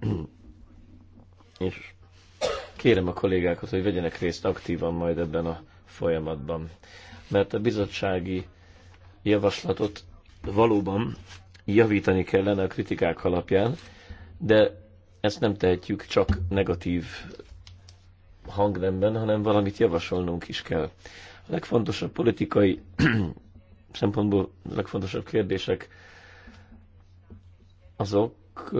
És kérem a kollégákat, hogy vegyenek részt aktívan majd ebben a folyamatban. Mert a bizottsági javaslatot valóban javítani kellene a kritikák alapján, de ezt nem tehetjük csak negatív hangnemben, hanem valamit javasolnunk is kell. A legfontosabb politikai szempontból a legfontosabb kérdések azok,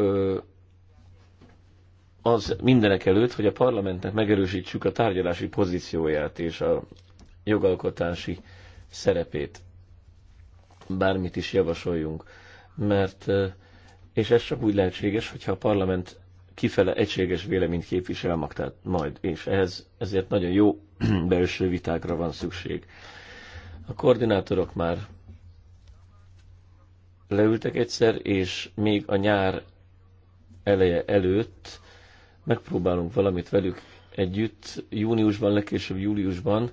az mindenek előtt, hogy a parlamentnek megerősítsük a tárgyalási pozícióját és a jogalkotási szerepét. Bármit is javasoljunk. Mert, és ez csak úgy lehetséges, hogyha a parlament kifele egységes véleményt képvisel majd, és ehhez ezért nagyon jó belső vitákra van szükség. A koordinátorok már leültek egyszer, és még a nyár eleje előtt megpróbálunk valamit velük együtt. Júniusban, legkésőbb júliusban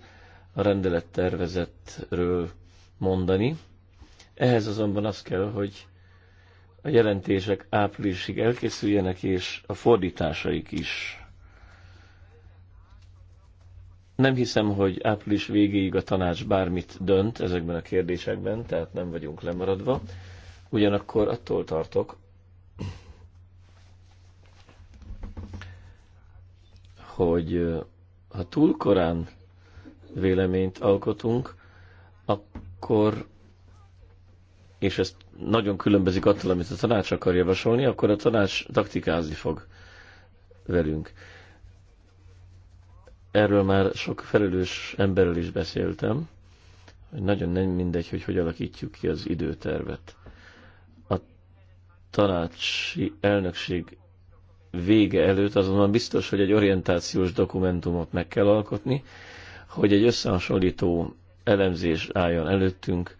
a rendelettervezetről mondani. Ehhez azonban az kell, hogy a jelentések áprilisig elkészüljenek, és a fordításaik is. Nem hiszem, hogy április végéig a tanács bármit dönt ezekben a kérdésekben, tehát nem vagyunk lemaradva. Ugyanakkor attól tartok, hogy ha túl korán véleményt alkotunk, akkor, és ez nagyon különbözik attól, amit a tanács akar javasolni, akkor a tanács taktikázni fog velünk. Erről már sok felelős emberrel is beszéltem, hogy nagyon nem mindegy, hogy hogy alakítjuk ki az időtervet. A tanácsi elnökség vége előtt azonban biztos, hogy egy orientációs dokumentumot meg kell alkotni, hogy egy összehasonlító elemzés álljon előttünk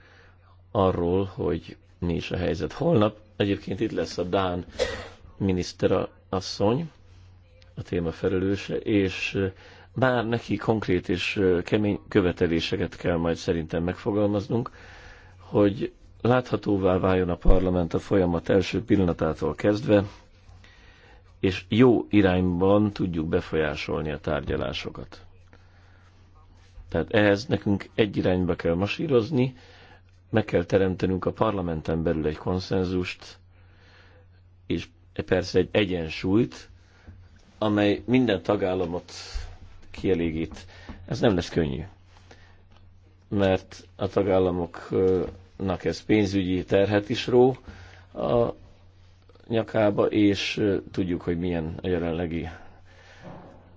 arról, hogy mi is a helyzet. Holnap egyébként itt lesz a Dán miniszter asszony, a téma felelőse, és bár neki konkrét és kemény követeléseket kell majd szerintem megfogalmaznunk, hogy láthatóvá váljon a parlament a folyamat első pillanatától kezdve, és jó irányban tudjuk befolyásolni a tárgyalásokat. Tehát ehhez nekünk egy irányba kell masírozni, meg kell teremtenünk a parlamenten belül egy konszenzust, és persze egy egyensúlyt, amely minden tagállamot kielégít. Ez nem lesz könnyű, mert a tagállamoknak ez pénzügyi terhet is ró a nyakába, és tudjuk, hogy milyen a jelenlegi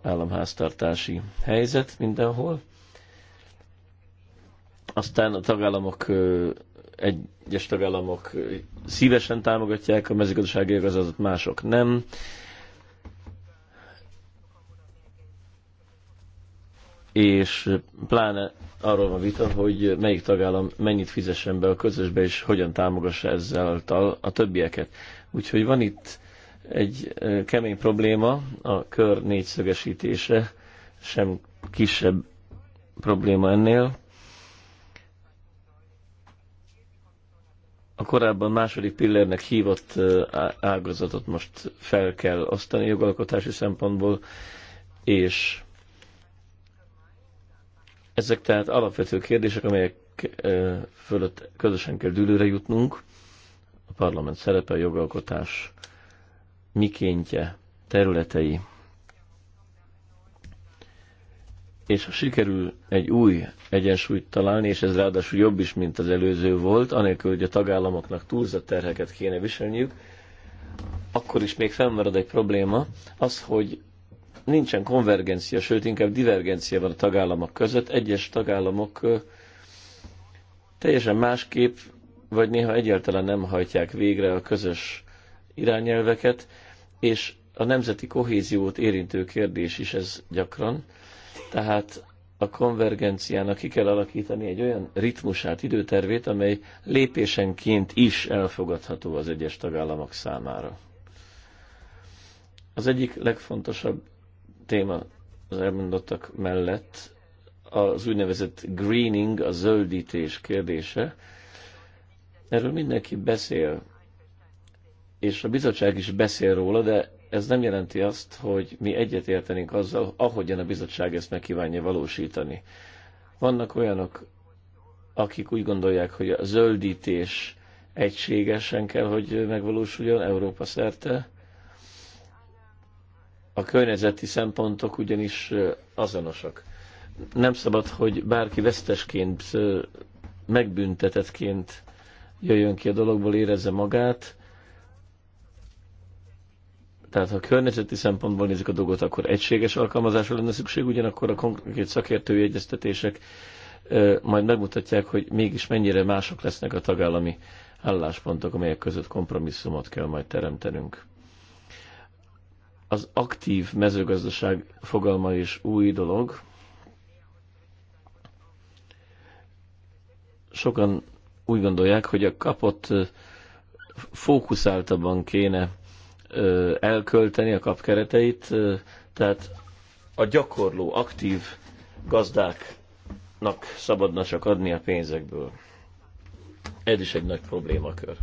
államháztartási helyzet mindenhol. Aztán a tagállamok, egyes tagállamok szívesen támogatják a mezőgazdasági igazadat, mások nem. És pláne arról van vita, hogy melyik tagállam mennyit fizessen be a közösbe, és hogyan támogassa ezzel a többieket. Úgyhogy van itt egy kemény probléma, a kör négyszögesítése sem kisebb probléma ennél. A korábban második pillérnek hívott ágazatot most fel kell osztani jogalkotási szempontból, és ezek tehát alapvető kérdések, amelyek fölött közösen kell dülőre jutnunk a parlament szerepe, a jogalkotás mikéntje, területei. És ha sikerül egy új egyensúlyt találni, és ez ráadásul jobb is, mint az előző volt, anélkül, hogy a tagállamoknak túlzott terheket kéne viselniük, akkor is még fennmarad egy probléma, az, hogy nincsen konvergencia, sőt inkább divergencia van a tagállamok között. Egyes tagállamok teljesen másképp vagy néha egyáltalán nem hajtják végre a közös irányelveket, és a nemzeti kohéziót érintő kérdés is ez gyakran. Tehát a konvergenciának ki kell alakítani egy olyan ritmusát, időtervét, amely lépésenként is elfogadható az egyes tagállamok számára. Az egyik legfontosabb téma az elmondottak mellett az úgynevezett greening, a zöldítés kérdése, Erről mindenki beszél, és a bizottság is beszél róla, de ez nem jelenti azt, hogy mi egyetértenénk azzal, ahogyan a bizottság ezt meg kívánja valósítani. Vannak olyanok, akik úgy gondolják, hogy a zöldítés egységesen kell, hogy megvalósuljon Európa szerte. A környezeti szempontok ugyanis azonosak. Nem szabad, hogy bárki vesztesként, megbüntetetként jöjjön ki a dologból, érezze magát. Tehát ha környezeti szempontból nézzük a dolgot, akkor egységes alkalmazásra lenne szükség, ugyanakkor a konkrét szakértői egyeztetések majd megmutatják, hogy mégis mennyire mások lesznek a tagállami álláspontok, amelyek között kompromisszumot kell majd teremtenünk. Az aktív mezőgazdaság fogalma is új dolog. Sokan úgy gondolják, hogy a kapott fókuszáltabban kéne elkölteni a kap kereteit, tehát a gyakorló, aktív gazdáknak szabadna csak adni a pénzekből. Ez is egy nagy problémakör.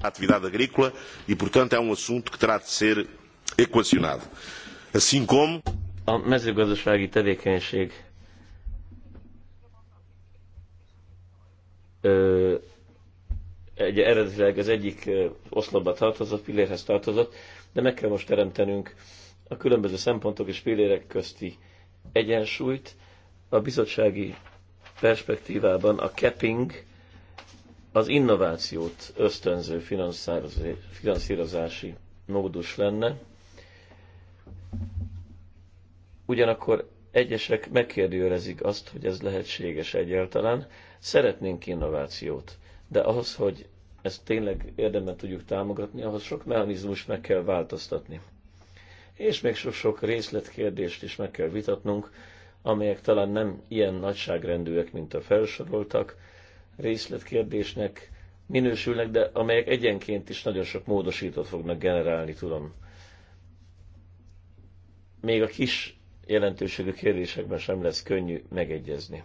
atividade agrícola e, portanto, é um assunto que terá de ser equacionado assim como a mezőgazdasági tevékenység ö, egy, eredetileg az egyik oszlopba tartozott, pillérhez tartozott, de meg kell most teremtenünk a különböző szempontok és pillérek közti egyensúlyt. A bizottsági perspektívában a capping az innovációt ösztönző finanszírozási módus lenne, ugyanakkor egyesek megkérdőjelezik azt, hogy ez lehetséges egyáltalán. Szeretnénk innovációt, de ahhoz, hogy ezt tényleg érdemben tudjuk támogatni, ahhoz sok mechanizmus meg kell változtatni. És még sok-sok részletkérdést is meg kell vitatnunk, amelyek talán nem ilyen nagyságrendűek, mint a felsoroltak, részletkérdésnek minősülnek, de amelyek egyenként is nagyon sok módosítót fognak generálni, tudom. Még a kis jelentőségű kérdésekben sem lesz könnyű megegyezni.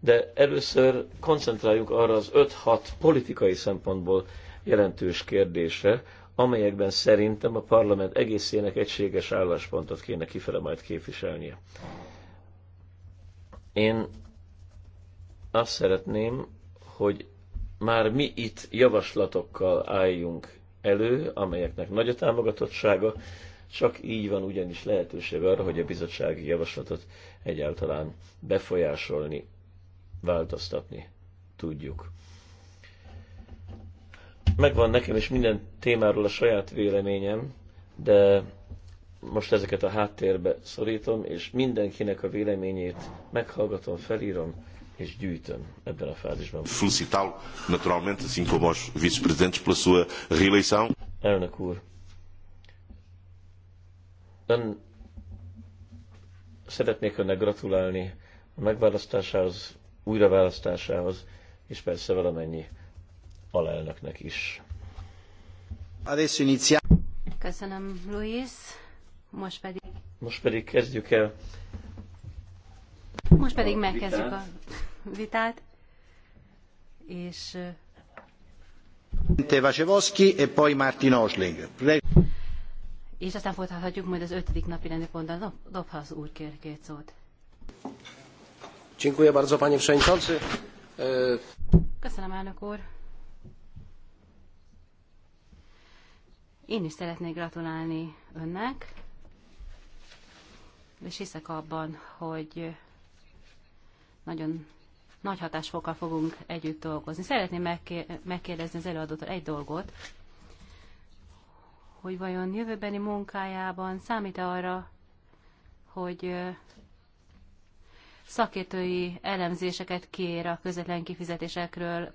De először koncentráljunk arra az 5-6 politikai szempontból jelentős kérdésre, amelyekben szerintem a parlament egészének egységes álláspontot kéne kifele majd képviselnie. Én azt szeretném, hogy már mi itt javaslatokkal álljunk elő, amelyeknek nagy a támogatottsága, csak így van ugyanis lehetőség arra, hogy a bizottsági javaslatot egyáltalán befolyásolni, változtatni tudjuk. Megvan nekem is minden témáról a saját véleményem, de most ezeket a háttérbe szorítom, és mindenkinek a véleményét meghallgatom, felírom, és gyűjtöm ebben a fázisban. Felicitál, naturalmente, assim como vice-presidentes pela sua reeleição. Elnök úr, Ön szeretnék önnek gratulálni a megválasztásához, újraválasztásához, és persze valamennyi alelnöknek is. Köszönöm, Luis. Most pedig... Most pedig kezdjük el. Most pedig a megkezdjük vitát. a vitát, és... Vacevoski e poi Martin Osling és aztán folytathatjuk majd az ötödik napi rendi ponttal. az úr kér két szót. Dziękuję bardzo, panie przewodniczący. E, Köszönöm, elnök úr. Én is szeretnék gratulálni önnek, és hiszek abban, hogy nagyon nagy hatásfokkal fogunk együtt dolgozni. Szeretném megkérdezni az előadótól egy dolgot, hogy vajon jövőbeni munkájában számít -e arra, hogy szakértői elemzéseket kér a közvetlen kifizetésekről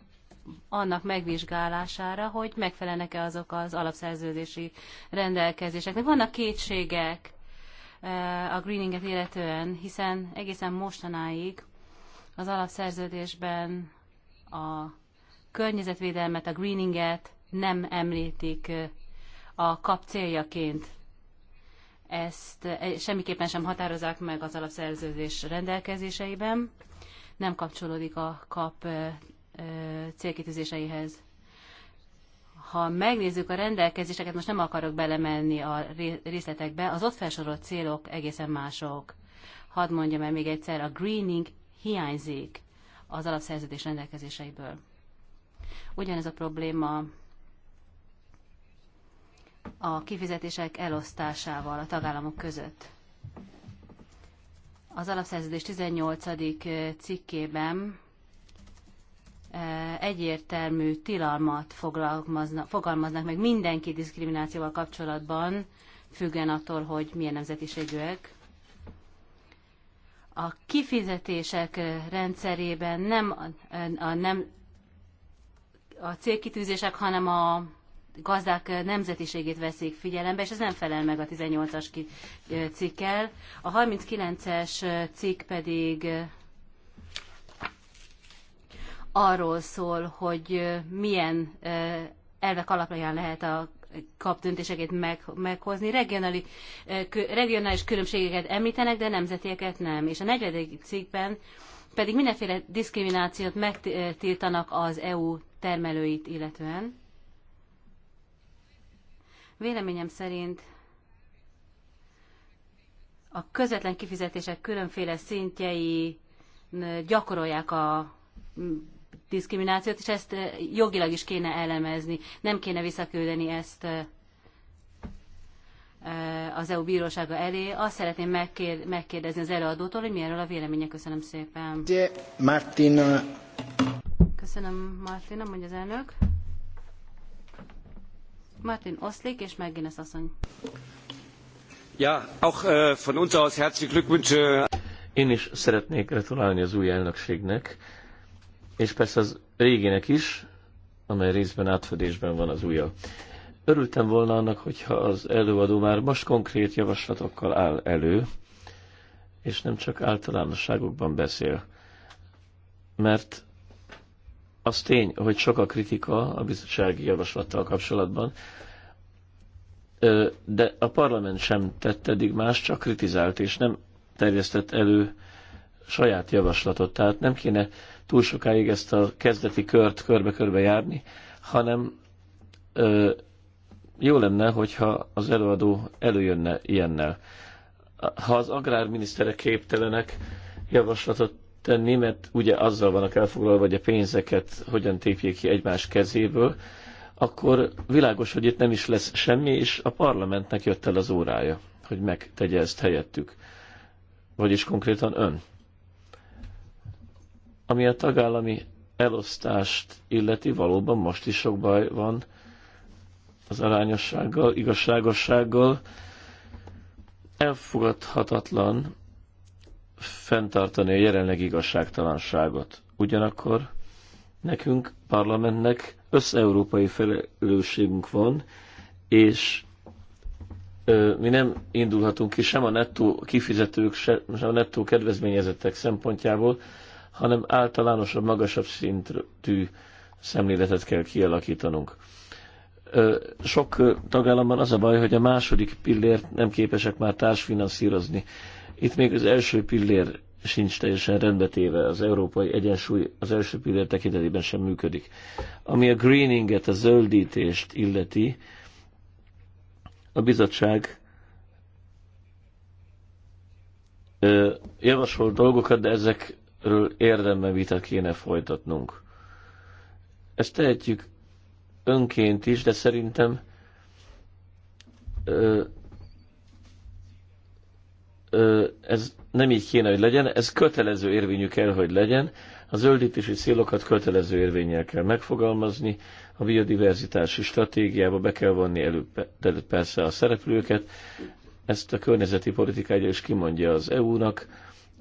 annak megvizsgálására, hogy megfelelnek-e azok az alapszerződési rendelkezéseknek. Vannak kétségek a greeninget illetően, hiszen egészen mostanáig az alapszerződésben a környezetvédelmet, a greeninget nem említik a kap céljaként. Ezt eh, semmiképpen sem határozzák meg az alapszerződés rendelkezéseiben, nem kapcsolódik a kap eh, eh, célkitűzéseihez. Ha megnézzük a rendelkezéseket, most nem akarok belemenni a részletekbe, az ott felsorolt célok egészen mások. Hadd mondjam el még egyszer, a greening hiányzik az alapszerződés rendelkezéseiből. Ugyanez a probléma a kifizetések elosztásával a tagállamok között. Az alapszerződés 18. cikkében e, egyértelmű tilalmat fogalmaznak meg mindenki diszkriminációval kapcsolatban, függen attól, hogy milyen nemzetiségűek. A kifizetések rendszerében nem a, a, nem a célkitűzések, hanem a gazdák nemzetiségét veszik figyelembe, és ez nem felel meg a 18-as cikkel. A 39-es cikk pedig arról szól, hogy milyen elvek alapján lehet a kap döntéseket meg, meghozni. Regionális, regionális különbségeket említenek, de nemzetieket nem. És a negyedik cikkben pedig mindenféle diszkriminációt megtiltanak az EU termelőit illetően. Véleményem szerint a közvetlen kifizetések különféle szintjei gyakorolják a diszkriminációt, és ezt e, jogilag is kéne elemezni. Nem kéne visszaküldeni ezt e, e, az EU bírósága elé. Azt szeretném megkérdezni az előadótól, hogy mi erről a véleménye. Köszönöm szépen. Martina. Köszönöm Martina, mondja az elnök. Martin Oszlik és Megines asszony. Ja, auch äh, von uns aus herzliche Glückwünsche. Én is szeretnék gratulálni az új elnökségnek, és persze az régének is, amely részben átfedésben van az újja. Örültem volna annak, hogyha az előadó már most konkrét javaslatokkal áll elő, és nem csak általánosságokban beszél. Mert az tény, hogy sok a kritika a bizottsági javaslattal kapcsolatban, de a parlament sem tett eddig más, csak kritizált, és nem terjesztett elő saját javaslatot. Tehát nem kéne túl sokáig ezt a kezdeti kört körbe-körbe járni, hanem jó lenne, hogyha az előadó előjönne ilyennel. Ha az agrárminiszterek képtelenek javaslatot tenni, mert ugye azzal vannak elfoglalva, hogy a pénzeket hogyan tépjék ki egymás kezéből, akkor világos, hogy itt nem is lesz semmi, és a parlamentnek jött el az órája, hogy megtegye ezt helyettük. Vagyis konkrétan ön. Ami a tagállami elosztást illeti, valóban most is sok baj van az arányossággal, igazságossággal. Elfogadhatatlan, fenntartani a jelenleg igazságtalanságot. Ugyanakkor nekünk, parlamentnek összeurópai felelősségünk van, és ö, mi nem indulhatunk ki sem a nettó kifizetők, sem a nettó kedvezményezettek szempontjából, hanem általánosabb, magasabb szintű szemléletet kell kialakítanunk. Ö, sok tagállamban az a baj, hogy a második pillért nem képesek már társfinanszírozni itt még az első pillér sincs teljesen rendbetéve, az európai egyensúly az első pillér tekintetében sem működik. Ami a greeninget, a zöldítést illeti, a bizottság ö, javasol dolgokat, de ezekről érdemben vita kéne folytatnunk. Ezt tehetjük önként is, de szerintem ö, ez nem így kéne, hogy legyen, ez kötelező érvényű kell, hogy legyen. A zöldítési célokat kötelező érvényel kell megfogalmazni, a biodiverzitási stratégiába be kell vonni előbb, előbb persze a szereplőket, ezt a környezeti politikája is kimondja az EU-nak,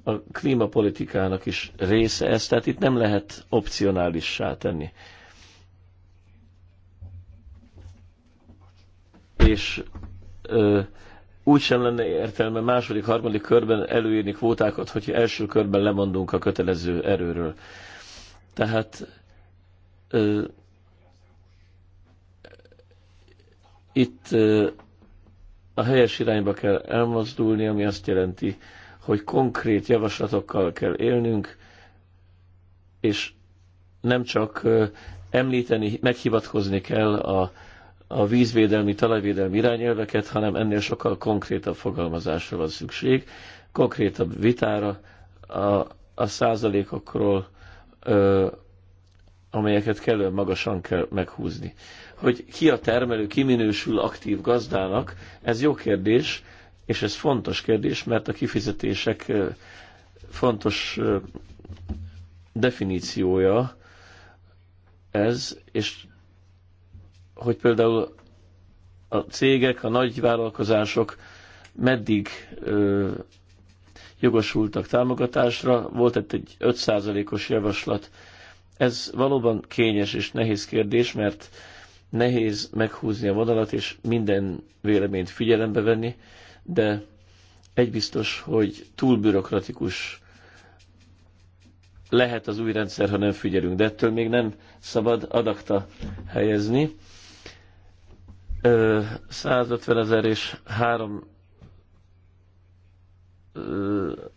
a klímapolitikának is része ez, tehát itt nem lehet opcionálissá tenni. És ö, úgy sem lenne értelme második, harmadik körben előírni kvótákat, hogyha első körben lemondunk a kötelező erőről. Tehát ö, itt ö, a helyes irányba kell elmozdulni, ami azt jelenti, hogy konkrét javaslatokkal kell élnünk, és nem csak ö, említeni, meghivatkozni kell a a vízvédelmi, talajvédelmi irányelveket, hanem ennél sokkal konkrétabb fogalmazásra van szükség, konkrétabb vitára a, a százalékokról, ö, amelyeket kellően magasan kell meghúzni. Hogy ki a termelő, ki minősül aktív gazdának, ez jó kérdés, és ez fontos kérdés, mert a kifizetések fontos definíciója ez, és hogy például a cégek, a nagy vállalkozások meddig ö, jogosultak támogatásra. Volt itt egy 5%-os javaslat. Ez valóban kényes és nehéz kérdés, mert nehéz meghúzni a vonalat és minden véleményt figyelembe venni, de egy biztos, hogy túl bürokratikus lehet az új rendszer, ha nem figyelünk, de ettől még nem szabad adakta helyezni. 150 ezer és 3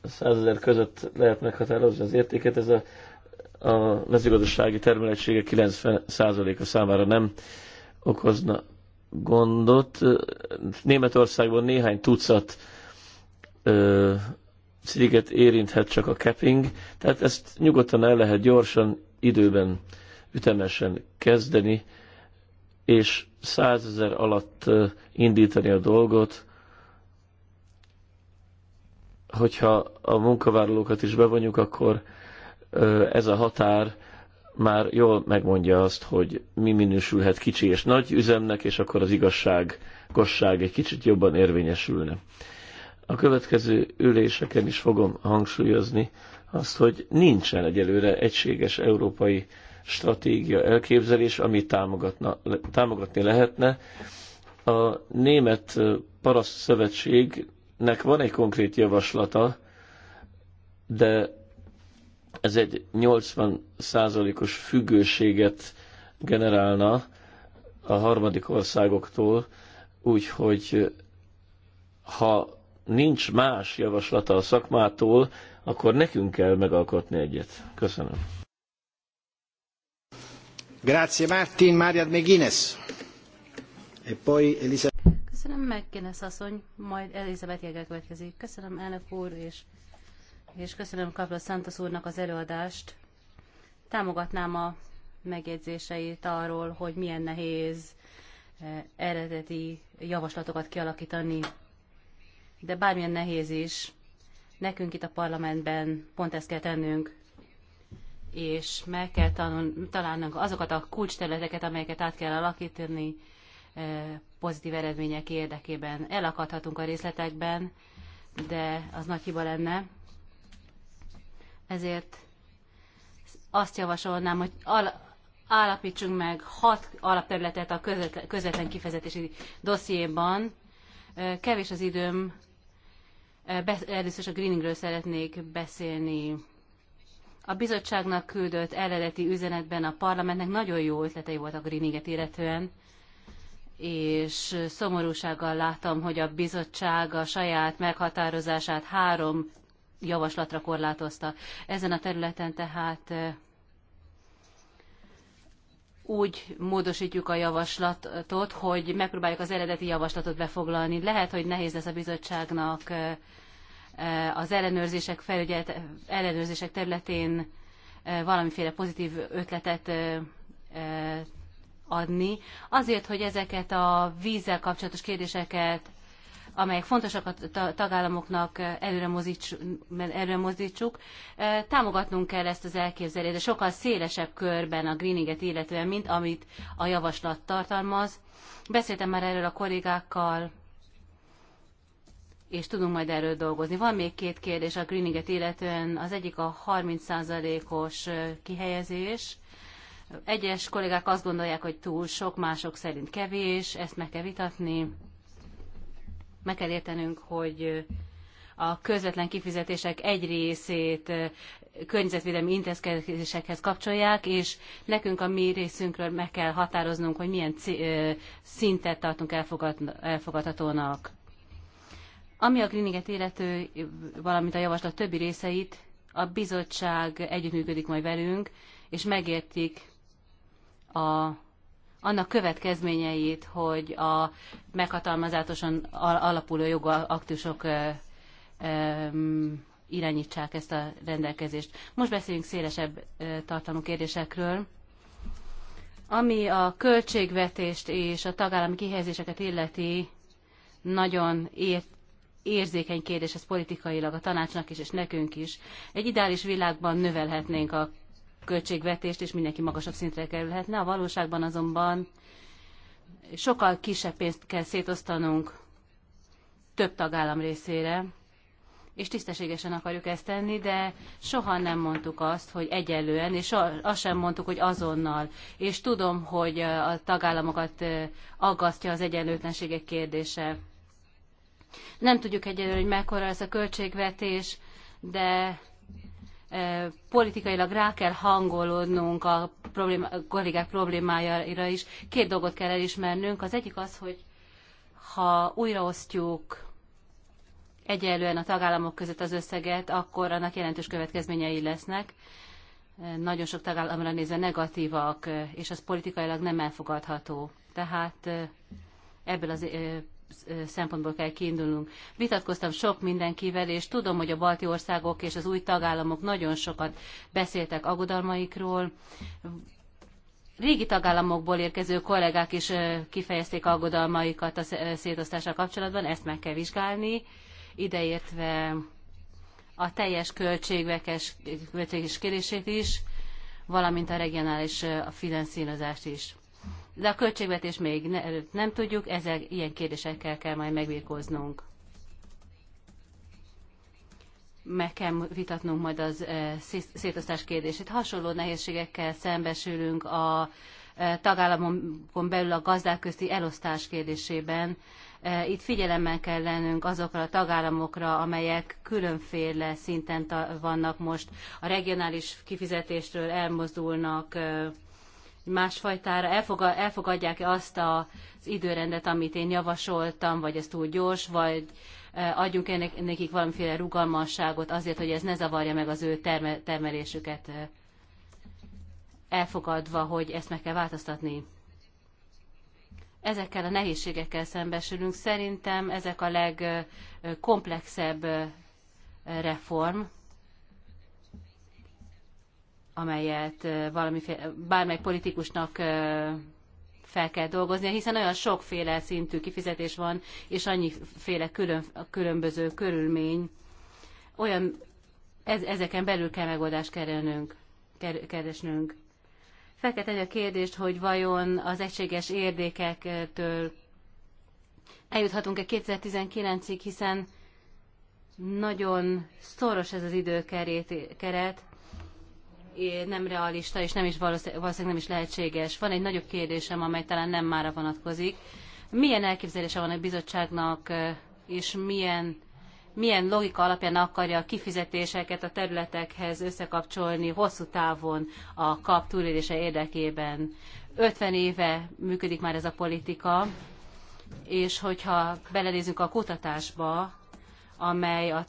100 ezer között lehet meghatározni az értéket. Ez a, a mezőgazdasági termelettsége 90%-a számára nem okozna gondot. Németországban néhány tucat ö, sziget érinthet csak a capping, tehát ezt nyugodtan el lehet gyorsan, időben, ütemesen kezdeni és százezer alatt indítani a dolgot, hogyha a munkavállalókat is bevonjuk, akkor ez a határ már jól megmondja azt, hogy mi minősülhet kicsi és nagy üzemnek, és akkor az igazságosság egy kicsit jobban érvényesülne. A következő üléseken is fogom hangsúlyozni azt, hogy nincsen egyelőre egységes európai stratégia elképzelés, ami támogatni lehetne. A Német Paraszt Szövetségnek van egy konkrét javaslata, de ez egy 80%-os függőséget generálna a harmadik országoktól, úgyhogy ha nincs más javaslata a szakmától, akkor nekünk kell megalkotni egyet. Köszönöm. Grazie Martin, Mariad McGuinness. E poi Elizabeth. Köszönöm, McGuinness asszony, majd Elizabeth Jegel következik. Köszönöm, elnök úr, és, és köszönöm Kapla Santos úrnak az előadást. Támogatnám a megjegyzéseit arról, hogy milyen nehéz eh, eredeti javaslatokat kialakítani. De bármilyen nehéz is, nekünk itt a parlamentben pont ezt kell tennünk, és meg kell tanul, találnunk azokat a kulcsterületeket, amelyeket át kell alakítani eh, pozitív eredmények érdekében. Elakadhatunk a részletekben, de az nagy hiba lenne. Ezért azt javasolnám, hogy al- állapítsunk meg hat alapterületet a közvetlen kifezetési dossziéban. Eh, kevés az időm, eh, először is a greeningről szeretnék beszélni a bizottságnak küldött eredeti üzenetben a parlamentnek nagyon jó ötletei voltak Greeninget illetően, és szomorúsággal láttam, hogy a bizottság a saját meghatározását három javaslatra korlátozta. Ezen a területen tehát eh, úgy módosítjuk a javaslatot, hogy megpróbáljuk az eredeti javaslatot befoglalni. Lehet, hogy nehéz lesz a bizottságnak eh, az ellenőrzések, felügyelet, ellenőrzések területén valamiféle pozitív ötletet adni, azért, hogy ezeket a vízzel kapcsolatos kérdéseket, amelyek fontosak a tagállamoknak, előre, mozdítsuk, előre Támogatnunk kell ezt az elképzelést, de sokkal szélesebb körben a greeninget illetően, mint amit a javaslat tartalmaz. Beszéltem már erről a kollégákkal, és tudunk majd erről dolgozni. Van még két kérdés a greeninget illetően. Az egyik a 30%-os kihelyezés. Egyes kollégák azt gondolják, hogy túl sok, mások szerint kevés, ezt meg kell vitatni. Meg kell értenünk, hogy a közvetlen kifizetések egy részét környezetvédelmi intézkedésekhez kapcsolják, és nekünk a mi részünkről meg kell határoznunk, hogy milyen szintet tartunk elfogad, elfogadhatónak. Ami a kliniket illető, valamint a javaslat többi részeit, a bizottság együttműködik majd velünk, és megértik a, annak következményeit, hogy a meghatalmazátosan alapuló jogaktusok irányítsák ezt a rendelkezést. Most beszéljünk szélesebb tartalmú kérdésekről. Ami a költségvetést és a tagállami kihelyezéseket illeti, nagyon ért, érzékeny kérdés ez politikailag a tanácsnak is, és nekünk is. Egy ideális világban növelhetnénk a költségvetést, és mindenki magasabb szintre kerülhetne. A valóságban azonban sokkal kisebb pénzt kell szétosztanunk több tagállam részére, és tisztességesen akarjuk ezt tenni, de soha nem mondtuk azt, hogy egyelően, és azt sem mondtuk, hogy azonnal. És tudom, hogy a tagállamokat aggasztja az egyenlőtlenségek kérdése. Nem tudjuk egyelőre, hogy mekkora ez a költségvetés, de e, politikailag rá kell hangolódnunk a probléma, a kollégák problémájára is. Két dolgot kell elismernünk. Az egyik az, hogy ha újraosztjuk egyenlően a tagállamok között az összeget, akkor annak jelentős következményei lesznek. E, nagyon sok tagállamra nézve negatívak, e, és az politikailag nem elfogadható. Tehát ebből az szempontból kell kiindulnunk. Vitatkoztam sok mindenkivel, és tudom, hogy a balti országok és az új tagállamok nagyon sokat beszéltek aggodalmaikról. Régi tagállamokból érkező kollégák is kifejezték aggodalmaikat a szétosztással kapcsolatban, ezt meg kell vizsgálni, ideértve a teljes költségvekes költséges kérését is, valamint a regionális finanszírozást is de a költségvetés még ne, nem tudjuk, ezzel ilyen kérdésekkel kell majd megvirkóznunk. Meg kell vitatnunk majd az e, szétosztás kérdését. Hasonló nehézségekkel szembesülünk a e, tagállamokon belül a gazdák közti elosztás kérdésében. E, itt figyelemmel kell lennünk azokra a tagállamokra, amelyek különféle szinten vannak most, a regionális kifizetéstől elmozdulnak, e, másfajtára, elfogadják-e azt az időrendet, amit én javasoltam, vagy ez túl gyors, vagy e, adjunk -e nekik valamiféle rugalmasságot azért, hogy ez ne zavarja meg az ő terme, termelésüket e, elfogadva, hogy ezt meg kell változtatni. Ezekkel a nehézségekkel szembesülünk. Szerintem ezek a legkomplexebb e, reform, amelyet valamiféle, bármely politikusnak fel kell dolgoznia, hiszen olyan sokféle szintű kifizetés van, és annyiféle külön, különböző körülmény. Olyan, ez, ezeken belül kell megoldást ker, keresnünk. Fel kell tenni a kérdést, hogy vajon az egységes érdékektől eljuthatunk-e 2019-ig, hiszen nagyon szoros ez az időkeret, nem realista, és nem is valószínűleg nem is lehetséges. Van egy nagyobb kérdésem, amely talán nem mára vonatkozik. Milyen elképzelése van a bizottságnak, és milyen, milyen logika alapján akarja a kifizetéseket a területekhez összekapcsolni hosszú távon a kap túlélése érdekében? 50 éve működik már ez a politika, és hogyha belenézünk a kutatásba, amely a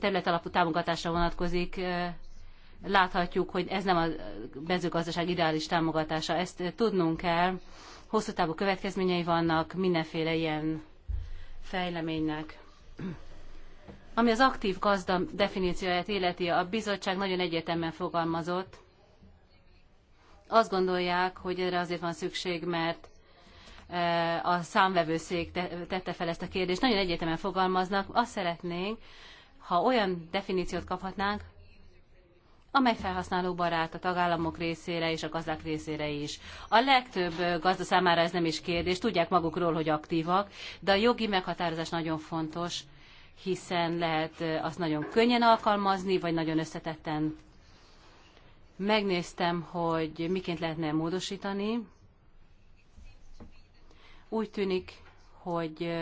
területalapú támogatásra vonatkozik, láthatjuk, hogy ez nem a mezőgazdaság ideális támogatása. Ezt tudnunk kell. Hosszú távú következményei vannak mindenféle ilyen fejleménynek. Ami az aktív gazda definícióját életi, a bizottság nagyon egyetemen fogalmazott. Azt gondolják, hogy erre azért van szükség, mert e, a számvevőszék tette fel ezt a kérdést. Nagyon egyetemen fogalmaznak. Azt szeretnénk, ha olyan definíciót kaphatnánk, amely felhasználó barát a tagállamok részére és a gazdák részére is. A legtöbb gazda számára ez nem is kérdés, tudják magukról, hogy aktívak, de a jogi meghatározás nagyon fontos, hiszen lehet azt nagyon könnyen alkalmazni, vagy nagyon összetetten. Megnéztem, hogy miként lehetne módosítani. Úgy tűnik, hogy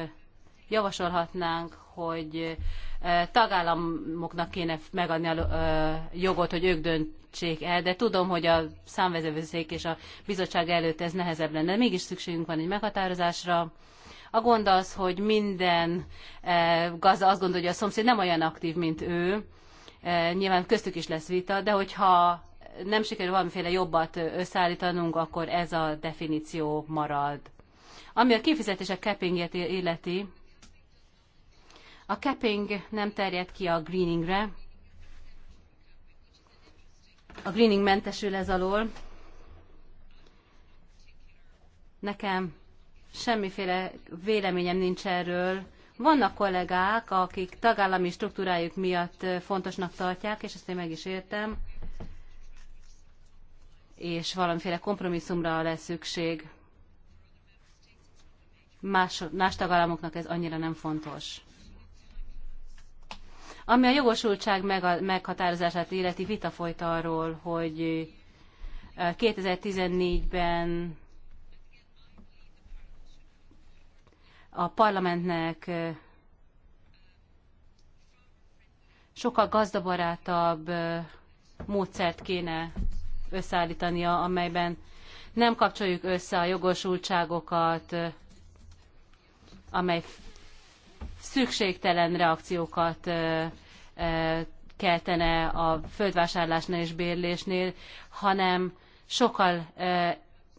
javasolhatnánk, hogy tagállamoknak kéne megadni a jogot, hogy ők döntsék el, de tudom, hogy a számvezetőszék és a bizottság előtt ez nehezebb lenne. Mégis szükségünk van egy meghatározásra. A gond az, hogy minden gazda azt gondolja, hogy a szomszéd nem olyan aktív, mint ő. Nyilván köztük is lesz vita, de hogyha nem sikerül valamiféle jobbat összeállítanunk, akkor ez a definíció marad. Ami a kifizetések keppingét illeti, a capping nem terjed ki a greeningre, a greening mentesül ez alól. Nekem semmiféle véleményem nincs erről. Vannak kollégák, akik tagállami struktúrájuk miatt fontosnak tartják, és ezt én meg is értem, és valamiféle kompromisszumra lesz szükség. Más, más tagállamoknak ez annyira nem fontos. Ami a jogosultság meghatározását illeti vita folyt arról, hogy 2014-ben a parlamentnek sokkal gazdabarátabb módszert kéne összeállítania, amelyben nem kapcsoljuk össze a jogosultságokat, amely szükségtelen reakciókat keltene a földvásárlásnál és bérlésnél, hanem sokkal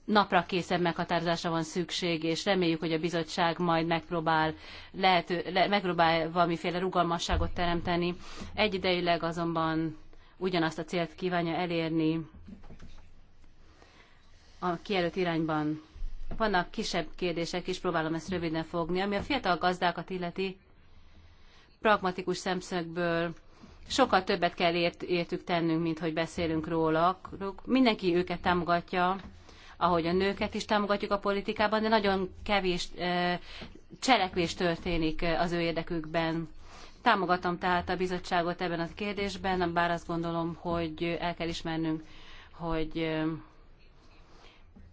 napra készebb meghatározásra van szükség, és reméljük, hogy a bizottság majd megpróbál, lehető, le, megpróbál valamiféle rugalmasságot teremteni. Egyidejűleg azonban ugyanazt a célt kívánja elérni a kijelölt irányban vannak kisebb kérdések is, próbálom ezt röviden fogni. Ami a fiatal gazdákat illeti, pragmatikus szemszögből sokkal többet kell ért, értük tennünk, mint hogy beszélünk róla. Mindenki őket támogatja, ahogy a nőket is támogatjuk a politikában, de nagyon kevés cselekvés történik az ő érdekükben. Támogatom tehát a bizottságot ebben a kérdésben, bár azt gondolom, hogy el kell ismernünk, hogy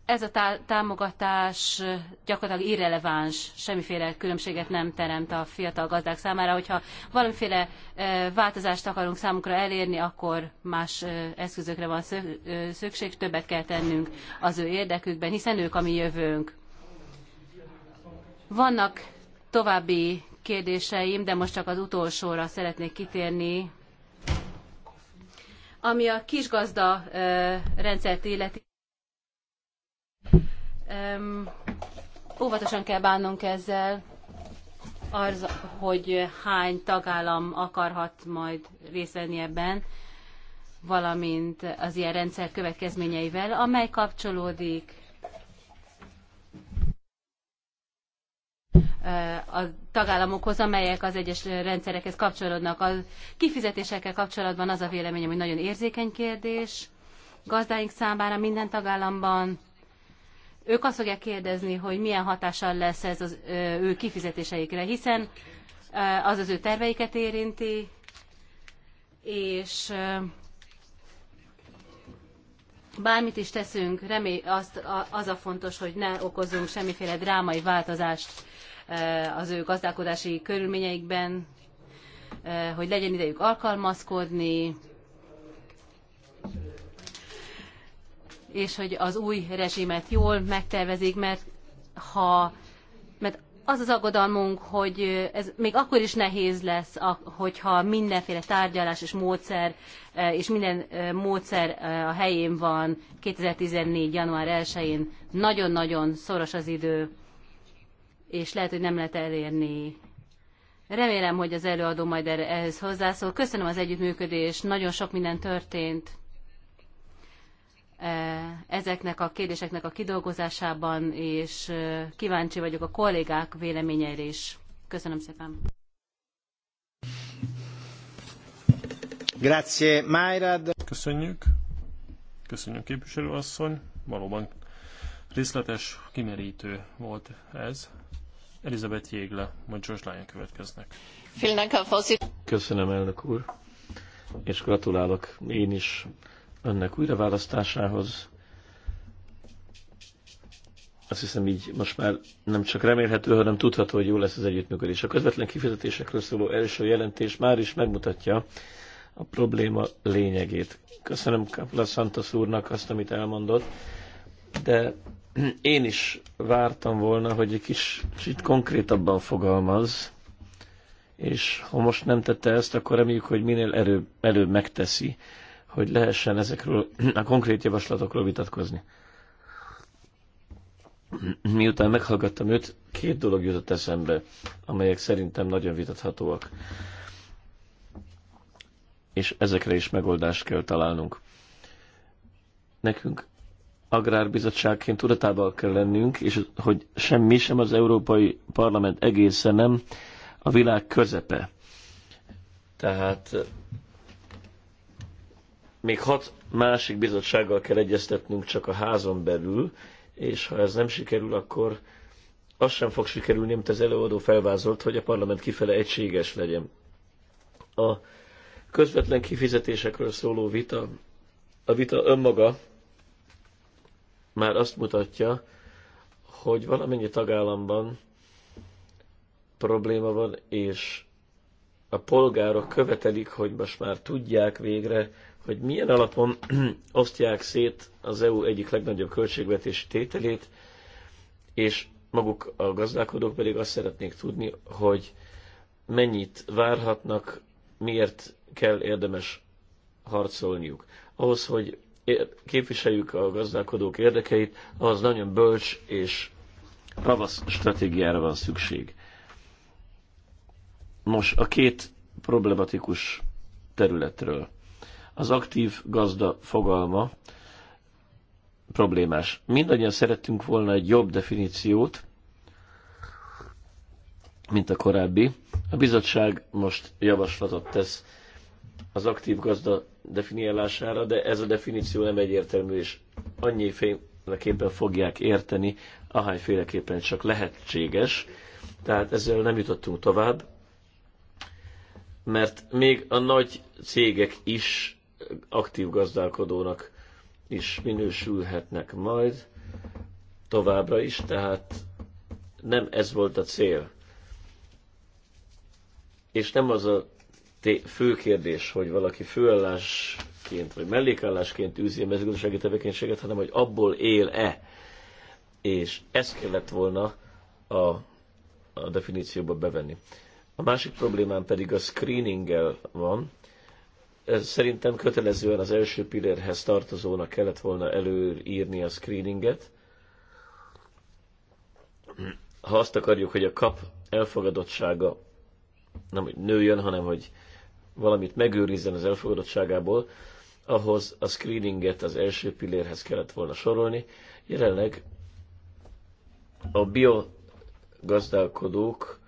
ez a támogatás gyakorlatilag irreleváns, semmiféle különbséget nem teremt a fiatal gazdák számára. Hogyha valamiféle változást akarunk számukra elérni, akkor más eszközökre van szükség, többet kell tennünk az ő érdekükben, hiszen ők a mi jövőnk. Vannak további kérdéseim, de most csak az utolsóra szeretnék kitérni, ami a kisgazda rendszert illeti Um, óvatosan kell bánnunk ezzel, az, hogy hány tagállam akarhat majd részt venni ebben, valamint az ilyen rendszer következményeivel, amely kapcsolódik a tagállamokhoz, amelyek az egyes rendszerekhez kapcsolódnak. A kifizetésekkel kapcsolatban az a véleményem, hogy nagyon érzékeny kérdés gazdáink számára minden tagállamban, ők azt fogják kérdezni, hogy milyen hatással lesz ez az ő kifizetéseikre, hiszen az az ő terveiket érinti, és bármit is teszünk, remély, azt, az a fontos, hogy ne okozzunk semmiféle drámai változást az ő gazdálkodási körülményeikben, hogy legyen idejük alkalmazkodni, és hogy az új rezsimet jól megtervezik, mert ha mert az az aggodalmunk, hogy ez még akkor is nehéz lesz, hogyha mindenféle tárgyalás és módszer, e, és minden e, módszer e, a helyén van 2014. január 1-én. Nagyon-nagyon szoros az idő, és lehet, hogy nem lehet elérni. Remélem, hogy az előadó majd ehhez hozzászól. Köszönöm az együttműködést, nagyon sok minden történt. E, ezeknek a kérdéseknek a kidolgozásában, és e, kíváncsi vagyok a kollégák véleményeire is. Köszönöm szépen. Grazie, Mayrad. Köszönjük. Köszönjük, képviselőasszony. Valóban részletes, kimerítő volt ez. Elizabeth Jégle, majd George Lyon következnek. Köszönöm, elnök úr, és gratulálok én is önnek újraválasztásához. Azt hiszem így most már nem csak remélhető, hanem tudható, hogy jó lesz az együttműködés. A közvetlen kifizetésekről szóló első jelentés már is megmutatja a probléma lényegét. Köszönöm Kapla Santos úrnak azt, amit elmondott, de én is vártam volna, hogy egy kicsit konkrétabban fogalmaz, és ha most nem tette ezt, akkor reméljük, hogy minél erőbb, előbb megteszi hogy lehessen ezekről a konkrét javaslatokról vitatkozni. Miután meghallgattam őt, két dolog jutott eszembe, amelyek szerintem nagyon vitathatóak. És ezekre is megoldást kell találnunk. Nekünk agrárbizottságként tudatában kell lennünk, és hogy semmi sem az Európai Parlament egészen nem a világ közepe. Tehát még hat másik bizottsággal kell egyeztetnünk csak a házon belül, és ha ez nem sikerül, akkor az sem fog sikerülni, amit az előadó felvázolt, hogy a parlament kifele egységes legyen. A közvetlen kifizetésekről szóló vita, a vita önmaga már azt mutatja, hogy valamennyi tagállamban probléma van, és a polgárok követelik, hogy most már tudják végre, hogy milyen alapon osztják szét az EU egyik legnagyobb költségvetési tételét, és maguk a gazdálkodók pedig azt szeretnék tudni, hogy mennyit várhatnak, miért kell érdemes harcolniuk. Ahhoz, hogy képviseljük a gazdálkodók érdekeit, ahhoz nagyon bölcs és ravasz stratégiára van szükség. Nos, a két problematikus területről. Az aktív gazda fogalma problémás. Mindannyian szerettünk volna egy jobb definíciót, mint a korábbi. A bizottság most javaslatot tesz az aktív gazda definiálására, de ez a definíció nem egyértelmű, és annyi képen fogják érteni, ahányféleképpen csak lehetséges. Tehát ezzel nem jutottunk tovább, mert még a nagy cégek is aktív gazdálkodónak is minősülhetnek majd továbbra is, tehát nem ez volt a cél. És nem az a fő kérdés, hogy valaki főállásként vagy mellékállásként űzi a mezőgazdasági tevékenységet, hanem hogy abból él-e. És ezt kellett volna a, a definícióba bevenni. A másik problémám pedig a screeninggel van, ez szerintem kötelezően az első pillérhez tartozónak kellett volna előírni a screeninget. Ha azt akarjuk, hogy a kap elfogadottsága nem hogy nőjön, hanem hogy valamit megőrizzen az elfogadottságából, ahhoz a screeninget az első pillérhez kellett volna sorolni. Jelenleg a biogazdálkodók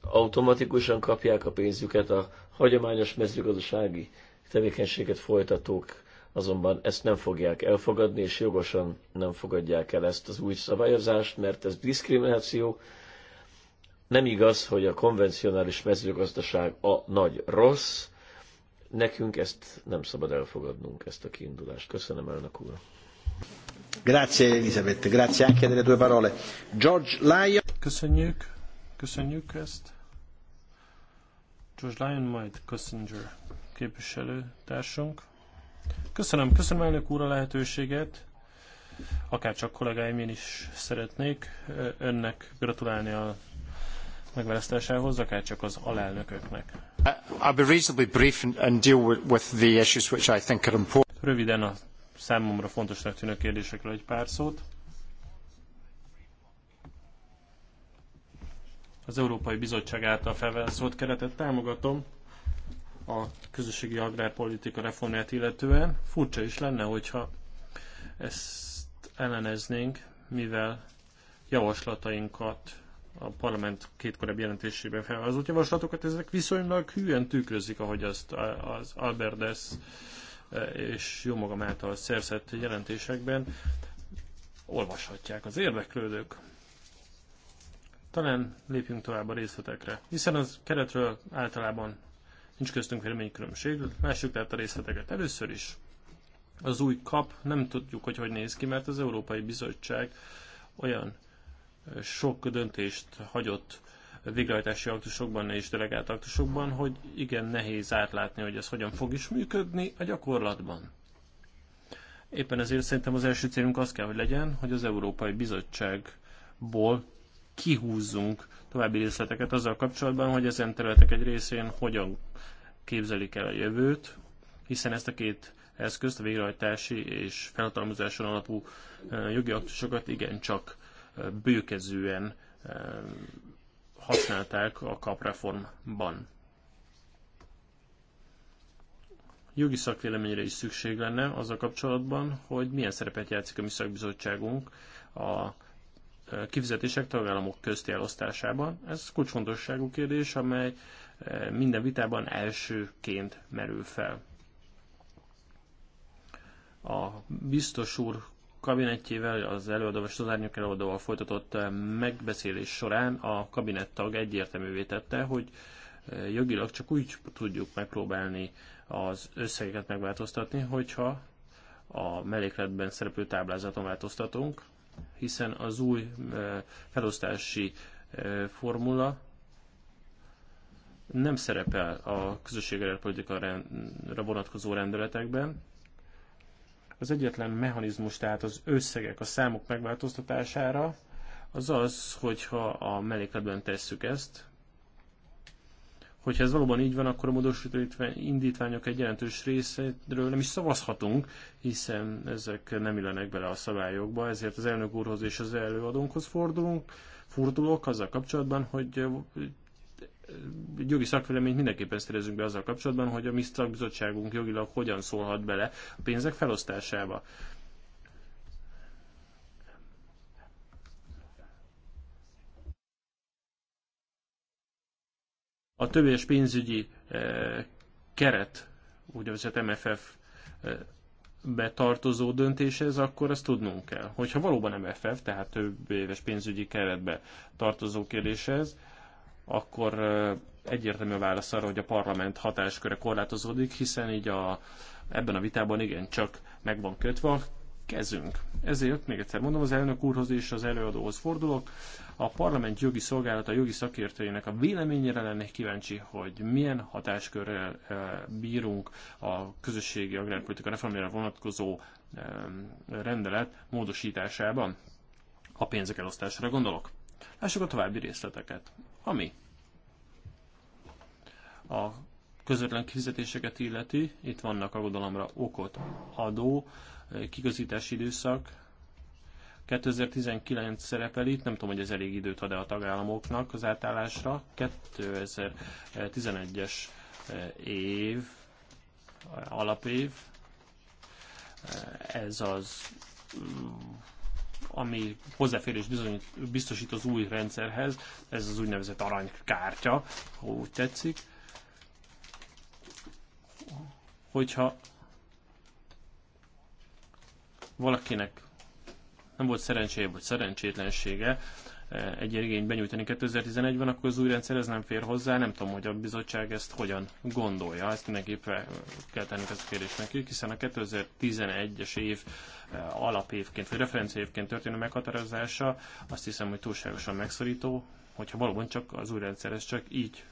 automatikusan kapják a pénzüket a Hagyományos mezőgazdasági tevékenységet folytatók azonban ezt nem fogják elfogadni, és jogosan nem fogadják el ezt az új szabályozást, mert ez diszkrimináció. Nem igaz, hogy a konvencionális mezőgazdaság a nagy rossz, nekünk ezt nem szabad elfogadnunk, ezt a kiindulást. Köszönöm, elnök úr. Grazie Elisabeth, grazie anche delle tue parole. George Lyon. Köszönjük, köszönjük ezt. George Lyon, majd Kössinger képviselőtársunk. Köszönöm, köszönöm elnök úr a lehetőséget. Akár csak kollégáim én is szeretnék önnek gratulálni a megválasztásához, akár csak az alelnököknek. be reasonably brief and deal with the issues which I think are important. Röviden a számomra fontosnak tűnő kérdésekről egy pár szót. az Európai Bizottság által felvázolt keretet támogatom a közösségi agrárpolitika reformját illetően. Furcsa is lenne, hogyha ezt elleneznénk, mivel javaslatainkat a parlament két korábbi jelentésében felvázolt javaslatokat, ezek viszonylag hűen tükrözik, ahogy azt az Alberdes eh, és jó magam által szerzett jelentésekben olvashatják az érdeklődők. Talán lépjünk tovább a részletekre, hiszen az keretről általában nincs köztünk véleménykülönbség. Lássuk tehát a részleteket először is. Az új kap, nem tudjuk, hogy hogy néz ki, mert az Európai Bizottság olyan sok döntést hagyott végrehajtási aktusokban és delegált aktusokban, hogy igen nehéz átlátni, hogy ez hogyan fog is működni a gyakorlatban. Éppen ezért szerintem az első célunk az kell, hogy legyen, hogy az Európai Bizottságból kihúzzunk további részleteket azzal kapcsolatban, hogy ezen területek egy részén hogyan képzelik el a jövőt, hiszen ezt a két eszközt, a végrehajtási és felhatalmazáson alapú jogi aktusokat igencsak bőkezően használták a kapreformban. Jogi szakvéleményre is szükség lenne az a kapcsolatban, hogy milyen szerepet játszik a mi szakbizottságunk a kifizetések tagállamok közti elosztásában. Ez kulcsfontosságú kérdés, amely e, minden vitában elsőként merül fel. A biztos úr kabinetjével, az előadó és az árnyok előadóval folytatott e, megbeszélés során a kabinettag egyértelművé tette, hogy e, jogilag csak úgy tudjuk megpróbálni az összegeket megváltoztatni, hogyha a mellékletben szereplő táblázaton változtatunk, hiszen az új e, felosztási e, formula nem szerepel a közösségerőpolitikára vonatkozó rendeletekben. Az egyetlen mechanizmus, tehát az összegek, a számok megváltoztatására, az az, hogyha a mellékletben tesszük ezt, Hogyha ez valóban így van, akkor a módosító indítványok egy jelentős részéről nem is szavazhatunk, hiszen ezek nem illenek bele a szabályokba, ezért az elnök úrhoz és az előadónkhoz fordulunk, fordulok azzal kapcsolatban, hogy jogi szakvéleményt mindenképpen szerezünk be azzal kapcsolatban, hogy a mi szakbizottságunk jogilag hogyan szólhat bele a pénzek felosztásába. A többes pénzügyi eh, keret, úgynevezett MFF eh, betartozó döntés ez, akkor azt tudnunk kell. Hogyha valóban MFF, tehát több éves pénzügyi keretbe tartozó kérdéshez, akkor eh, egyértelmű a válasz arra, hogy a parlament hatásköre korlátozódik, hiszen így a, ebben a vitában igen csak meg van kötve a kezünk. Ezért még egyszer mondom, az elnök úrhoz és az előadóhoz fordulok, a parlament jogi szolgálata jogi szakértőjének a véleményére lennék kíváncsi, hogy milyen hatáskörrel eh, bírunk a közösségi agrárpolitika reformjára vonatkozó eh, rendelet módosításában. A pénzek elosztására gondolok. Lássuk a további részleteket. Ami a közvetlen kifizetéseket illeti, itt vannak aggodalomra okot adó, eh, kigazítási időszak, 2019 szerepel itt, nem tudom, hogy ez elég időt ad-e a tagállamoknak az átállásra. 2011-es eh, év, eh, alapév, eh, ez az, mm, ami hozzáférés bizonyít, biztosít az új rendszerhez, ez az úgynevezett aranykártya, ha úgy tetszik. Hogyha valakinek nem volt szerencséje vagy szerencsétlensége e, egy érgényt benyújtani 2011-ben, akkor az új rendszer ez nem fér hozzá. Nem tudom, hogy a bizottság ezt hogyan gondolja. Ezt mindenképpen kell tenni ezt a kérdést nekik, hiszen a 2011-es év e, alapévként vagy referenciaévként történő meghatározása azt hiszem, hogy túlságosan megszorító hogyha valóban csak az új rendszerhez csak így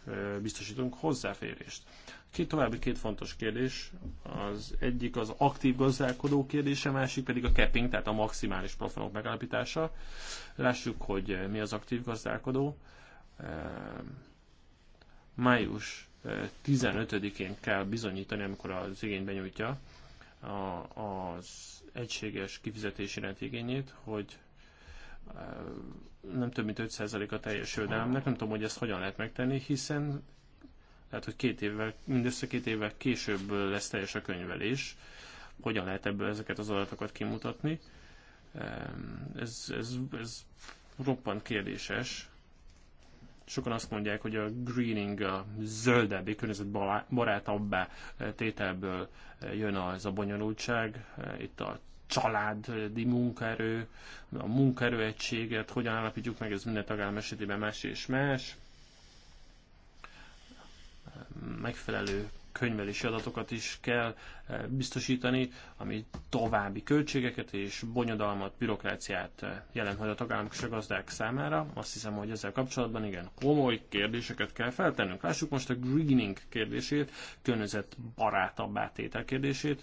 biztosítunk hozzáférést. Két további két fontos kérdés, az egyik az aktív gazdálkodó kérdése, másik pedig a capping, tehát a maximális plafonok megállapítása. Lássuk, hogy mi az aktív gazdálkodó. Május 15-én kell bizonyítani, amikor az igény benyújtja az egységes kifizetési rendigényét, hogy nem több mint 5% a teljes jövedelemnek. Nem tudom, hogy ezt hogyan lehet megtenni, hiszen tehát, hogy két évvel, mindössze két évvel később lesz teljes a könyvelés. Hogyan lehet ebből ezeket az adatokat kimutatni? Ez, ez, ez roppant kérdéses. Sokan azt mondják, hogy a greening, a zöldebbé, környezetbarátabbá tételből jön az a bonyolultság. Itt a családi munkaerő, a munkaerőegységet, hogyan állapítjuk meg, ez minden tagállam esetében más és más. Megfelelő könyvelési adatokat is kell eh, biztosítani, ami további költségeket és bonyodalmat, bürokráciát eh, jelent majd a tagállamok és a gazdák számára. Azt hiszem, hogy ezzel kapcsolatban igen, komoly kérdéseket kell feltennünk. Lássuk most a greening kérdését, környezet barátabb átétel kérdését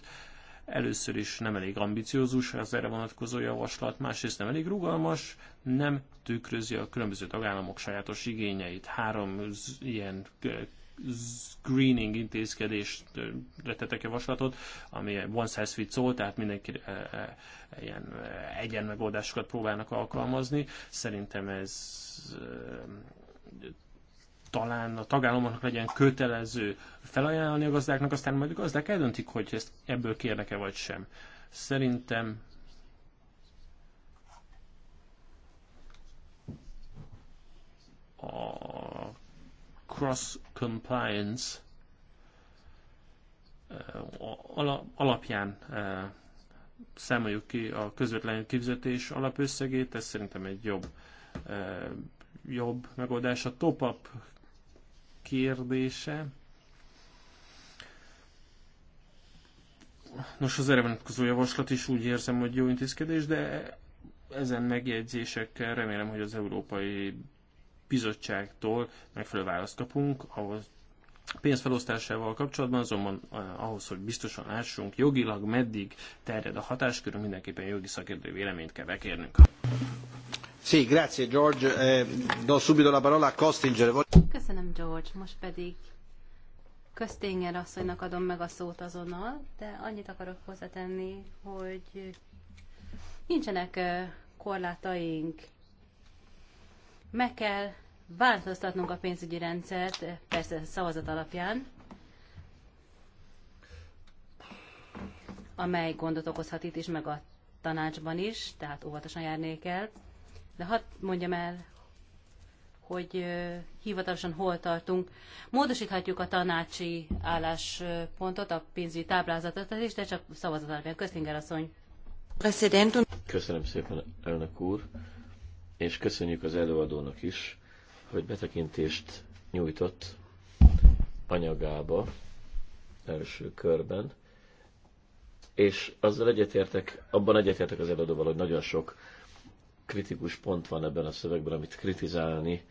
Először is nem elég ambiciózus az erre vonatkozó javaslat, másrészt nem elég rugalmas, nem tükrözi a különböző tagállamok sajátos igényeit. Három ilyen screening intézkedést tettek javaslatot, ami one size fits all, tehát mindenki ilyen egyen megoldásokat próbálnak alkalmazni. Szerintem ez talán a tagállamoknak legyen kötelező felajánlani a gazdáknak, aztán majd a gazdák eldöntik, hogy ezt ebből kérnek-e vagy sem. Szerintem a cross compliance eh, alapján eh, számoljuk ki a közvetlen kifizetés alapösszegét, ez szerintem egy jobb eh, jobb megoldás. A top-up kérdése. Nos, az erre vonatkozó javaslat is úgy érzem, hogy jó intézkedés, de ezen megjegyzésekkel remélem, hogy az Európai Bizottságtól megfelelő választ kapunk, ahhoz pénz felosztásával kapcsolatban azonban eh, ahhoz, hogy biztosan lássunk, jogilag meddig terjed a hatáskörünk, mindenképpen jogi szakértői véleményt kell bekérnünk. Sí, grazie George. Eh, do subito la parola a Kostinger. Köszönöm George, most pedig Köztinger asszonynak adom meg a szót azonnal, de annyit akarok hozzátenni, hogy nincsenek eh, korlátaink. Meg kell változtatnunk a pénzügyi rendszert, persze szavazat alapján, amely gondot okozhat itt is, meg a tanácsban is, tehát óvatosan járnék el. De hadd mondjam el, hogy hivatalosan hol tartunk. Módosíthatjuk a tanácsi álláspontot, a pénzügyi táblázatot is, de csak szavazat alapján. Köszönjük, asszony. Köszönöm szépen, elnök úr, és köszönjük az előadónak is hogy betekintést nyújtott anyagába első körben, és azzal egyetértek, abban egyetértek az előadóval, hogy nagyon sok kritikus pont van ebben a szövegben, amit kritizálni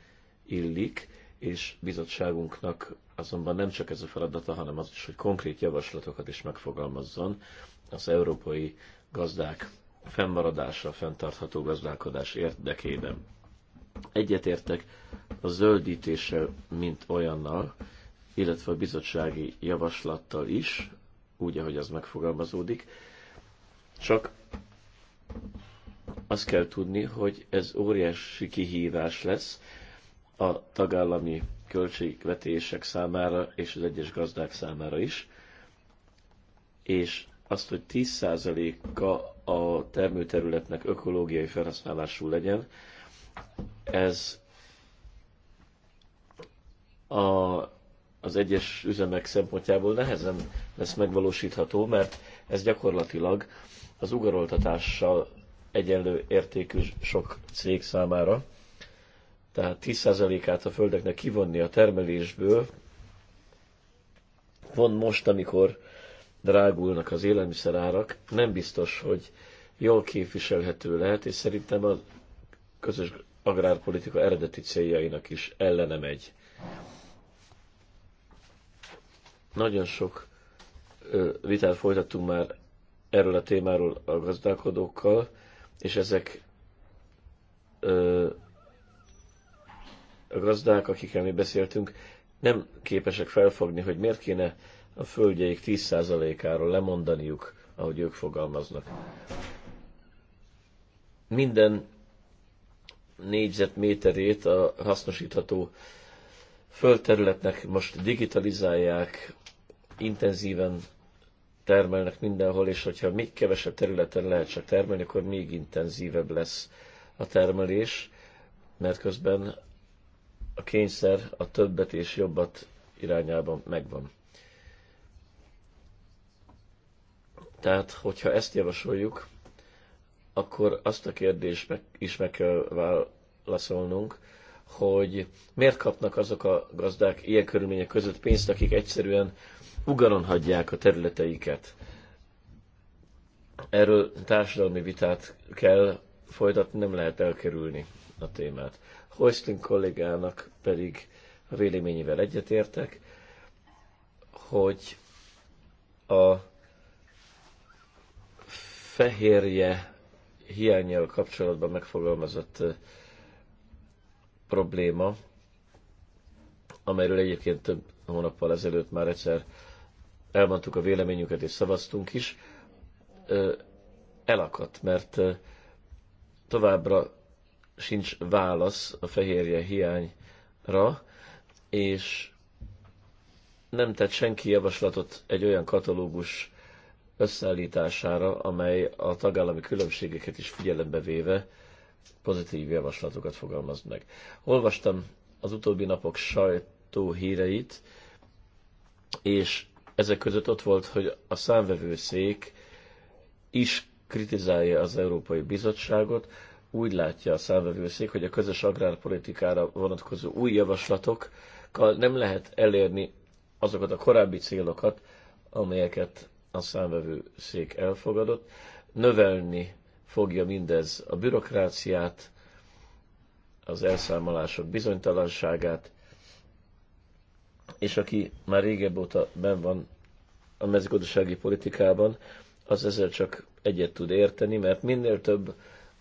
illik, és bizottságunknak azonban nem csak ez a feladata, hanem az is, hogy konkrét javaslatokat is megfogalmazzon az európai gazdák fennmaradása, fenntartható gazdálkodás érdekében. Egyetértek a zöldítéssel, mint olyannal, illetve a bizottsági javaslattal is, úgy, ahogy az megfogalmazódik. Csak azt kell tudni, hogy ez óriási kihívás lesz a tagállami költségvetések számára és az egyes gazdák számára is, és azt, hogy 10%-a a termőterületnek ökológiai felhasználású legyen, ez a, az egyes üzemek szempontjából nehezen lesz megvalósítható, mert ez gyakorlatilag az ugaroltatással egyenlő értékű sok cég számára. Tehát 10%-át a földeknek kivonni a termelésből, van most, amikor drágulnak az élelmiszerárak, nem biztos, hogy jól képviselhető lehet, és szerintem az közös agrárpolitika eredeti céljainak is ellene megy. Nagyon sok vitát folytattunk már erről a témáról a gazdálkodókkal, és ezek a gazdák, akikkel mi beszéltünk, nem képesek felfogni, hogy miért kéne a földjeik 10%-áról lemondaniuk, ahogy ők fogalmaznak. Minden négyzetméterét a hasznosítható földterületnek most digitalizálják, intenzíven termelnek mindenhol, és hogyha még kevesebb területen lehet csak termelni, akkor még intenzívebb lesz a termelés, mert közben a kényszer a többet és jobbat irányában megvan. Tehát, hogyha ezt javasoljuk, akkor azt a kérdést meg, is meg kell válaszolnunk, hogy miért kapnak azok a gazdák ilyen körülmények között pénzt, akik egyszerűen ugaron hagyják a területeiket. Erről társadalmi vitát kell folytatni, nem lehet elkerülni a témát. Hoisling kollégának pedig a véleményével egyetértek, hogy a fehérje hiányjal kapcsolatban megfogalmazott probléma, amelyről egyébként több hónappal ezelőtt már egyszer elmondtuk a véleményünket és szavaztunk is, elakadt, mert továbbra sincs válasz a fehérje hiányra, és nem tett senki javaslatot egy olyan katalógus összeállítására, amely a tagállami különbségeket is figyelembe véve pozitív javaslatokat fogalmaz meg. Olvastam az utóbbi napok sajtó híreit, és ezek között ott volt, hogy a számvevőszék is kritizálja az Európai Bizottságot, úgy látja a számvevőszék, hogy a közös agrárpolitikára vonatkozó új javaslatokkal nem lehet elérni azokat a korábbi célokat, amelyeket a számvevő szék elfogadott. Növelni fogja mindez a bürokráciát, az elszámolások bizonytalanságát, és aki már régebb óta ben van a mezőgazdasági politikában, az ezzel csak egyet tud érteni, mert minél több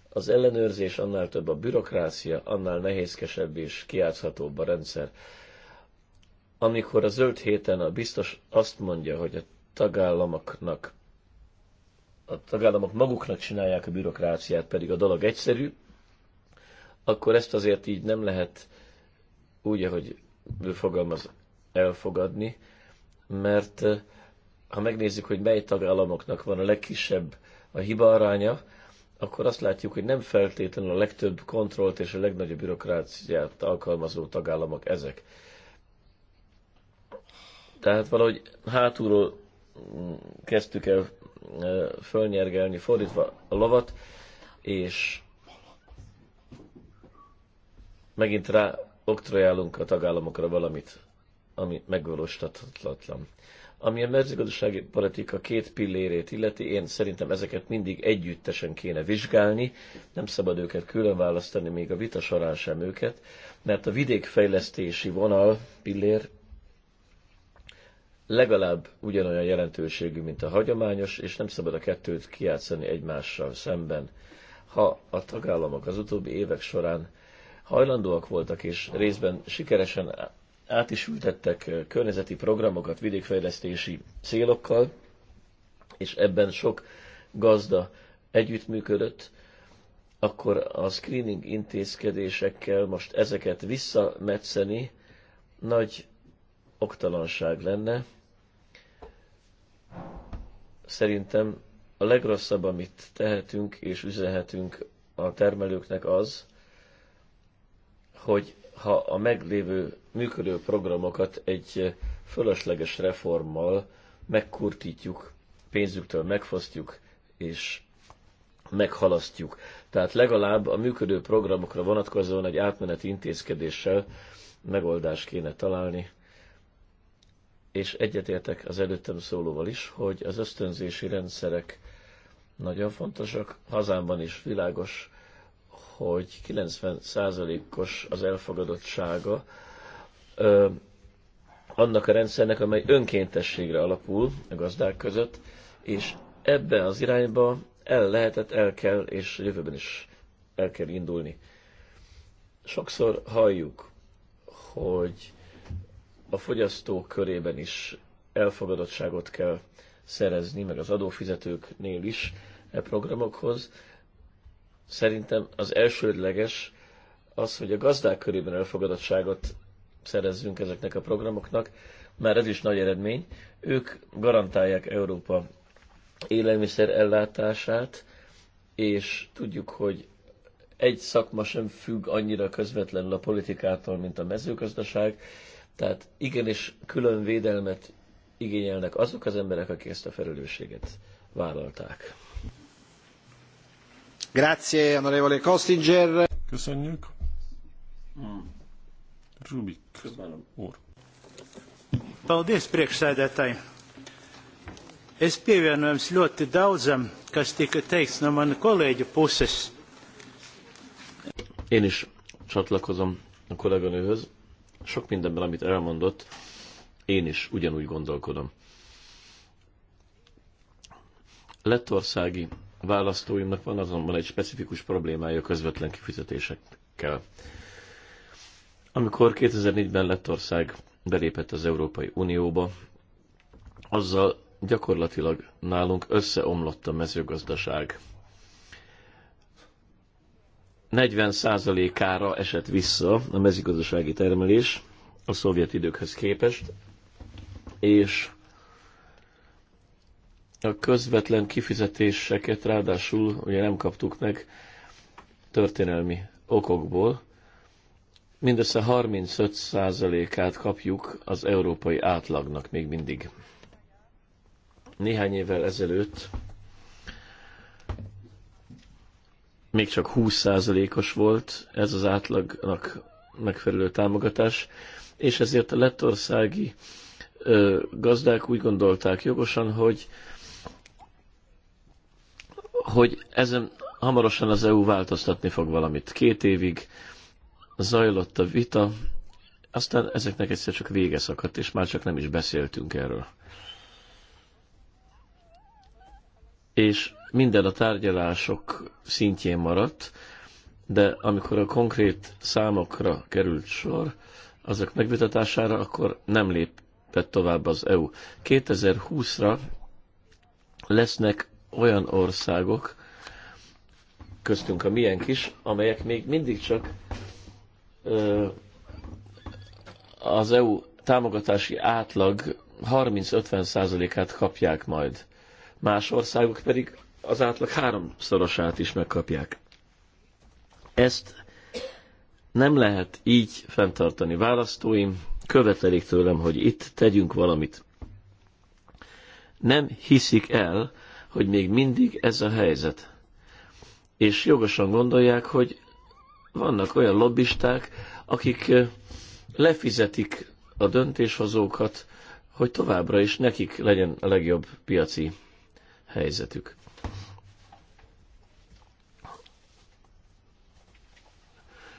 az ellenőrzés, annál több a bürokrácia, annál nehézkesebb és kiátszhatóbb a rendszer. Amikor a zöld héten a biztos azt mondja, hogy a tagállamoknak. A tagállamok maguknak csinálják a bürokráciát, pedig a dolog egyszerű, akkor ezt azért így nem lehet úgy, ahogy ő fogalmaz, elfogadni, mert eh, ha megnézzük, hogy mely tagállamoknak van a legkisebb a hiba aránya, akkor azt látjuk, hogy nem feltétlenül a legtöbb kontrollt és a legnagyobb bürokráciát alkalmazó tagállamok ezek. Tehát valahogy hátulról kezdtük el fölnyergelni fordítva a lovat, és megint rá oktrojálunk a tagállamokra valamit, ami megvalósíthatatlan. Ami a mezőgazdasági politika két pillérét illeti, én szerintem ezeket mindig együttesen kéne vizsgálni, nem szabad őket külön választani, még a vita során sem őket, mert a vidékfejlesztési vonal pillér legalább ugyanolyan jelentőségű, mint a hagyományos, és nem szabad a kettőt kiátszani egymással szemben. Ha a tagállamok az utóbbi évek során hajlandóak voltak, és részben sikeresen át is ültettek eh, környezeti programokat vidékfejlesztési célokkal, és ebben sok gazda együttműködött, akkor a screening intézkedésekkel most ezeket visszametszeni nagy oktalanság lenne, szerintem a legrosszabb, amit tehetünk és üzenhetünk a termelőknek az, hogy ha a meglévő működő programokat egy fölösleges reformmal megkurtítjuk, pénzüktől megfosztjuk és meghalasztjuk. Tehát legalább a működő programokra vonatkozóan egy átmeneti intézkedéssel megoldást kéne találni és egyetértek az előttem szólóval is, hogy az ösztönzési rendszerek nagyon fontosak. Hazámban is világos, hogy 90%-os az elfogadottsága ö, annak a rendszernek, amely önkéntességre alapul a gazdák között, és ebbe az irányba el lehetett, el kell, és jövőben is el kell indulni. Sokszor halljuk, hogy a fogyasztók körében is elfogadottságot kell szerezni, meg az adófizetőknél is e programokhoz. Szerintem az elsődleges az, hogy a gazdák körében elfogadottságot szerezzünk ezeknek a programoknak, mert ez is nagy eredmény. Ők garantálják Európa élelmiszer ellátását, és tudjuk, hogy egy szakma sem függ annyira közvetlenül a politikától, mint a mezőgazdaság, tehát igenis külön védelmet igényelnek azok az emberek, akik ezt a felelősséget vállalták. Grazie, onorevole Kostinger. Köszönjük. Rubik úr. Paldies, priekšsēdētāji. Es pievienojos ļoti daudzam, kas tika teikts no mana kolēģa puses. Én is csatlakozom a kolléganőhöz. Sok mindenben, amit elmondott, én is ugyanúgy gondolkodom. Lettországi választóimnak van azonban egy specifikus problémája a közvetlen kifizetésekkel. Amikor 2004-ben Lettország belépett az Európai Unióba, azzal gyakorlatilag nálunk összeomlott a mezőgazdaság 40%-ára esett vissza a mezőgazdasági termelés a szovjet időkhöz képest, és a közvetlen kifizetéseket ráadásul ugye nem kaptuk meg történelmi okokból. Mindössze 35%-át kapjuk az európai átlagnak még mindig. Néhány évvel ezelőtt még csak 20%-os volt ez az átlagnak megfelelő támogatás, és ezért a lettországi ö, gazdák úgy gondolták jogosan, hogy hogy ezen hamarosan az EU változtatni fog valamit. Két évig zajlott a vita, aztán ezeknek egyszer csak vége szakadt, és már csak nem is beszéltünk erről. és minden a tárgyalások szintjén maradt, de amikor a konkrét számokra került sor, azok megvitatására, akkor nem lépett tovább az EU. 2020-ra lesznek olyan országok, köztünk a miénk is, amelyek még mindig csak ö, az EU támogatási átlag 30-50%-át kapják majd más országok pedig az átlag háromszorosát is megkapják. Ezt nem lehet így fenntartani. Választóim követelik tőlem, hogy itt tegyünk valamit. Nem hiszik el, hogy még mindig ez a helyzet. És jogosan gondolják, hogy vannak olyan lobbisták, akik lefizetik a döntéshozókat, hogy továbbra is nekik legyen a legjobb piaci helyzetük.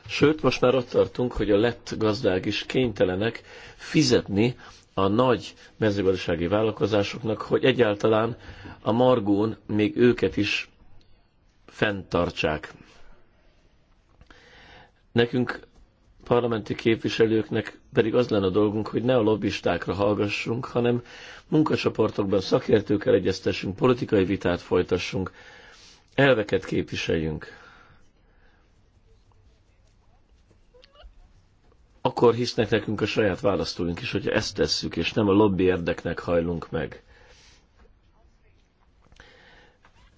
Sőt, most már ott tartunk, hogy a lett gazdák is kénytelenek fizetni a nagy mezőgazdasági vállalkozásoknak, hogy egyáltalán a margón még őket is fenntartsák. Nekünk parlamenti képviselőknek pedig az lenne a dolgunk, hogy ne a lobbistákra hallgassunk, hanem munkacsoportokban szakértőkkel egyeztessünk, politikai vitát folytassunk, elveket képviseljünk. Akkor hisznek nekünk a saját választóink is, hogyha ezt tesszük, és nem a lobby érdeknek hajlunk meg.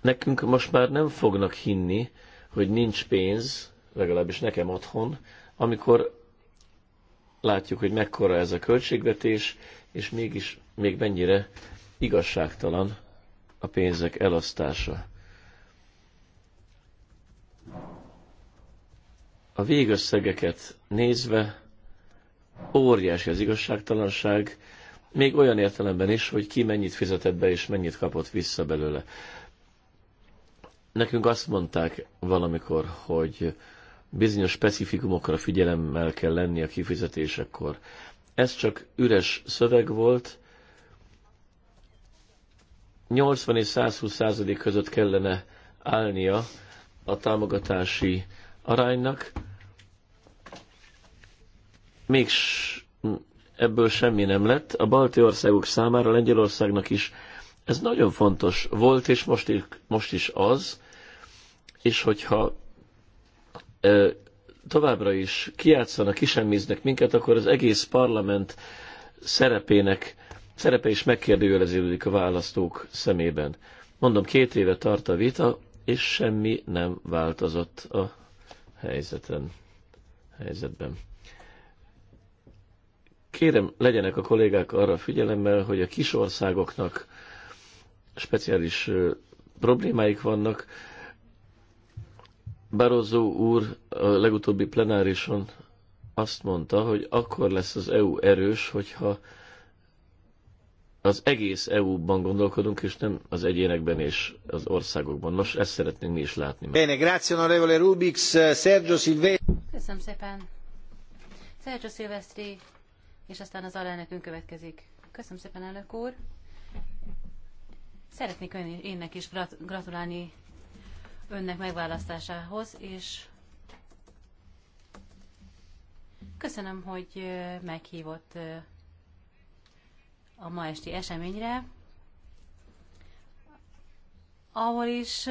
Nekünk most már nem fognak hinni, hogy nincs pénz, legalábbis nekem otthon, amikor látjuk, hogy mekkora ez a költségvetés, és mégis még mennyire igazságtalan a pénzek elosztása. A végösszegeket nézve óriási az igazságtalanság, még olyan értelemben is, hogy ki mennyit fizetett be és mennyit kapott vissza belőle. Nekünk azt mondták valamikor, hogy bizonyos specifikumokra figyelemmel kell lenni a kifizetésekor. Ez csak üres szöveg volt, 80 és 120 százalék között kellene állnia a támogatási aránynak. Még ebből semmi nem lett. A balti országok számára, Lengyelországnak is ez nagyon fontos volt, és most is, most is az, és hogyha e, továbbra is kiátszanak, kisemmiznek minket, akkor az egész parlament szerepének szerepe is megkérdőjeleződik a választók szemében. Mondom, két éve tart a vita, és semmi nem változott a helyzeten, helyzetben. Kérem, legyenek a kollégák arra figyelemmel, hogy a kis országoknak speciális problémáik vannak. Barozó úr a legutóbbi plenárison azt mondta, hogy akkor lesz az EU erős, hogyha az egész EU-ban gondolkodunk, és nem az egyénekben és az országokban. Nos, ezt szeretnénk mi is látni. Bene, grazie onorevole Rubix, Sergio Silvestri. Köszönöm szépen. Sergio Silvestri, és aztán az alelnökünk következik. Köszönöm szépen, elnök úr. Szeretnék ön, énnek is gratulálni önnek megválasztásához, és köszönöm, hogy meghívott a ma esti eseményre, ahol is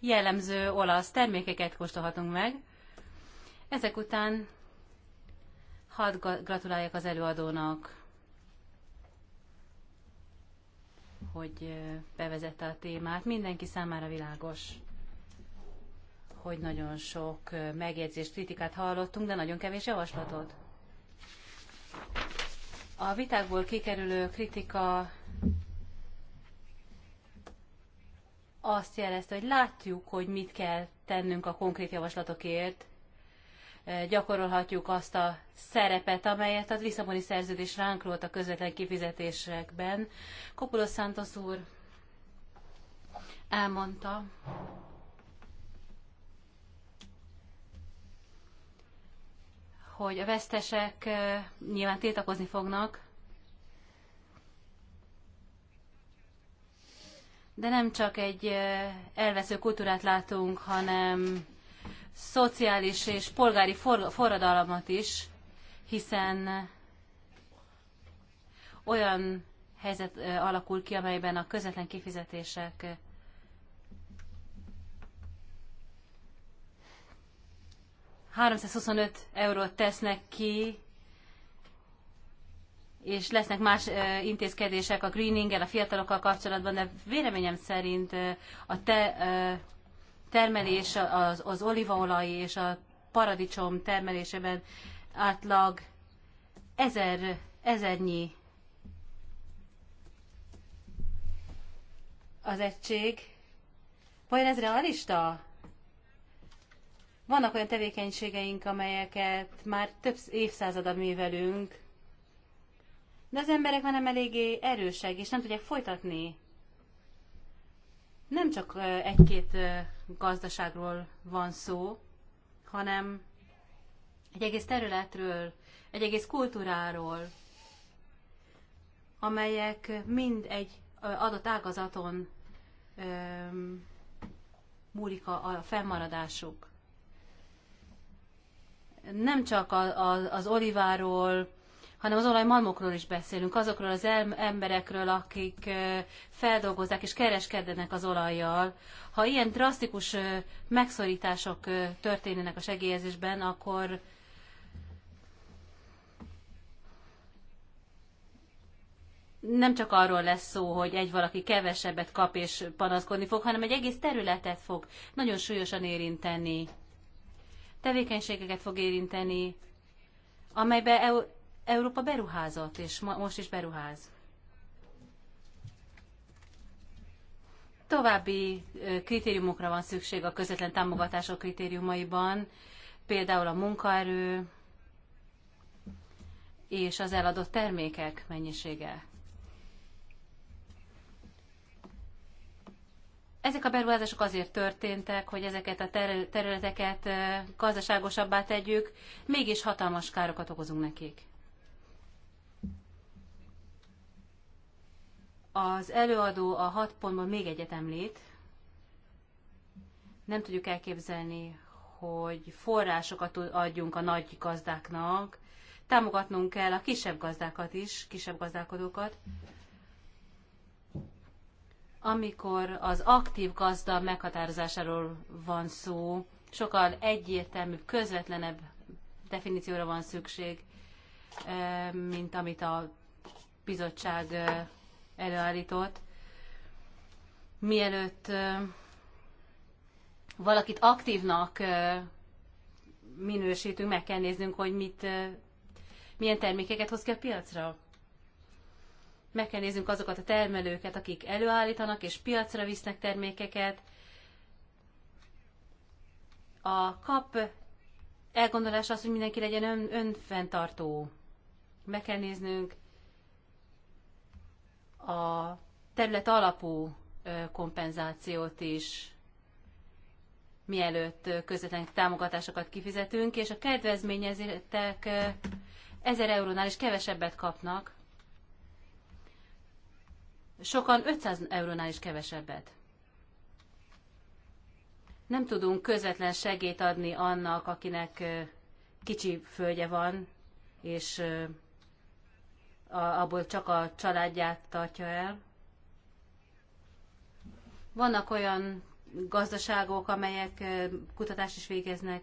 jellemző olasz termékeket kóstolhatunk meg. Ezek után hadd gratuláljak az előadónak, hogy bevezette a témát. Mindenki számára világos, hogy nagyon sok megjegyzést, kritikát hallottunk, de nagyon kevés javaslatot. A vitákból kikerülő kritika azt jelezte, hogy látjuk, hogy mit kell tennünk a konkrét javaslatokért, gyakorolhatjuk azt a szerepet, amelyet a Lisszaboni szerződés ránk rólt a közvetlen kifizetésekben. Kopulos Santos úr elmondta, hogy a vesztesek nyilván tiltakozni fognak, de nem csak egy elvesző kultúrát látunk, hanem szociális és polgári for forradalmat is, hiszen olyan helyzet alakul ki, amelyben a közvetlen kifizetések 325 eurót tesznek ki, és lesznek más intézkedések a greeninggel, a fiatalokkal kapcsolatban, de véleményem szerint a te, termelés, az, az olívaolaj és a paradicsom termelésében átlag ezer, ezernyi az egység. Vajon ez realista? Vannak olyan tevékenységeink, amelyeket már több évszázada művelünk, de az emberek már nem eléggé erősek, és nem tudják folytatni. Nem csak egy-két gazdaságról van szó, hanem egy egész területről, egy egész kultúráról, amelyek mind egy adott ágazaton múlik a fennmaradásuk nem csak a, a, az oliváról, hanem az olajmalmokról is beszélünk, azokról az emberekről, akik feldolgozzák és kereskednek az olajjal. Ha ilyen drasztikus megszorítások történnek a segélyezésben, akkor nem csak arról lesz szó, hogy egy valaki kevesebbet kap és panaszkodni fog, hanem egy egész területet fog nagyon súlyosan érinteni tevékenységeket fog érinteni, amelybe EU Európa beruházott, és most is beruház. További kritériumokra van szükség a közvetlen támogatások kritériumaiban, például a munkaerő és az eladott termékek mennyisége. Ezek a beruházások azért történtek, hogy ezeket a ter- területeket gazdaságosabbá tegyük, mégis hatalmas károkat okozunk nekik. Az előadó a hat pontból még egyet említ. Nem tudjuk elképzelni, hogy forrásokat adjunk a nagy gazdáknak. Támogatnunk kell a kisebb gazdákat is, kisebb gazdálkodókat amikor az aktív gazda meghatározásáról van szó, sokkal egyértelműbb, közvetlenebb definícióra van szükség, eh, mint amit a bizottság eh, előállított. Mielőtt eh, valakit aktívnak minősítünk, meg kell néznünk, hogy mit, milyen termékeket hoz ki a piacra meg kell néznünk azokat a termelőket, akik előállítanak és piacra visznek termékeket. A kap elgondolása az, hogy mindenki legyen ön, önfenntartó. Meg kell néznünk a terület alapú kompenzációt is, mielőtt közvetlen támogatásokat kifizetünk, és a kedvezményezettek 1000 eurónál is kevesebbet kapnak, sokan 500 eurónál is kevesebbet. Nem tudunk közvetlen segét adni annak, akinek kicsi földje van, és abból csak a családját tartja el. Vannak olyan gazdaságok, amelyek kutatást is végeznek,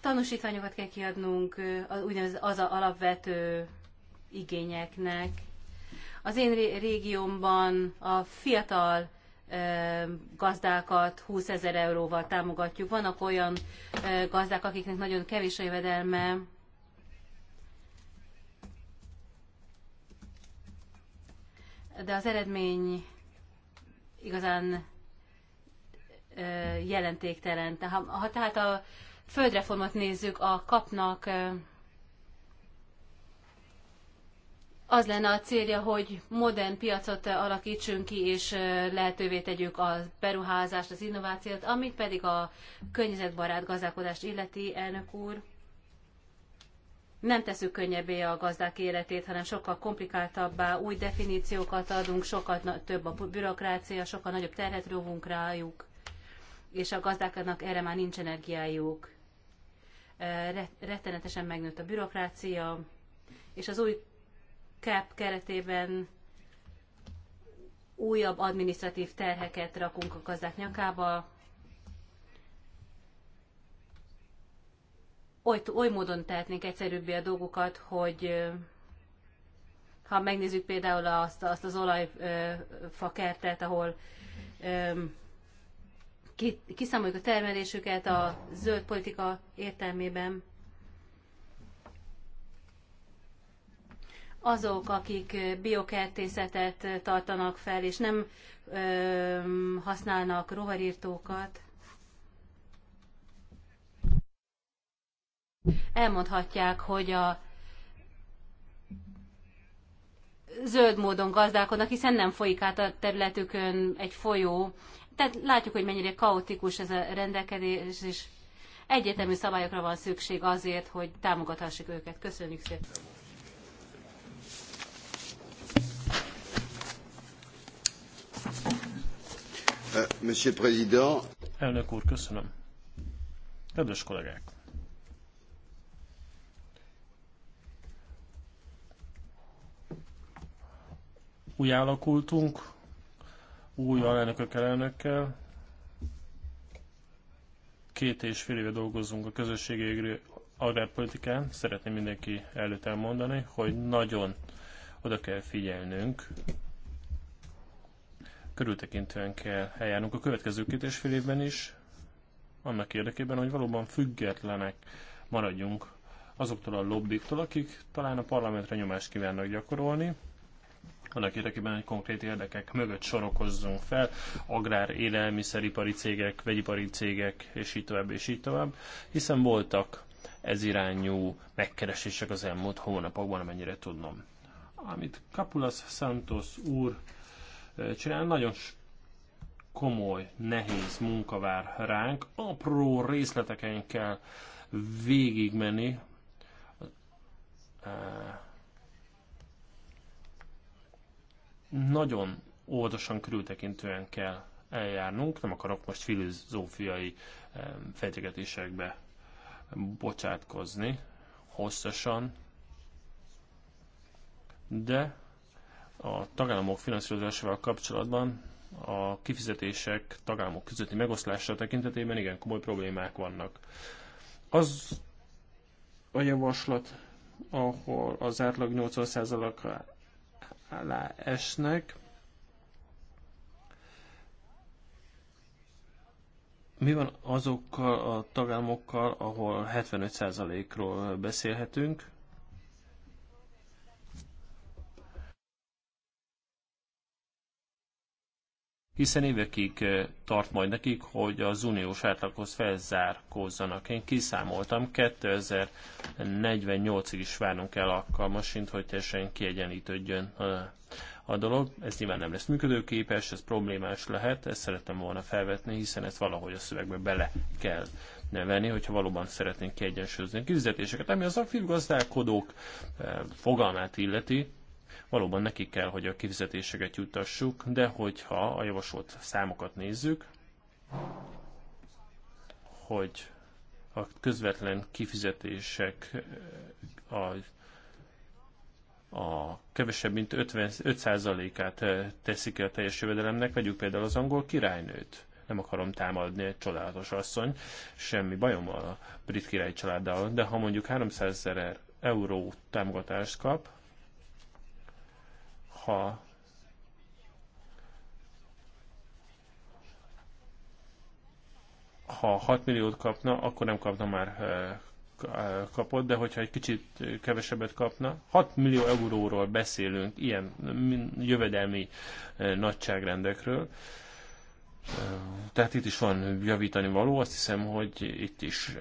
Tanúsítványokat kell kiadnunk az, úgynevezett az a alapvető igényeknek. Az én régiómban a fiatal gazdákat 20 ezer euróval támogatjuk. Vannak olyan gazdák, akiknek nagyon kevés a jövedelme, de az eredmény igazán jelentéktelen. Tehát, ha, tehát a földreformot nézzük a kapnak, az lenne a célja, hogy modern piacot alakítsunk ki, és lehetővé tegyük a beruházást, az innovációt, amit pedig a környezetbarát gazdálkodást illeti, elnök úr. Nem teszük könnyebbé a gazdák életét, hanem sokkal komplikáltabbá, új definíciókat adunk, sokkal több a bürokrácia, sokkal nagyobb terhet rovunk rájuk, és a gazdáknak erre már nincs energiájuk Eh, rettenetesen megnőtt a bürokrácia, és az új CAP keretében újabb administratív terheket rakunk a gazdák nyakába, oly, oly módon tehetnénk egyszerűbbé a dolgokat, hogy eh, ha megnézzük például azt, azt az olajfakertet, ahol kiszámoljuk a termelésüket a zöld politika értelmében. Azok, akik biokertészetet tartanak fel, és nem ö, használnak rovarírtókat, elmondhatják, hogy a zöld módon gazdálkodnak, hiszen nem folyik át a területükön egy folyó, tehát látjuk, hogy mennyire kaotikus ez a rendelkezés, és egyetemű szabályokra van szükség azért, hogy támogathassuk őket. Köszönjük szépen! Euh, Monsieur President, Président. Elnök úr, köszönöm. Kedves kollégák! Új alakultunk, új alelnökök elnökkel. Két és fél éve dolgozunk a közösségi agrárpolitikán. Szeretném mindenki előtt elmondani, hogy nagyon oda kell figyelnünk, körültekintően kell eljárnunk a következő két és fél évben is, annak érdekében, hogy valóban függetlenek maradjunk azoktól a lobbiktól, akik talán a parlamentre nyomást kívánnak gyakorolni, annak érdekében, hogy konkrét érdekek mögött sorokozzunk fel, agrár, élelmiszeripari cégek, vegyipari cégek, és így tovább, és így tovább, hiszen voltak ez irányú megkeresések az elmúlt hónapokban, amennyire tudnom. Amit Kapulas Santos úr csinál, nagyon komoly, nehéz munka vár ránk, apró részleteken kell végigmenni Nagyon óvatosan körültekintően kell eljárnunk, nem akarok most filozófiai fejtegetésekbe bocsátkozni hosszasan, de a tagállamok finanszírozásával kapcsolatban a kifizetések tagállamok közötti megoszlása tekintetében igen komoly problémák vannak. Az a javaslat, ahol az átlag 80%-a alá esnek. Mi van azokkal a tagállamokkal, ahol 75%-ról beszélhetünk? hiszen évekig eh, tart majd nekik, hogy az uniós átlaghoz felzárkózzanak. Én kiszámoltam, 2048-ig is várnunk el alkalmasint, hogy teljesen kiegyenlítődjön eh, a dolog. Ez nyilván nem lesz működőképes, ez problémás lehet, ezt szerettem volna felvetni, hiszen ezt valahogy a szövegbe bele kell nevelni, hogyha valóban szeretnénk kiegyensúlyozni a kizetéseket. ami az a gazdálkodók eh, fogalmát illeti, Valóban nekik kell, hogy a kifizetéseket juttassuk, de hogyha a javasolt számokat nézzük, hogy a közvetlen kifizetések a a kevesebb mint 50, 5%-át eh, teszik ki a teljes jövedelemnek, vegyük például az angol királynőt. Nem akarom támadni, egy csodálatos asszony, semmi bajom a brit király családdal, de ha mondjuk 300 ezer euró támogatást kap, ha ha 6 milliót kapna, akkor nem kapna már eh, eh, kapott, de hogyha egy kicsit kevesebbet kapna, 6 millió euróról beszélünk, ilyen jövedelmi eh, nagyságrendekről, tehát itt is van javítani való, azt hiszem, hogy itt is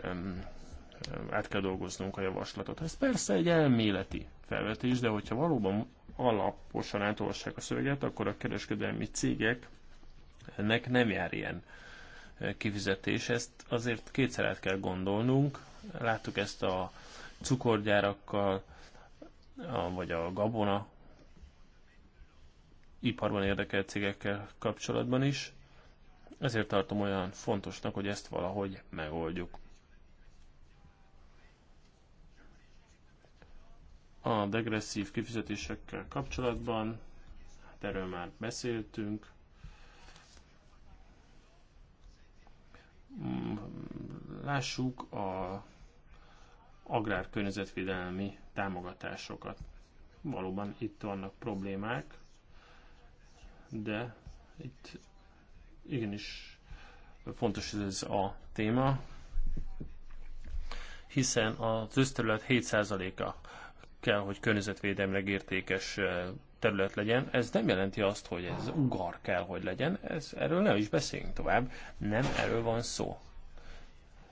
át kell dolgoznunk a javaslatot. Ez persze egy elméleti felvetés, de hogyha valóban alaposan átolvassák a szöveget, akkor a kereskedelmi cégeknek nem jár ilyen eh, kifizetés. Ezt azért kétszer át kell gondolnunk. Láttuk ezt a cukorgyárakkal, a, vagy a gabona iparban érdekelt cégekkel kapcsolatban is. Ezért tartom olyan fontosnak, hogy ezt valahogy megoldjuk. A degresszív kifizetésekkel kapcsolatban, hát erről már beszéltünk, mm, lássuk a agrárkörnyezetvédelmi támogatásokat. Valóban itt vannak problémák, de itt igenis fontos ez a téma, hiszen az összterület 7%-a kell, hogy környezetvédelmileg értékes eh, terület legyen. Ez nem jelenti azt, hogy ez ugar kell, hogy legyen. Ez, erről nem is beszéljünk tovább. Nem erről van szó.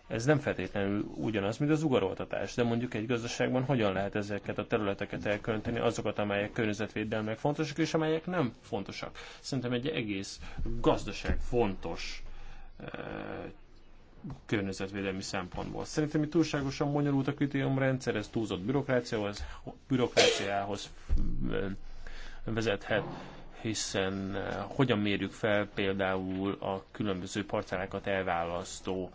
Ez nem feltétlenül ugyanaz, mint az ugaroltatás, de mondjuk egy gazdaságban hogyan lehet ezeket a területeket elkülöníteni, azokat, amelyek környezetvédelmek fontosak, és amelyek nem fontosak. Szerintem egy egész gazdaság fontos eh, környezetvédelmi szempontból. Szerintem itt túlságosan bonyolult a kritériumrendszer, ez túlzott bürokráciához, bürokráciához vezethet, hiszen hogyan mérjük fel például a különböző parcellákat elválasztó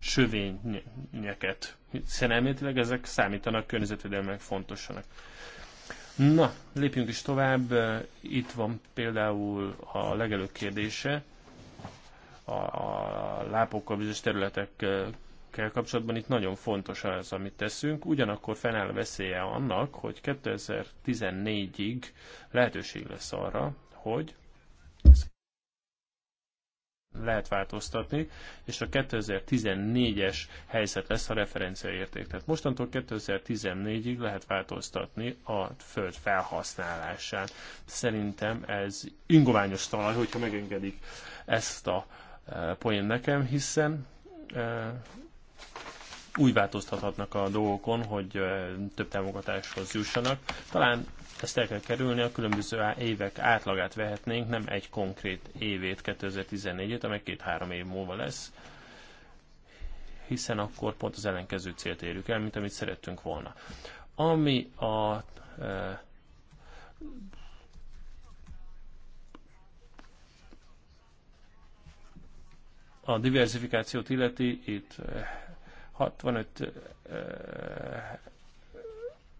sövényeket, hiszen elméletileg ezek számítanak környezetvédelmek fontosanak. Na, lépjünk is tovább. Itt van például a legelőbb kérdése a, a lápokkal bizonyos területekkel kapcsolatban. Itt nagyon fontos az, amit teszünk. Ugyanakkor fennáll a veszélye annak, hogy 2014-ig lehetőség lesz arra, hogy lehet változtatni, és a 2014-es helyzet lesz a referenciaérték. Tehát mostantól 2014-ig lehet változtatni a föld felhasználásán. Szerintem ez ingoványos talaj, hogyha megengedik ezt a e, poén nekem, hiszen e, úgy változtathatnak a dolgokon, hogy e, több támogatáshoz jussanak. Talán ezt el kell kerülni, a különböző évek átlagát vehetnénk, nem egy konkrét évét, 2014-et, amely két-három év múlva lesz, hiszen akkor pont az ellenkező célt érjük el, mint amit szerettünk volna. Ami a e, a diversifikációt illeti, itt 65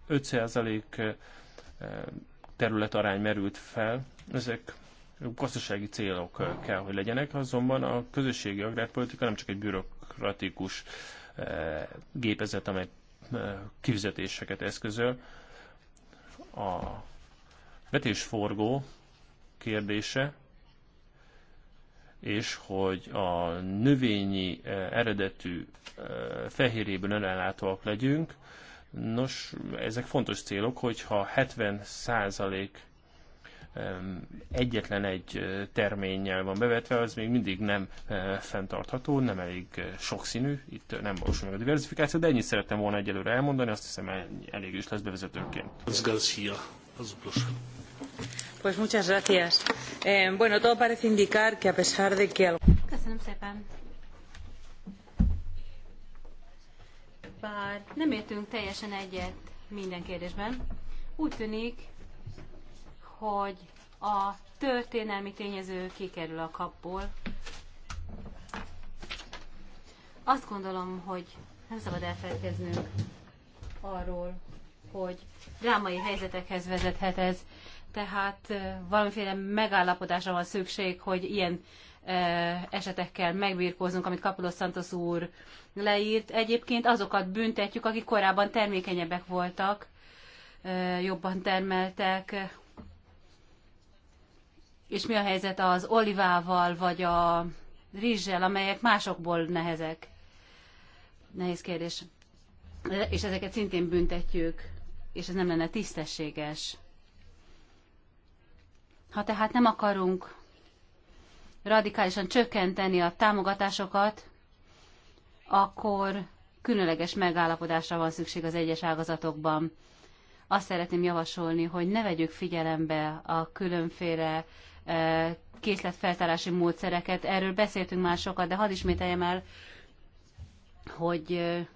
5% területarány merült fel. Ezek gazdasági célok kell, hogy legyenek, azonban a közösségi agrárpolitika nem csak egy bürokratikus gépezet, amely kifizetéseket eszközöl. A vetésforgó kérdése, és hogy a növényi eredetű fehérjéből ellátóak legyünk, Nos, ezek fontos célok, hogyha 70 százalék egyetlen egy terménnyel van bevetve, az még mindig nem fenntartható, nem elég sokszínű, itt nem valósul meg a diversifikáció, de ennyit szerettem volna egyelőre elmondani, azt hiszem elég is lesz bevezetőként. az Pues muchas gracias. Eh, bueno, todo parece indicar que a pesar de que... Köszönöm szépen. bár nem értünk teljesen egyet minden kérdésben, úgy tűnik, hogy a történelmi tényező kikerül a kapból. Azt gondolom, hogy nem szabad elfelkeznünk arról, hogy drámai helyzetekhez vezethet ez, tehát valamiféle megállapodásra van szükség, hogy ilyen esetekkel megbírkozunk, amit Kapolos Santos úr leírt. Egyébként azokat büntetjük, akik korábban termékenyebbek voltak, jobban termeltek. És mi a helyzet az olivával, vagy a rizssel, amelyek másokból nehezek? Nehéz kérdés. És ezeket szintén büntetjük, és ez nem lenne tisztességes. Ha tehát nem akarunk radikálisan csökkenteni a támogatásokat, akkor különleges megállapodásra van szükség az egyes ágazatokban. Azt szeretném javasolni, hogy ne vegyük figyelembe a különféle e, készletfeltárási módszereket. Erről beszéltünk már sokat, de hadd ismételjem el, hogy e,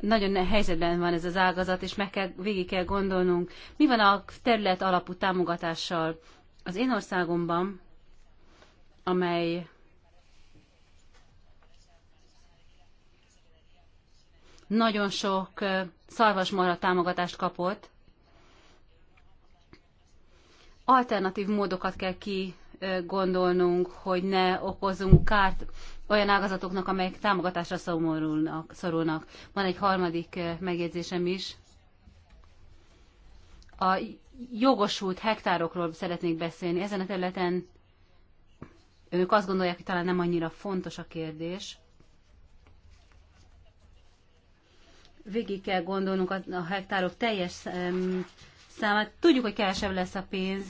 nagyon helyzetben van ez az ágazat, és meg kell, végig kell gondolnunk, mi van a terület alapú támogatással. Az én országomban, amely nagyon sok szarvasmarha támogatást kapott, alternatív módokat kell ki gondolnunk, hogy ne okozunk kárt olyan ágazatoknak, amelyek támogatásra szorulnak. szorulnak. Van egy harmadik megjegyzésem is a jogosult hektárokról szeretnék beszélni. Ezen a területen önök azt gondolják, hogy talán nem annyira fontos a kérdés. Végig kell gondolnunk a hektárok teljes számát. Tudjuk, hogy kevesebb lesz a pénz,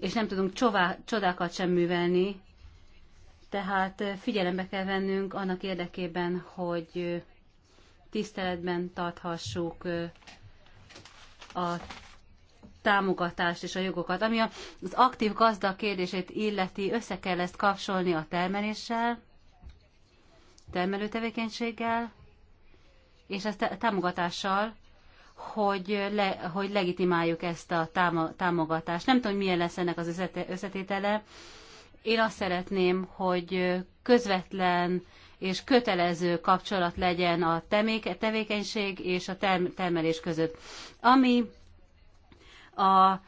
és nem tudunk csová, csodákat sem művelni. Tehát figyelembe kell vennünk annak érdekében, hogy tiszteletben tarthassuk a támogatást és a jogokat. Ami az aktív gazda kérdését illeti, össze kell ezt kapcsolni a termeléssel, termelőtevékenységgel, és ezt támogatással, hogy, le, hogy legitimáljuk ezt a támogatást. Nem tudom, milyen lesz ennek az összetétele. Én azt szeretném, hogy közvetlen és kötelező kapcsolat legyen a tevékenység és a termelés között. Ami a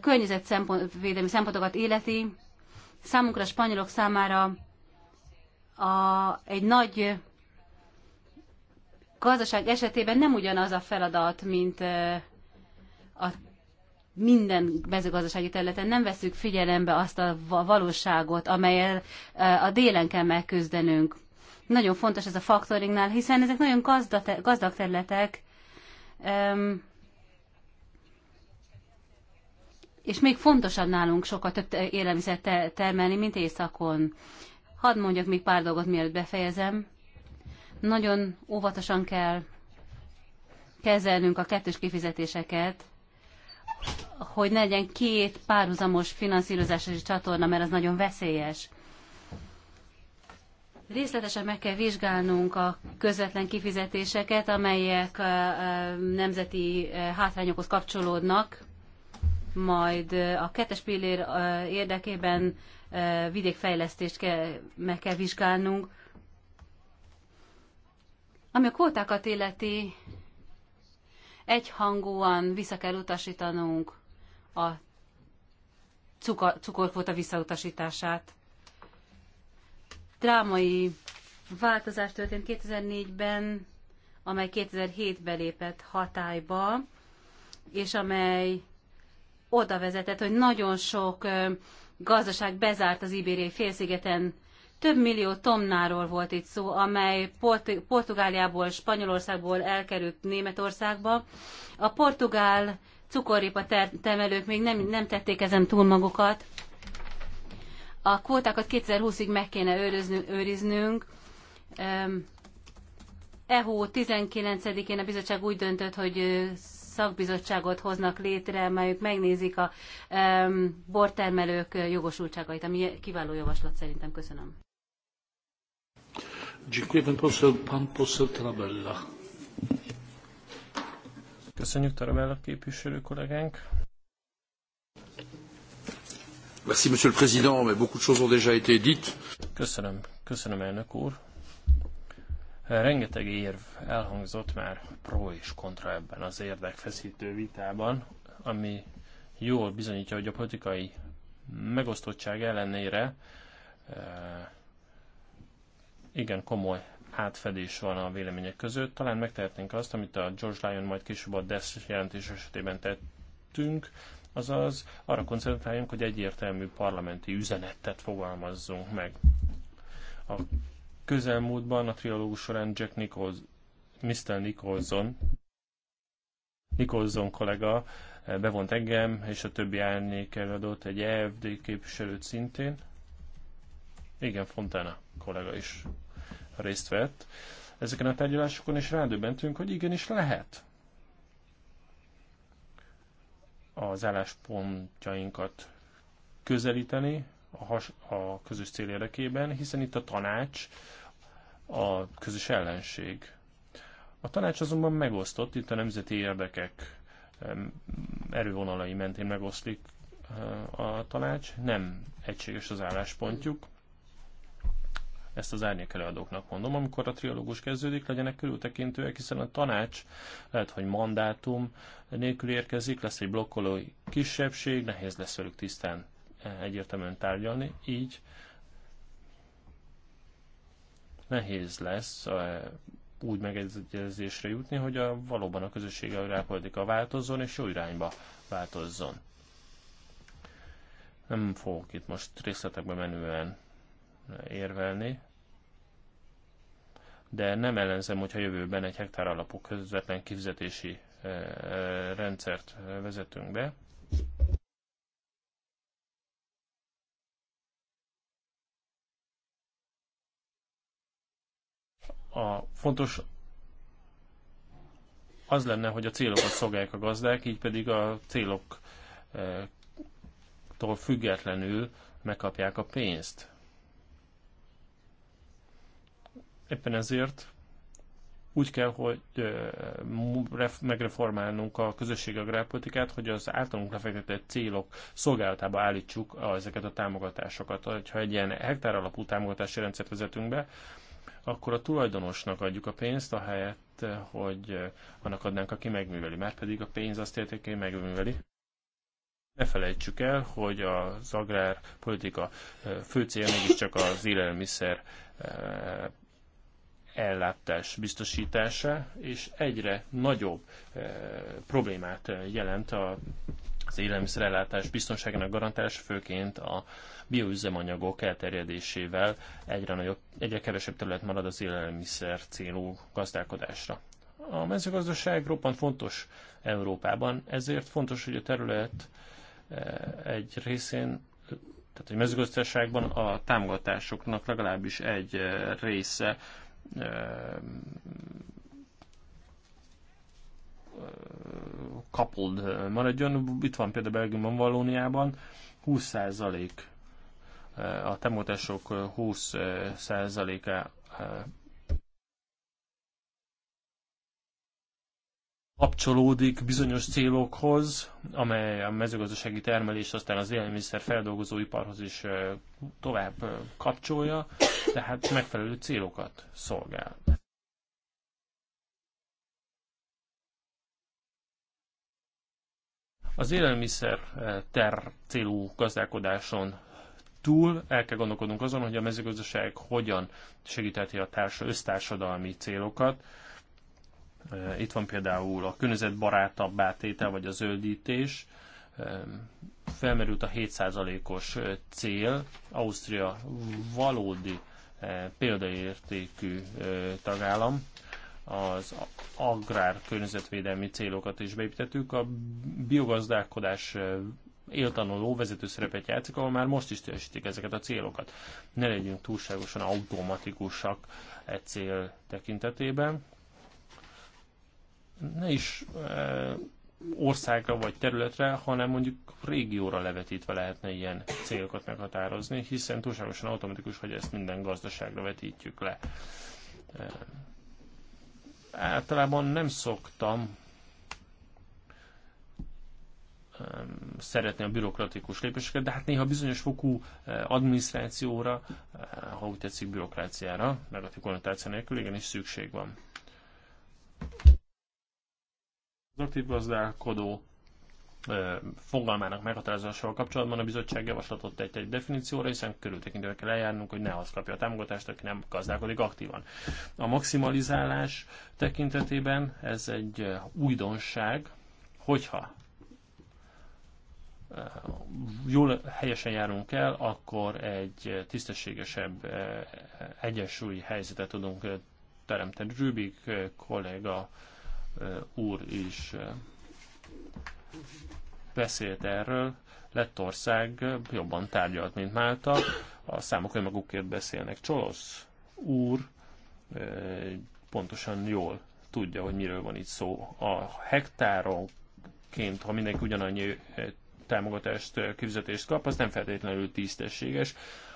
környezet szempont, védelmi szempontokat életi, számunkra, a spanyolok számára a, egy nagy gazdaság esetében nem ugyanaz a feladat, mint a minden mezőgazdasági területen nem veszük figyelembe azt a valóságot, amelyel a délen kell megküzdenünk. Nagyon fontos ez a faktoringnál, hiszen ezek nagyon gazda, gazdag területek, és még fontosabb nálunk sokkal több élelmiszert termelni, mint északon. Hadd mondjak még pár dolgot, mielőtt befejezem. Nagyon óvatosan kell kezelnünk a kettős kifizetéseket, hogy ne legyen két párhuzamos finanszírozási csatorna, mert az nagyon veszélyes. Részletesen meg kell vizsgálnunk a közvetlen kifizetéseket, amelyek nemzeti hátrányokhoz kapcsolódnak, majd a kettes pillér érdekében vidékfejlesztést kell, meg kell vizsgálnunk. Ami a kótákat illeti, egyhangúan vissza kell utasítanunk a cukor, cukorkvóta visszautasítását. Drámai változás történt 2004-ben, amely 2007-ben lépett hatályba, és amely oda vezetett, hogy nagyon sok gazdaság bezárt az Ibériai félszigeten. Több millió tomnáról volt itt szó, amely Port Portugáliából, Spanyolországból elkerült Németországba. A portugál cukorripa temelők még nem, nem tették ezen túl magukat. A kvótákat 2020-ig meg kéne őriznünk, őriznünk. EHO 19-én a bizottság úgy döntött, hogy szakbizottságot hoznak létre, melyük megnézik a um, bortermelők jogosultságait, ami kiváló javaslat szerintem. Köszönöm. Köszönjük Tarabella képviselő kollégánk. Merci, Monsieur le Président, mais beaucoup de choses ont déjà été dites. Köszönöm, köszönöm elnök úr. Rengeteg érv elhangzott már pro és kontra ebben az érdekfeszítő vitában, ami jól bizonyítja, hogy a politikai megosztottság ellenére e, igen komoly átfedés van a vélemények között. Talán megtehetnénk azt, amit a George Lyon majd később a DESZ jelentés esetében tettünk, azaz arra koncentráljunk, hogy egyértelmű parlamenti üzenetet fogalmazzunk meg. A Közelmúltban a trialógus során Jack Nichols, Mr. Nicholson, Nicholson kollega eh, bevont engem és a többi árnyék előadott egy EFD képviselőt szintén. Igen, Fontana kollega is részt vett ezeken a tárgyalásokon, és rádöbbentünk, hogy igenis lehet az álláspontjainkat közelíteni, a, has, a közös cél érdekében, hiszen itt a tanács a közös ellenség. A tanács azonban megosztott, itt a nemzeti érdekek erővonalai mentén megoszlik eh, a tanács, nem egységes az álláspontjuk. Ezt az árnyék előadóknak mondom, amikor a trialógus kezdődik, legyenek körültekintőek, hiszen a tanács lehet, hogy mandátum nélkül érkezik, lesz egy blokkoló kisebbség, nehéz lesz velük tisztán egyértelműen tárgyalni, így nehéz lesz úgy megegyezésre jutni, hogy a, valóban a közösségi agrárpolitika változzon és jó irányba változzon. Nem fogok itt most részletekbe menően érvelni, de nem ellenzem, hogyha jövőben egy hektár alapú közvetlen kifizetési rendszert vezetünk be. a fontos az lenne, hogy a célokat szolgálják a gazdák, így pedig a céloktól függetlenül megkapják a pénzt. Éppen ezért úgy kell, hogy megreformálnunk a közösségi agrárpolitikát, hogy az általunk lefektetett célok szolgálatába állítsuk ezeket a támogatásokat. Ha egy ilyen hektár alapú támogatási rendszert vezetünk be, akkor a tulajdonosnak adjuk a pénzt, ahelyett, hogy annak adnánk, aki megműveli. mert pedig a pénz azt hogy megműveli. Ne felejtsük el, hogy az agrárpolitika fő célja mégiscsak az élelmiszer ellátás biztosítása, és egyre nagyobb problémát jelent a az élelmiszerellátás biztonságának garantálása, főként a bioüzemanyagok elterjedésével egyre, nagyobb, egyre kevesebb terület marad az élelmiszer célú gazdálkodásra. A mezőgazdaság roppant fontos Európában, ezért fontos, hogy a terület eh, egy részén tehát a mezőgazdaságban a támogatásoknak legalábbis egy eh, része eh, kapold maradjon. Itt van például Belgiumban, Valóniában 20% a temotások 20%-a kapcsolódik bizonyos célokhoz, amely a mezőgazdasági termelés aztán az élelmiszer feldolgozóiparhoz is tovább kapcsolja, tehát megfelelő célokat szolgál. Az élelmiszer eh, ter célú gazdálkodáson túl el kell gondolkodnunk azon, hogy a mezőgazdaság hogyan segítheti a társa, össztársadalmi célokat. Eh, itt van például a környezetbarátabb átétel, vagy a zöldítés. Eh, felmerült a 7%-os cél. Ausztria valódi példaértékű tagállam az agrár környezetvédelmi célokat is beépítettük. A biogazdálkodás éltanuló vezető szerepet játszik, ahol már most is teljesítik ezeket a célokat. Ne legyünk túlságosan automatikusak e cél tekintetében. Ne is e, országra vagy területre, hanem mondjuk régióra levetítve lehetne ilyen célokat meghatározni, hiszen túlságosan automatikus, hogy ezt minden gazdaságra vetítjük le. E, általában nem szoktam szeretni a bürokratikus lépéseket, de hát néha bizonyos fokú eh, adminisztrációra, eh, ha úgy tetszik bürokráciára, negatív konnotáció nélkül igenis szükség van. Az aktív gazdálkodó fogalmának meghatározásával kapcsolatban a bizottság javaslatot tett egy definícióra, hiszen körültekintőre kell eljárnunk, hogy ne az kapja a támogatást, aki nem gazdálkodik aktívan. A maximalizálás tekintetében ez egy újdonság, hogyha jól helyesen járunk el, akkor egy tisztességesebb egyensúlyi helyzetet tudunk teremteni. Rübik kolléga úr is beszélt erről, Lettország jobban tárgyalt, mint Málta, a számok önmagukért beszélnek. Csolosz úr pontosan jól tudja, hogy miről van itt szó. A hektáronként, ha mindenki ugyanannyi támogatást, kifizetést kap, az nem feltétlenül tisztességes.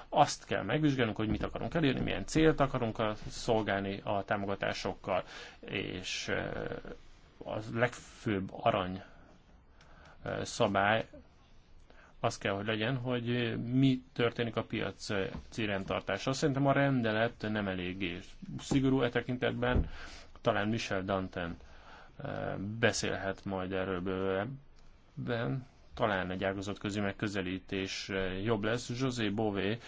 Azt kell megvizsgálnunk, hogy mit akarunk elérni, milyen célt akarunk szolgálni a támogatásokkal, és a legfőbb arany szabály az kell, hogy legyen, hogy mi történik a piac rendtartása. Szerintem a rendelet nem eléggé szigorú e tekintetben, talán Michel Danten beszélhet majd erről bővebben, talán egy ágazat közé megközelítés jobb lesz. José Bové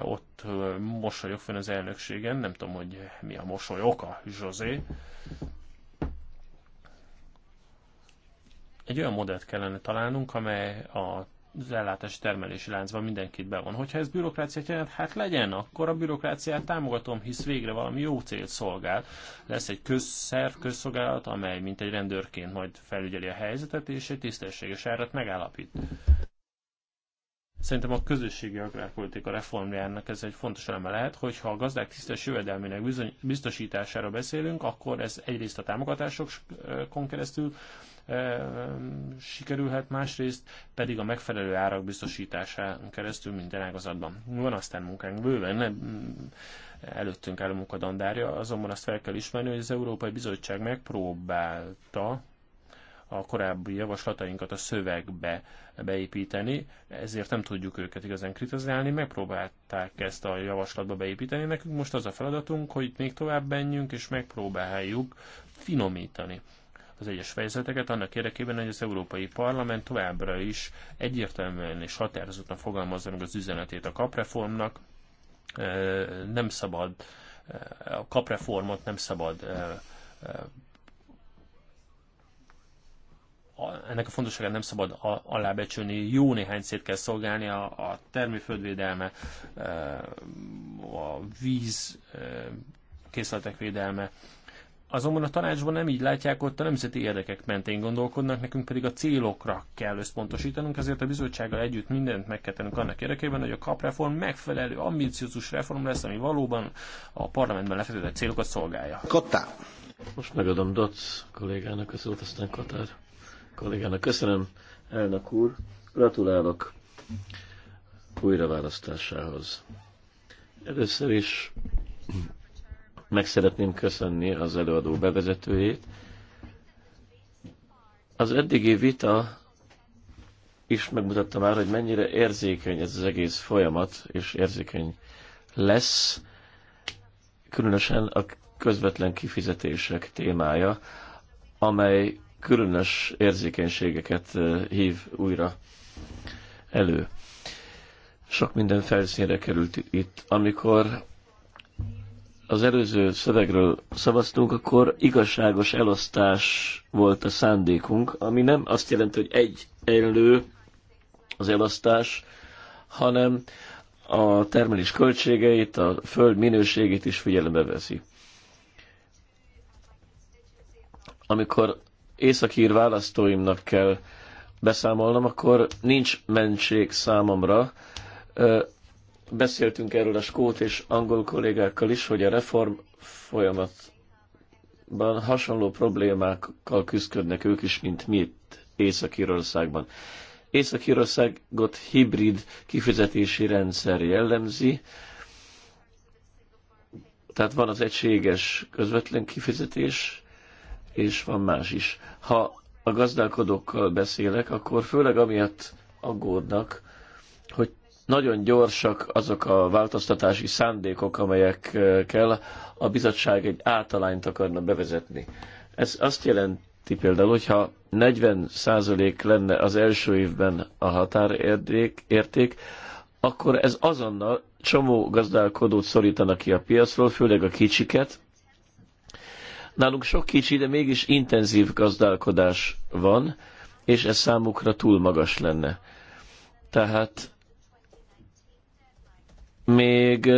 ott mosolyog fönn az elnökségen, nem tudom, hogy mi a mosoly oka, José. egy olyan modellt kellene találnunk, amely a az ellátási termelési láncban mindenkit bevon. Hogyha ez bürokráciát jelent, hát legyen, akkor a bürokráciát támogatom, hisz végre valami jó célt szolgál. Lesz egy közszerv, közszolgálat, amely mint egy rendőrként majd felügyeli a helyzetet, és egy tisztességes árat megállapít. Szerintem a közösségi agrárpolitika reformjának ez egy fontos eleme lehet, ha a gazdák tisztes jövedelmének bizony, biztosítására beszélünk, akkor ez egyrészt a támogatásokon keresztül, sikerülhet, másrészt pedig a megfelelő árak biztosításán keresztül minden ágazatban. Van aztán munkánk bőven, nem, előttünk áll a munkadandárja, azonban azt fel kell ismerni, hogy az Európai Bizottság megpróbálta a korábbi javaslatainkat a szövegbe beépíteni, ezért nem tudjuk őket igazán kritizálni, megpróbálták ezt a javaslatba beépíteni, nekünk most az a feladatunk, hogy még tovább menjünk és megpróbáljuk finomítani az egyes fejezeteket annak érdekében, hogy az Európai Parlament továbbra is egyértelműen és határozottan fogalmazza meg az üzenetét a kapreformnak. Nem szabad a kapreformot nem szabad ennek a fontosságát nem szabad alábecsülni, jó néhány szét kell szolgálni, a, a termőföldvédelme, a víz készletek védelme, Azonban a tanácsban nem így látják, ott a nemzeti érdekek mentén gondolkodnak, nekünk pedig a célokra kell összpontosítanunk, ezért a bizottsággal együtt mindent meg kell tennünk annak érdekében, hogy a kapreform megfelelő, ambiciózus reform lesz, ami valóban a parlamentben lefektetett célokat szolgálja. Kottá! Most megadom Dotz kollégának a szót, aztán Katár kollégának. Köszönöm, elnök úr. Gratulálok újraválasztásához. Először is meg szeretném köszönni az előadó bevezetőjét. Az eddigi vita is megmutatta már, hogy mennyire érzékeny ez az egész folyamat, és érzékeny lesz, különösen a közvetlen kifizetések témája, amely különös érzékenységeket eh, hív újra elő. Sok minden felszínre került itt. Amikor az előző szövegről szavaztunk, akkor igazságos elosztás volt a szándékunk, ami nem azt jelenti, hogy egy elő az elosztás, hanem a termelés költségeit, a föld minőségét is figyelembe veszi. Amikor északír választóimnak kell beszámolnom, akkor nincs mentség számomra, Beszéltünk erről a skót és angol kollégákkal is, hogy a reform folyamatban hasonló problémákkal küzdködnek ők is, mint mi itt Észak-Írországban. Észak-Írországot hibrid kifizetési rendszer jellemzi, tehát van az egységes közvetlen kifizetés, és van más is. Ha a gazdálkodókkal beszélek, akkor főleg amiatt aggódnak, nagyon gyorsak azok a változtatási szándékok, amelyekkel a bizottság egy általányt akarna bevezetni. Ez azt jelenti például, hogyha 40% lenne az első évben a határérték, érték, akkor ez azonnal csomó gazdálkodót szorítana ki a piacról, főleg a kicsiket. Nálunk sok kicsi, de mégis intenzív gazdálkodás van, és ez számukra túl magas lenne. Tehát még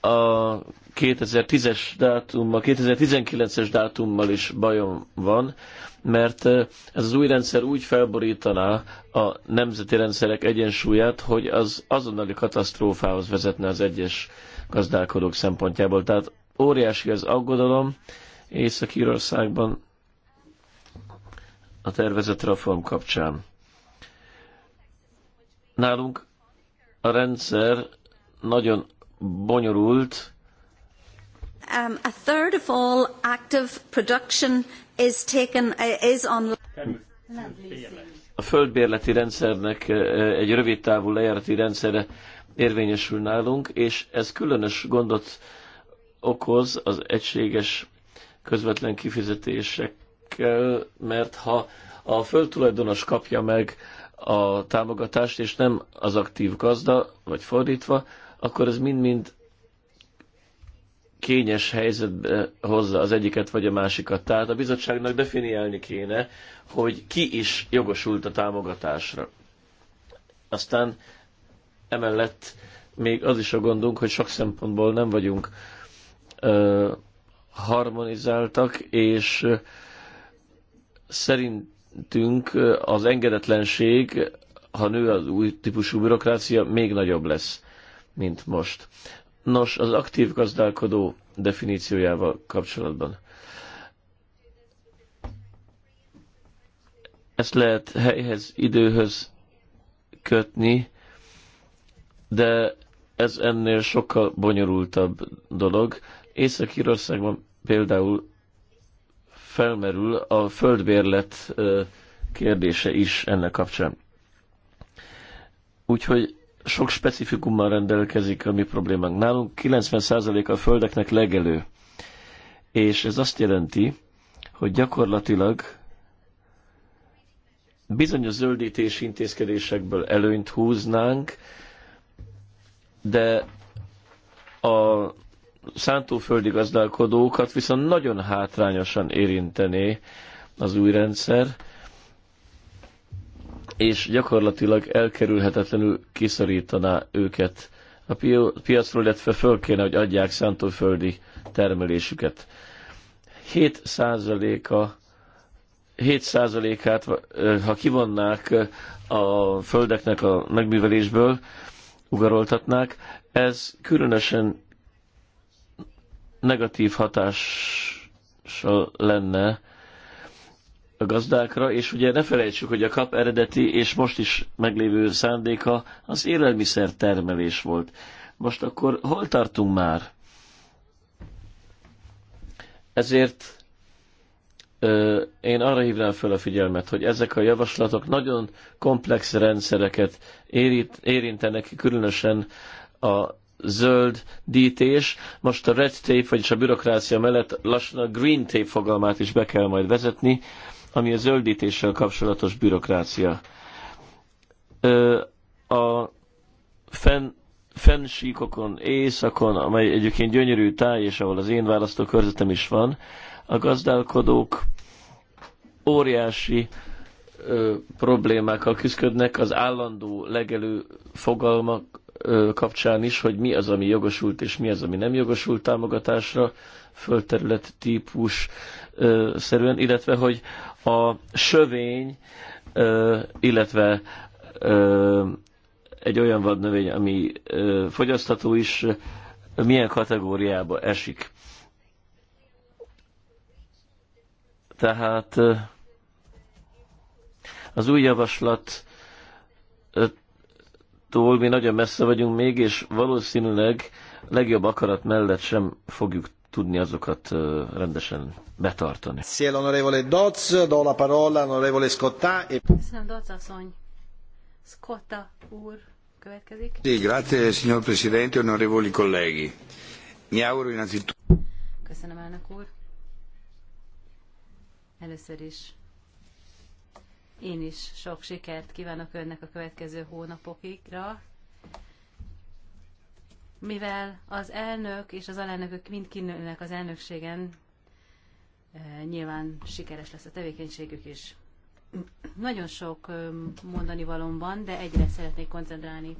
a 2010-es dátummal, 2019-es dátummal is bajom van, mert ez az új rendszer úgy felborítaná a nemzeti rendszerek egyensúlyát, hogy az azonnali katasztrófához vezetne az egyes gazdálkodók szempontjából. Tehát óriási az aggodalom Észak-Írországban a tervezett reform kapcsán. Nálunk a rendszer nagyon bonyolult. Um, a third of all active production is taken uh, is on a földbérleti rendszernek uh, egy rövid távú lejárati rendszere érvényesül nálunk, és ez különös gondot okoz az egységes közvetlen kifizetésekkel, mert ha a földtulajdonos kapja meg a támogatást, és nem az aktív gazda, vagy fordítva, akkor ez mind-mind kényes helyzetbe hozza az egyiket vagy a másikat. Tehát a bizottságnak definiálni kéne, hogy ki is jogosult a támogatásra. Aztán emellett még az is a gondunk, hogy sok szempontból nem vagyunk ö, harmonizáltak, és ö, szerint szerintünk az engedetlenség, ha nő az új típusú bürokrácia, még nagyobb lesz, mint most. Nos, az aktív gazdálkodó definíciójával kapcsolatban. Ezt lehet helyhez, időhöz kötni, de ez ennél sokkal bonyolultabb dolog. Észak-Írországban például felmerül a földbérlet kérdése is ennek kapcsán. Úgyhogy sok specifikummal rendelkezik a mi problémánk. Nálunk 90% a földeknek legelő. És ez azt jelenti, hogy gyakorlatilag bizonyos zöldítési intézkedésekből előnyt húznánk, de a szántóföldi gazdálkodókat viszont nagyon hátrányosan érintené az új rendszer, és gyakorlatilag elkerülhetetlenül kiszorítaná őket a piacról, illetve föl kéne, hogy adják szántóföldi termelésüket. 7%-a 7%-át, ha kivonnák a földeknek a megművelésből, ugaroltatnák, ez különösen negatív hatása lenne a gazdákra, és ugye ne felejtsük, hogy a kap eredeti és most is meglévő szándéka az élelmiszer termelés volt. Most akkor hol tartunk már? Ezért ö, én arra hívnám fel a figyelmet, hogy ezek a javaslatok nagyon komplex rendszereket érintenek, különösen a zöld dítés. Most a red tape, vagyis a bürokrácia mellett lassan a green tape fogalmát is be kell majd vezetni, ami a zöldítéssel kapcsolatos bürokrácia. A fenn fennsíkokon, éjszakon, amely egyébként gyönyörű táj, és ahol az én választókörzetem is van, a gazdálkodók óriási ö, problémákkal küzdködnek, az állandó legelő fogalmak kapcsán is, hogy mi az, ami jogosult és mi az, ami nem jogosult támogatásra, földterület típus szerűen, illetve hogy a sövény, illetve egy olyan vadnövény, ami fogyasztható is, milyen kategóriába esik. Tehát az új javaslat céltól mi nagyon messze vagyunk még, és valószínűleg legjobb akarat mellett sem fogjuk tudni azokat rendesen betartani. Szél onorevole Dodds, do la parola onorevole Scotta. E- Köszönöm, Dodds asszony. Scotta úr következik. Sì, grazie signor Presidente, onorevoli colleghi. Mi auguro innanzitutto. Köszönöm, elnök úr. Először is én is sok sikert kívánok önnek a következő hónapokigra, mivel az elnök és az alelnökök mind kinőnek az elnökségen, eh, nyilván sikeres lesz a tevékenységük is. Nagyon sok eh, mondani van, de egyre szeretnék koncentrálni.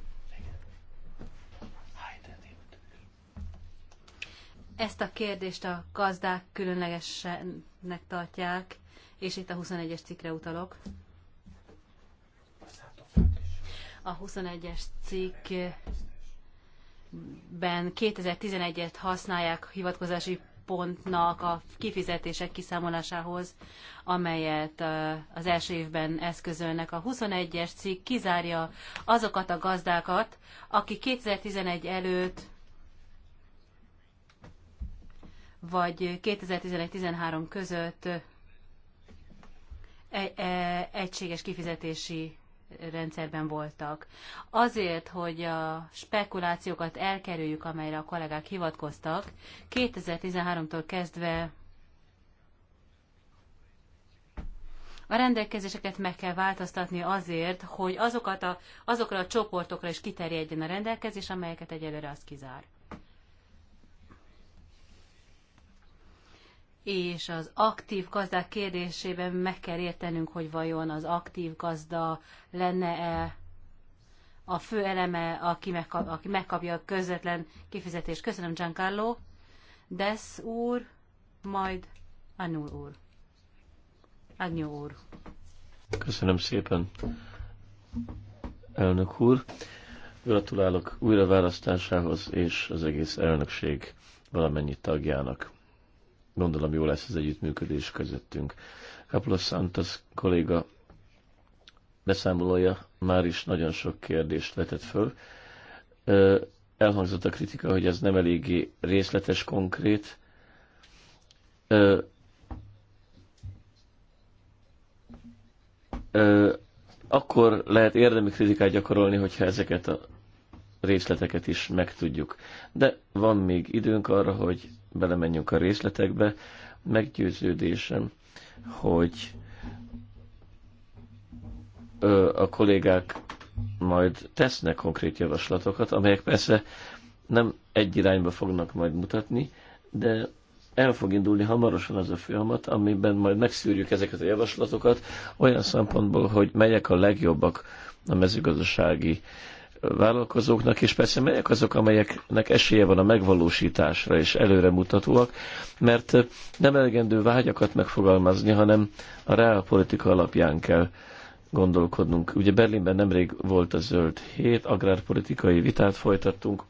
Ezt a kérdést a gazdák különlegesnek tartják, és itt a 21-es cikkre utalok. A 21-es cikkben 2011-et használják hivatkozási pontnak a kifizetések kiszámolásához, amelyet az első évben eszközölnek. A 21-es cikk kizárja azokat a gazdákat, akik 2011 előtt vagy 2011-13 között e-, e-, egységes kifizetési rendszerben voltak. Azért, hogy a spekulációkat elkerüljük, amelyre a kollégák hivatkoztak, 2013-tól kezdve a rendelkezéseket meg kell változtatni azért, hogy azokat a, azokra a csoportokra is kiterjedjen a rendelkezés, amelyeket egyelőre az kizár. és az aktív gazdák kérdésében meg kell értenünk, hogy vajon az aktív gazda lenne-e a fő eleme, aki, megkap, aki megkapja a közvetlen kifizetést. Köszönöm, Giancarlo. Desz úr, majd Anul úr. Agnyó úr. Köszönöm szépen, elnök úr. Gratulálok újraválasztásához és az egész elnökség valamennyi tagjának gondolom jó lesz az együttműködés közöttünk. Kaplos Santos kolléga beszámolója már is nagyon sok kérdést vetett föl. Elhangzott a kritika, hogy ez nem eléggé részletes, konkrét. Akkor lehet érdemi kritikát gyakorolni, hogyha ezeket a részleteket is megtudjuk. De van még időnk arra, hogy belemenjünk a részletekbe. Meggyőződésem, hogy a kollégák majd tesznek konkrét javaslatokat, amelyek persze nem egy irányba fognak majd mutatni, de el fog indulni hamarosan az a folyamat, amiben majd megszűrjük ezeket a javaslatokat olyan szempontból, hogy melyek a legjobbak a mezőgazdasági vállalkozóknak, és persze melyek azok, amelyeknek esélye van a megvalósításra, és előremutatóak, mert nem elegendő vágyakat megfogalmazni, hanem a reálpolitika alapján kell gondolkodnunk. Ugye Berlinben nemrég volt a zöld hét, agrárpolitikai vitát folytattunk,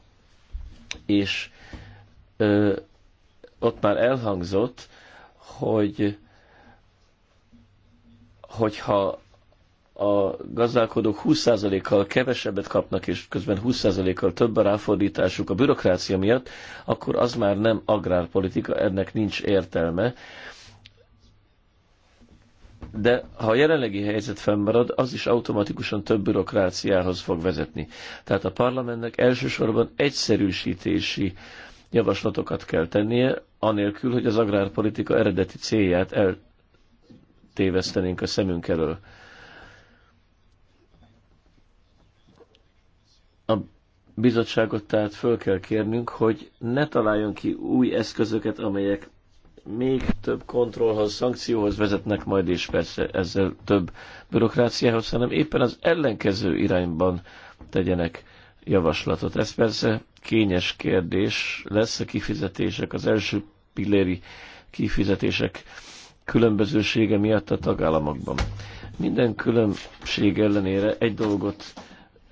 és ö, ott már elhangzott, hogy hogyha a gazdálkodók 20%-kal kevesebbet kapnak, és közben 20%-kal több a ráfordításuk a bürokrácia miatt, akkor az már nem agrárpolitika, ennek nincs értelme. De ha a jelenlegi helyzet fennmarad, az is automatikusan több bürokráciához fog vezetni. Tehát a parlamentnek elsősorban egyszerűsítési javaslatokat kell tennie, anélkül, hogy az agrárpolitika eredeti célját eltévesztenénk a szemünk elől A bizottságot tehát föl kell kérnünk, hogy ne találjon ki új eszközöket, amelyek még több kontrollhoz, szankcióhoz vezetnek majd, és persze ezzel több bürokráciához, hanem éppen az ellenkező irányban tegyenek javaslatot. Ez persze kényes kérdés lesz a kifizetések, az első pilléri kifizetések különbözősége miatt a tagállamokban. Minden különbség ellenére egy dolgot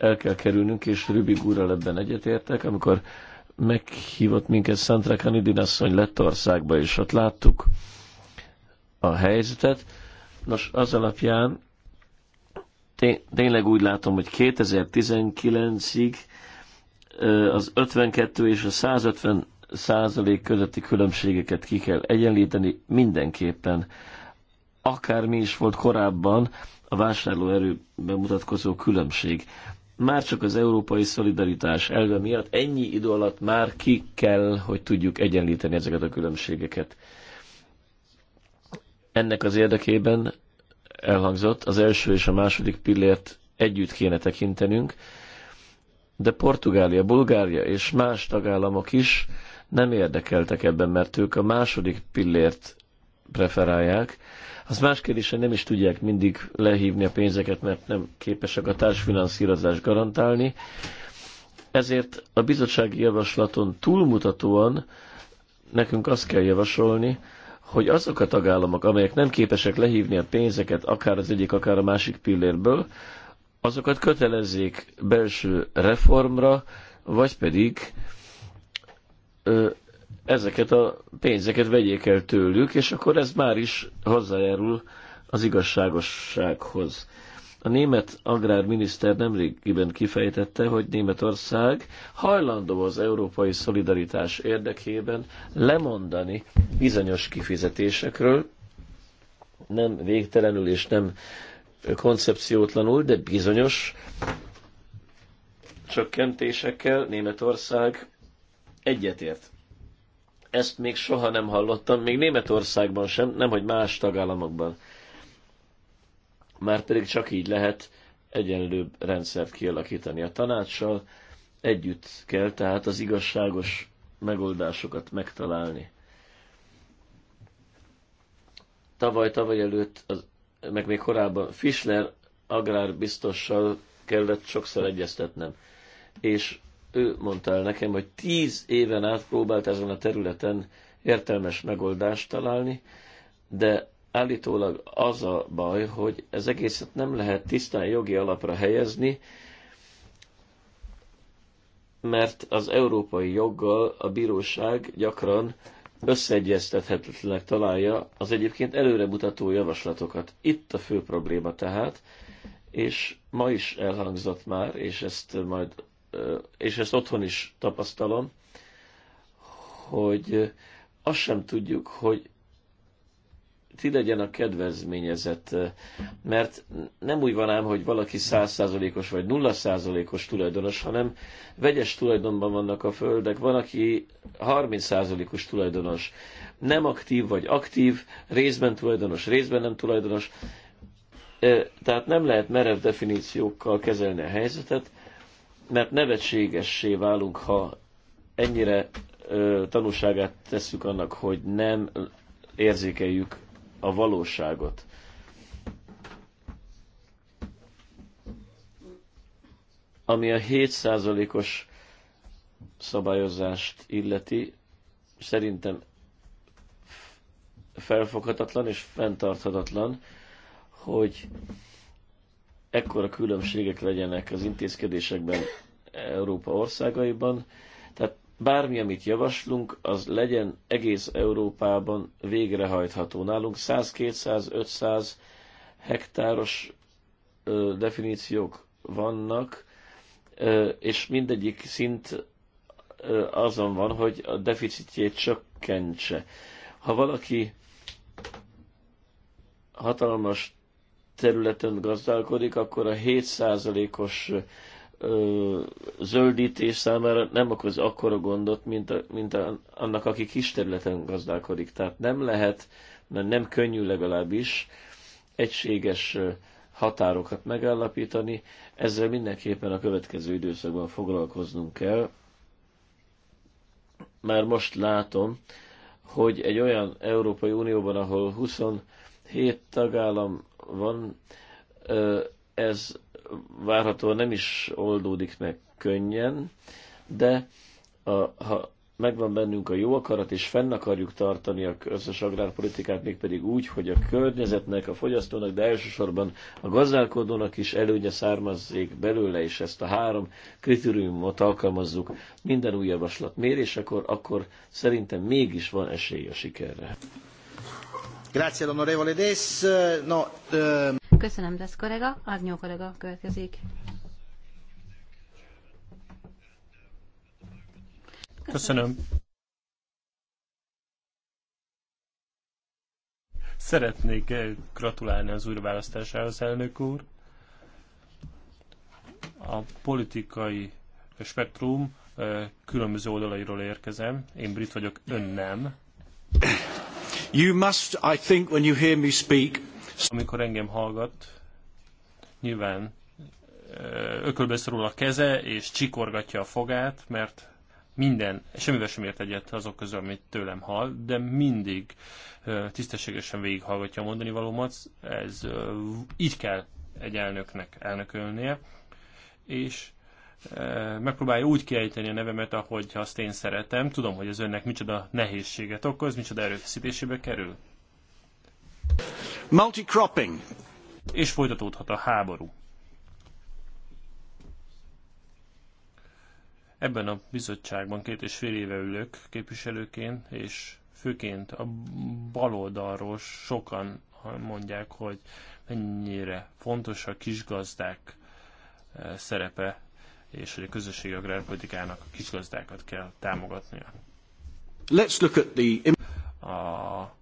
el kell kerülnünk, és Rübig úrral ebben egyetértek, amikor meghívott minket Szentre Kanidin asszony Lettországba, és ott láttuk a helyzetet. Nos, az alapján tényleg úgy látom, hogy 2019-ig az 52 és a 150 százalék közötti különbségeket ki kell egyenlíteni mindenképpen. Akármi is volt korábban a vásárlóerőben mutatkozó különbség már csak az európai szolidaritás elve miatt ennyi idő alatt már ki kell, hogy tudjuk egyenlíteni ezeket a különbségeket. Ennek az érdekében elhangzott, az első és a második pillért együtt kéne tekintenünk, de Portugália, Bulgária és más tagállamok is nem érdekeltek ebben, mert ők a második pillért preferálják, az más kérdés, hogy nem is tudják mindig lehívni a pénzeket, mert nem képesek a társfinanszírozást garantálni. Ezért a bizottsági javaslaton túlmutatóan nekünk azt kell javasolni, hogy azok a tagállamok, amelyek nem képesek lehívni a pénzeket, akár az egyik, akár a másik pillérből, azokat kötelezzék belső reformra, vagy pedig ö, ezeket a pénzeket vegyék el tőlük, és akkor ez már is hozzájárul az igazságossághoz. A német agrárminiszter nemrégiben kifejtette, hogy Németország hajlandó az európai szolidaritás érdekében lemondani bizonyos kifizetésekről, nem végtelenül és nem koncepciótlanul, de bizonyos csökkentésekkel Németország egyetért. Ezt még soha nem hallottam, még Németországban sem, nem hogy más tagállamokban. Már pedig csak így lehet egyenlőbb rendszert kialakítani a tanácssal, együtt kell tehát az igazságos megoldásokat megtalálni. Tavaly, tavaly előtt, az, meg még korábban Fischler agrárbiztossal kellett sokszor egyeztetnem, és ő mondta el nekem, hogy tíz éven át próbált ezen a területen értelmes megoldást találni, de állítólag az a baj, hogy ez egészet nem lehet tisztán jogi alapra helyezni, mert az európai joggal a bíróság gyakran összeegyeztethetetlenek találja az egyébként előremutató javaslatokat. Itt a fő probléma tehát, és ma is elhangzott már, és ezt majd és ezt otthon is tapasztalom, hogy azt sem tudjuk, hogy ti legyen a kedvezményezett, mert nem úgy van ám, hogy valaki százszázalékos vagy nulla százalékos tulajdonos, hanem vegyes tulajdonban vannak a földek, van, aki 30 százalékos tulajdonos, nem aktív vagy aktív, részben tulajdonos, részben nem tulajdonos, tehát nem lehet merev definíciókkal kezelni a helyzetet, mert nevetségessé válunk, ha ennyire ö, tanulságát tesszük annak, hogy nem érzékeljük a valóságot. Ami a 7%-os szabályozást illeti, szerintem felfoghatatlan és fenntarthatatlan, hogy ekkora különbségek legyenek az intézkedésekben Európa országaiban. Tehát bármi, amit javaslunk, az legyen egész Európában végrehajtható. Nálunk 100, 200, 500 hektáros definíciók vannak, és mindegyik szint azon van, hogy a deficitjét csökkentse. Ha valaki hatalmas területen gazdálkodik, akkor a 7%-os zöldítés számára nem okoz akkora gondot, mint, a, mint a, annak, aki kis területen gazdálkodik. Tehát nem lehet, mert nem könnyű legalábbis egységes határokat megállapítani, ezzel mindenképpen a következő időszakban foglalkoznunk kell. Már most látom, hogy egy olyan Európai Unióban, ahol 27 tagállam van, ez várhatóan nem is oldódik meg könnyen, de a, ha megvan bennünk a jó akarat, és fenn akarjuk tartani a közös agrárpolitikát, mégpedig úgy, hogy a környezetnek, a fogyasztónak, de elsősorban a gazdálkodónak is előnye származzék belőle, és ezt a három kritériumot alkalmazzuk minden új javaslat mérésekor, akkor szerintem mégis van esély a sikerre. Grazie, l'onorevole Dess. No, um... Köszönöm, Dess kollega. Agnyó kollega következik. Köszönöm. Szeretnék eh, gratulálni az újraválasztásához, elnök úr. A politikai spektrum eh, különböző oldalairól érkezem. Én brit vagyok, ön nem. You must, I think, when you hear me speak. Amikor engem hallgat, nyilván ökölbe róla a keze, és csikorgatja a fogát, mert minden, semmivel sem ért egyet azok közül, amit tőlem hall, de mindig tisztességesen végighallgatja a mondani valómat, ez így kell egy elnöknek elnökölnie, és megpróbálja úgy kiejteni a nevemet, ahogy azt én szeretem. Tudom, hogy ez önnek micsoda nehézséget okoz, micsoda erőfeszítésébe kerül. Multicropping. És folytatódhat a háború. Ebben a bizottságban két és fél éve ülök képviselőként, és főként a baloldalról sokan mondják, hogy mennyire fontos a kisgazdák szerepe és hogy a közösségi agrárpolitikának a kisgazdákat kell támogatnia. Let's look at the... A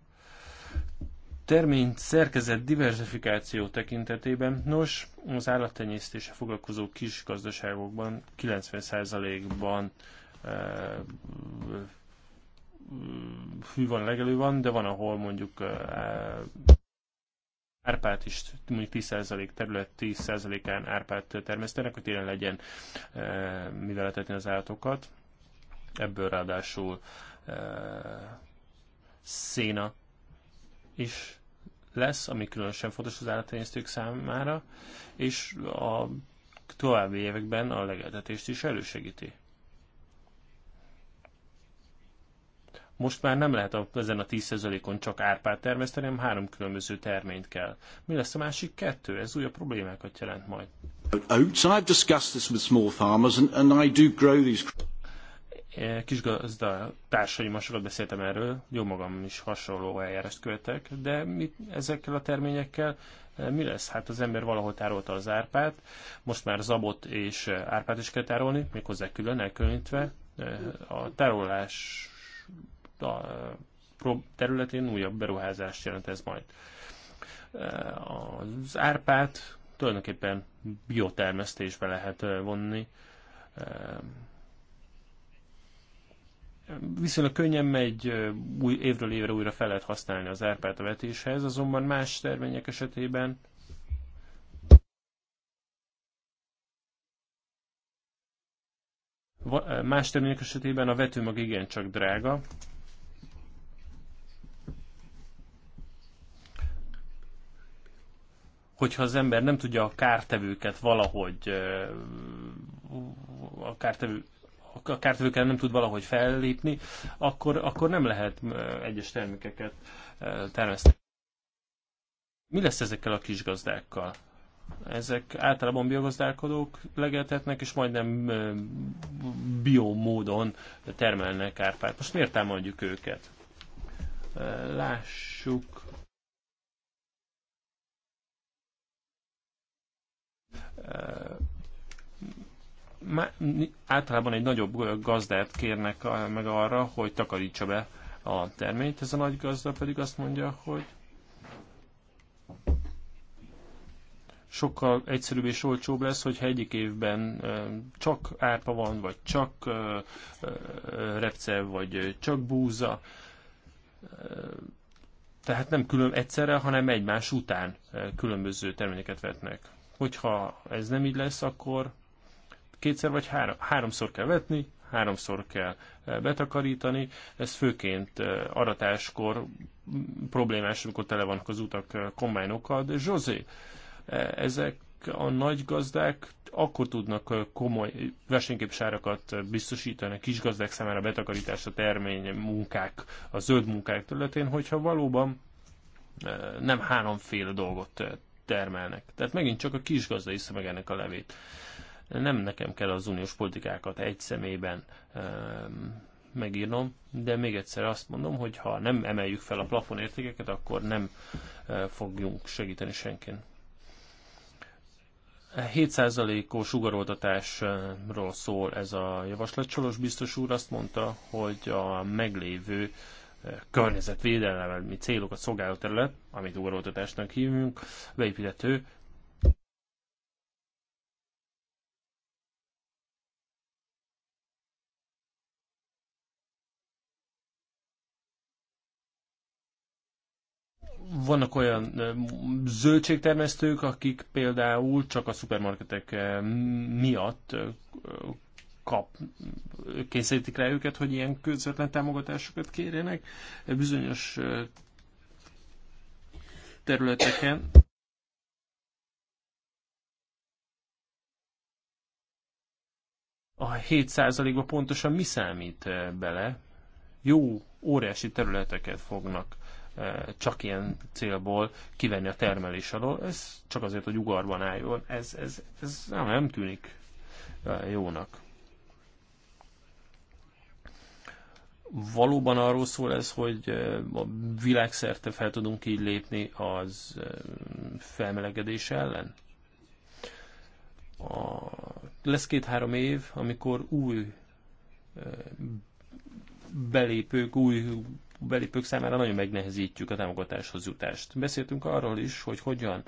termény szerkezet diversifikáció tekintetében, nos, az állattenyésztése foglalkozó kis gazdaságokban 90%-ban eh, eh, hű van legelő van, de van, ahol mondjuk eh, árpát is mondjuk 10% terület 10%-án árpát termesztenek, hogy tényleg legyen e, mivel etetni az állatokat. Ebből ráadásul e, széna is lesz, ami különösen fontos az állattenyésztők számára, és a további években a legeltetést is elősegíti. Most már nem lehet a, ezen a 10%-on csak árpát termeszteni, hanem három különböző terményt kell. Mi lesz a másik kettő? Ez újabb problémákat jelent majd. Oats, I've discussed this with small farmers and, and I do grow these e, kisgazda társaimmal sokat beszéltem erről, jó magam is hasonló eljárást követek, de mit ezekkel a terményekkel e, mi lesz? Hát az ember valahol tárolta az árpát, most már zabot és árpát is kell tárolni, méghozzá külön elkülönítve. E, a tárolás területén újabb beruházást jelent ez majd. E, az árpát tulajdonképpen biotermesztésbe lehet e, vonni. E, viszonylag könnyen megy, új, évről évre újra fel lehet használni az árpát a vetéshez, azonban más termények esetében más termények esetében a vetőmag igencsak drága, hogyha az ember nem tudja a kártevőket valahogy a kártevő a kártevőkkel nem tud valahogy fellépni, akkor, akkor nem lehet egyes termékeket termeszteni. Mi lesz ezekkel a kis gazdákkal? Ezek általában biogazdálkodók legeltetnek, és majdnem biomódon termelnek árpát. Most miért támadjuk őket? Lássuk általában egy nagyobb gazdát kérnek meg arra, hogy takarítsa be a terményt, ez a nagy gazda pedig azt mondja, hogy sokkal egyszerűbb és olcsóbb lesz, hogyha egyik évben csak árpa van, vagy csak repce, vagy csak búza. Tehát nem külön egyszerre, hanem egymás után különböző terményeket vetnek. Hogyha ez nem így lesz, akkor kétszer vagy három, háromszor kell vetni, háromszor kell eh, betakarítani. Ez főként eh, aratáskor problémás, amikor tele vannak az utak eh, kombányokkal. De José, ezek a nagy gazdák akkor tudnak komoly versenyképes árakat biztosítani a kis gazdák számára a betakarítás, a termény, munkák, a zöld munkák területén, hogyha valóban nem háromféle dolgot termelnek. Tehát megint csak a kisgazda iszza meg ennek a levét. Nem nekem kell az uniós politikákat egy személyben ehm, megírnom, de még egyszer azt mondom, hogy ha nem emeljük fel a értékeket, akkor nem e, fogjunk segíteni senkin. 7%-os ugaroltatásról szól ez a javaslat. Csolos biztos úr azt mondta, hogy a meglévő környezetvédelmi célokat szolgáló terület, amit ugráltatásnak hívunk, beépíthető vannak olyan zöldségtermesztők, akik például csak a szupermarketek miatt kap, kényszerítik rá őket, hogy ilyen közvetlen támogatásokat kérjenek. Bizonyos területeken a 7%-ba pontosan mi számít bele? Jó, óriási területeket fognak csak ilyen célból kivenni a termelés alól, ez csak azért, hogy ugarban álljon, ez, ez, ez nem, nem tűnik jónak. valóban arról szól ez, hogy a világszerte fel tudunk így lépni az felmelegedés ellen? A, lesz két-három év, amikor új belépők, új belépők számára nagyon megnehezítjük a támogatáshoz jutást. Beszéltünk arról is, hogy hogyan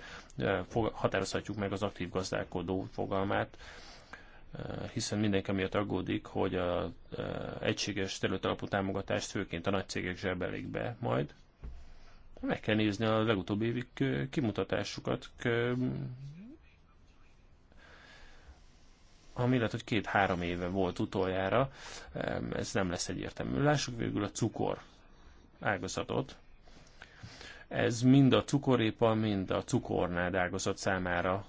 határozhatjuk meg az aktív gazdálkodó fogalmát, Eh, hiszen mindenki miatt aggódik, hogy az eh, egységes területalapú támogatást főként a nagy cégek zsebelik be majd. Meg kell nézni a legutóbbi évi kimutatásukat, ami lehet, hogy két-három éve volt utoljára, eh, ez nem lesz egyértelmű. Lássuk végül a cukor ágazatot. Ez mind a cukorépa, mind a cukornád ágazat számára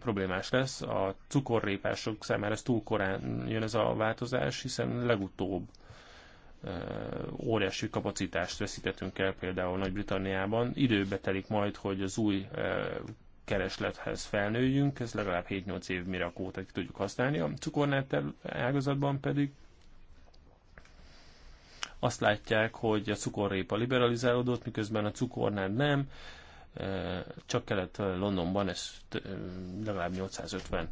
problémás lesz. A cukorrépások számára ez túl korán jön ez a változás, hiszen legutóbb óriási kapacitást veszítettünk el például Nagy-Britanniában. Időbe telik majd, hogy az új kereslethez felnőjünk, ez legalább 7-8 év mire a kótát tudjuk használni. A cukornát ágazatban pedig azt látják, hogy a cukorrépa liberalizálódott, miközben a cukornád nem, csak Kelet-Londonban ez legalább 850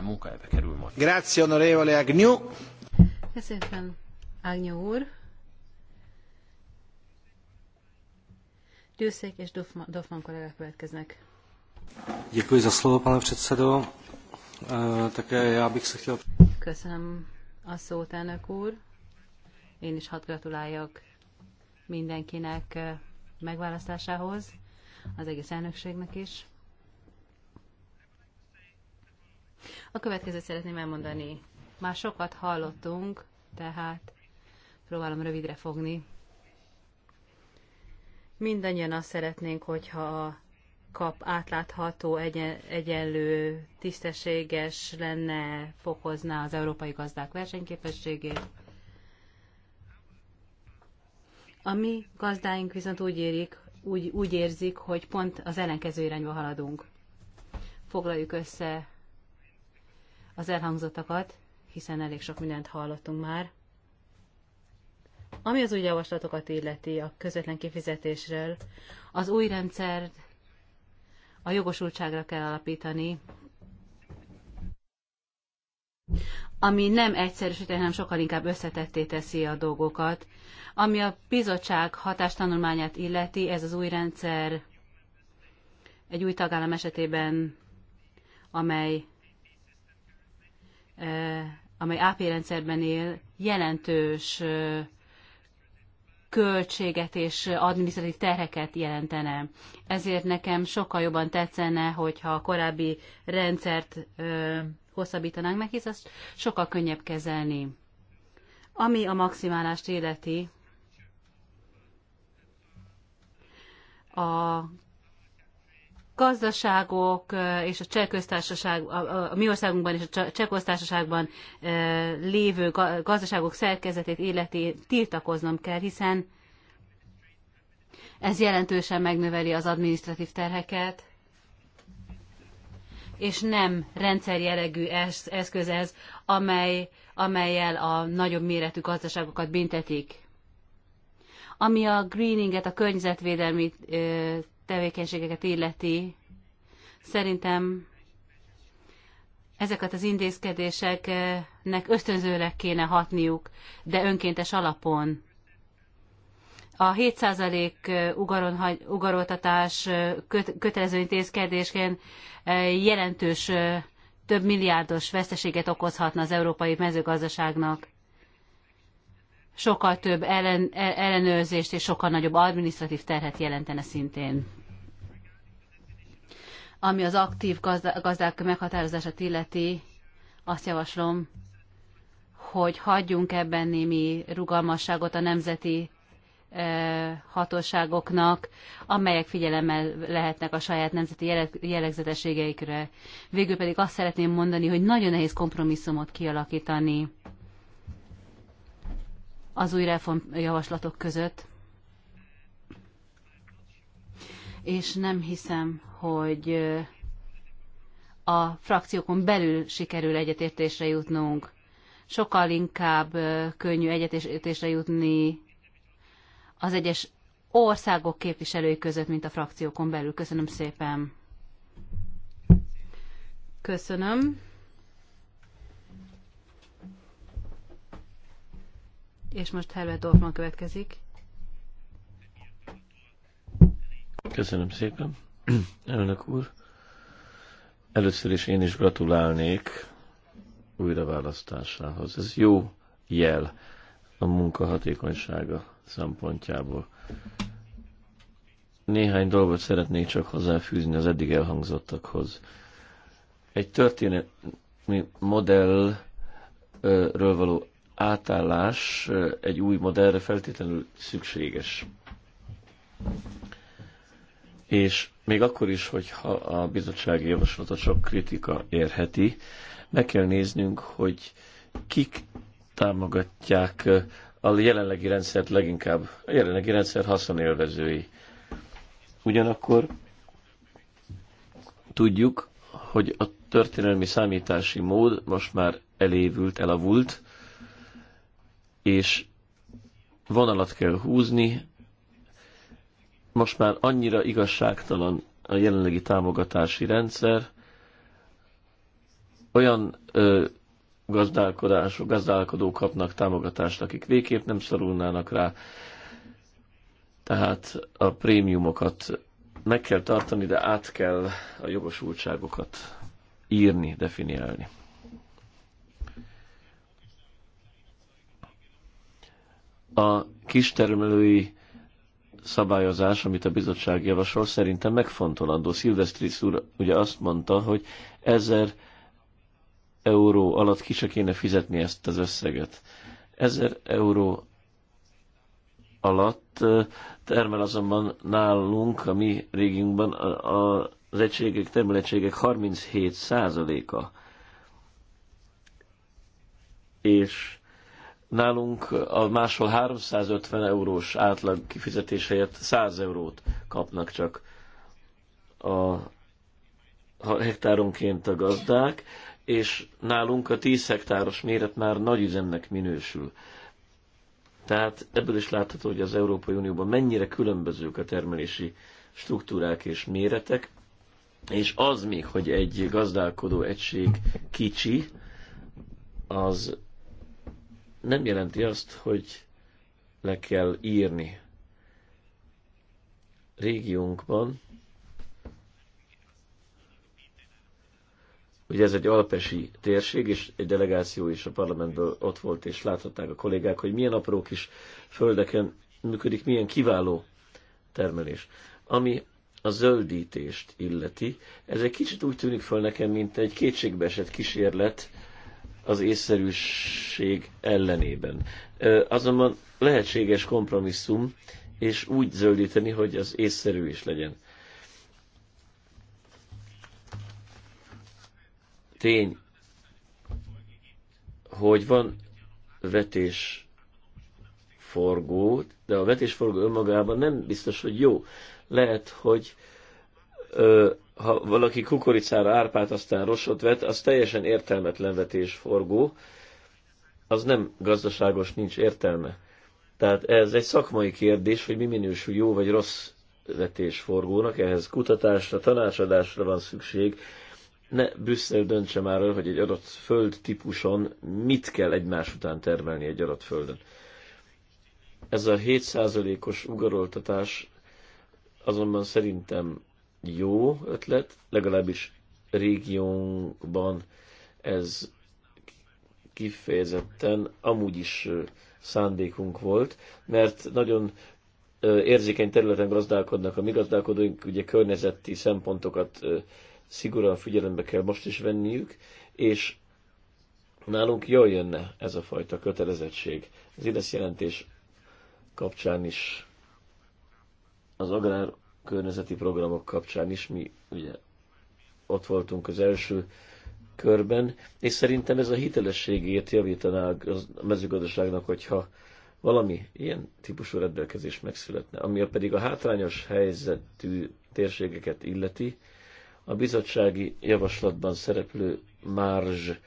munkahelybe kerül majd. Grazie, onorevole Agnew. Köszönöm, Agnew úr. Győszék és Dofman, kollégák következnek. Děkuji za slovo, pane předsedo. Také já bych se chtěl... Köszönöm a szót, elnök úr. Én is hadd gratuláljak mindenkinek megválasztásához az egész elnökségnek is. A következőt szeretném elmondani. Már sokat hallottunk, tehát próbálom rövidre fogni. Mindannyian azt szeretnénk, hogyha a kap átlátható, egyen, egyenlő, tisztességes lenne, fokozná az európai gazdák versenyképességét. A mi gazdáink viszont úgy érik, úgy, úgy érzik, hogy pont az ellenkező irányba haladunk. Foglaljuk össze az elhangzottakat, hiszen elég sok mindent hallottunk már. Ami az új javaslatokat illeti a közvetlen kifizetésről, az új rendszer, a jogosultságra kell alapítani, ami nem egyszerűsíti, hanem sokkal inkább összetetté teszi a dolgokat. Ami a bizottság hatástanulmányát illeti, ez az új rendszer egy új tagállam esetében, amely, eh, amely AP rendszerben él, jelentős eh, költséget és adminisztratív terheket jelentene. Ezért nekem sokkal jobban tetszene, hogyha a korábbi rendszert eh, hosszabbítanánk meg, hisz az sokkal könnyebb kezelni. Ami a maximálást életi, a gazdaságok és a cselköztársaság, a, a mi országunkban és a cselköztársaságban lévő gazdaságok szerkezetét, életét tiltakoznom kell, hiszen ez jelentősen megnöveli az administratív terheket, és nem rendszerjelegű eszköz ez, amely, amelyel a nagyobb méretű gazdaságokat büntetik. Ami a greeninget, a környezetvédelmi tevékenységeket illeti, szerintem ezeket az intézkedéseknek ösztönzőleg kéne hatniuk, de önkéntes alapon. A 7% ugaron, ugaroltatás kötelező intézkedésként jelentős több milliárdos veszteséget okozhatna az európai mezőgazdaságnak. Sokkal több ellen, e, ellenőrzést és sokkal nagyobb administratív terhet jelentene szintén. Ami az aktív gazdák meghatározását illeti, azt javaslom, hogy hagyjunk ebben némi rugalmasságot a nemzeti hatóságoknak, amelyek figyelemmel lehetnek a saját nemzeti jellegzetességeikre. Végül pedig azt szeretném mondani, hogy nagyon nehéz kompromisszumot kialakítani az új reformjavaslatok között. És nem hiszem, hogy a frakciókon belül sikerül egyetértésre jutnunk. Sokkal inkább könnyű egyetértésre jutni az egyes országok képviselői között, mint a frakciókon belül. Köszönöm szépen. Köszönöm. És most Helvet Dorfman következik. Köszönöm szépen, elnök úr. Először is én is gratulálnék újraválasztásához. Ez jó jel a munka hatékonysága szempontjából. Néhány dolgot szeretnék csak hozzáfűzni az eddig elhangzottakhoz. Egy történelmi modellről való átállás egy új modellre feltétlenül szükséges. És még akkor is, hogyha a bizottsági javaslatot sok kritika érheti, meg kell néznünk, hogy kik támogatják a jelenlegi rendszert leginkább, a jelenlegi rendszer haszonélvezői. Ugyanakkor tudjuk, hogy a történelmi számítási mód most már elévült, elavult, és vonalat kell húzni, most már annyira igazságtalan a jelenlegi támogatási rendszer, olyan ö, gazdálkodások, gazdálkodók kapnak támogatást, akik végképp nem szorulnának rá. Tehát a prémiumokat meg kell tartani, de át kell a jogosultságokat írni, definiálni. A kistermelői szabályozás, amit a bizottság javasol, szerintem megfontolandó. Szilvesztris úr ugye azt mondta, hogy ezer euró alatt ki se kéne fizetni ezt az összeget. 1000 euró alatt termel azonban nálunk, a mi régiunkban az egységek, termelegységek 37 százaléka, És nálunk a máshol 350 eurós átlag kifizetés helyett 100 eurót kapnak csak a hektáronként a gazdák és nálunk a 10 hektáros méret már nagy üzemnek minősül. Tehát ebből is látható, hogy az Európai Unióban mennyire különbözők a termelési struktúrák és méretek, és az még, hogy egy gazdálkodó egység kicsi, az nem jelenti azt, hogy le kell írni. Régiónkban Ugye ez egy alpesi térség, és egy delegáció is a parlamentből ott volt, és láthatták a kollégák, hogy milyen apró kis földeken működik, milyen kiváló termelés. Ami a zöldítést illeti, ez egy kicsit úgy tűnik föl nekem, mint egy kétségbeesett kísérlet az észszerűség ellenében. Azonban lehetséges kompromisszum, és úgy zöldíteni, hogy az észszerű is legyen. tény, hogy van vetésforgó, de a vetésforgó önmagában nem biztos, hogy jó. Lehet, hogy ö, ha valaki kukoricára árpát, aztán rosszot vet, az teljesen értelmetlen vetésforgó, az nem gazdaságos, nincs értelme. Tehát ez egy szakmai kérdés, hogy mi minősül jó vagy rossz vetésforgónak, ehhez kutatásra, tanácsadásra van szükség, ne Brüsszel döntse már el, hogy egy adott föld típuson mit kell egymás után termelni egy adott földön. Ez a 7%-os ugaroltatás azonban szerintem jó ötlet, legalábbis régiónkban ez kifejezetten amúgy is szándékunk volt, mert nagyon érzékeny területen gazdálkodnak a mi gazdálkodóink, ugye környezeti szempontokat szigorúan figyelembe kell most is venniük, és nálunk jól jönne ez a fajta kötelezettség. Az IDESZ jelentés kapcsán is, az agrár környezeti programok kapcsán is, mi ugye ott voltunk az első körben, és szerintem ez a hitelességét javítaná a mezőgazdaságnak, hogyha valami ilyen típusú rendelkezés megszületne, ami pedig a hátrányos helyzetű térségeket illeti, a bizottsági javaslatban szereplő márzs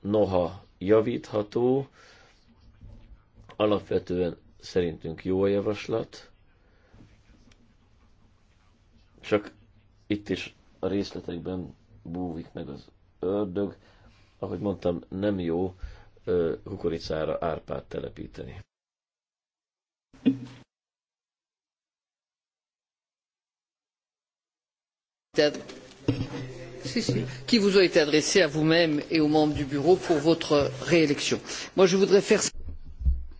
noha javítható, alapvetően szerintünk jó a javaslat, csak itt is a részletekben búvik meg az ördög. Ahogy mondtam, nem jó kukoricára árpát telepíteni. qui vous ont été adressées à vous même et aux membres du bureau pour votre réélection. Moi, je voudrais faire.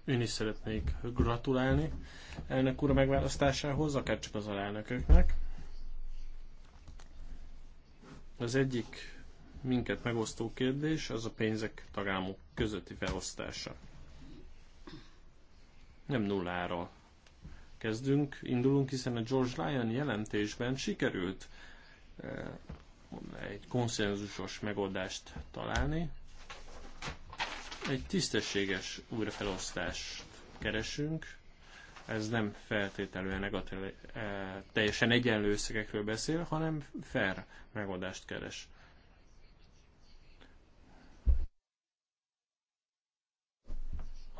Én is szeretnék gratulálni elnök úr megválasztásához, akár csak az alelnököknek. Az egyik minket megosztó kérdés az a pénzek tagállamok közötti felosztása. Nem nulláról kezdünk, indulunk, hiszen a George Lyon jelentésben sikerült Eh, egy konszenzusos megoldást találni. Egy tisztességes újrafelosztást keresünk. Ez nem feltételően negatív, eh, teljesen egyenlő összegekről beszél, hanem fair megoldást keres.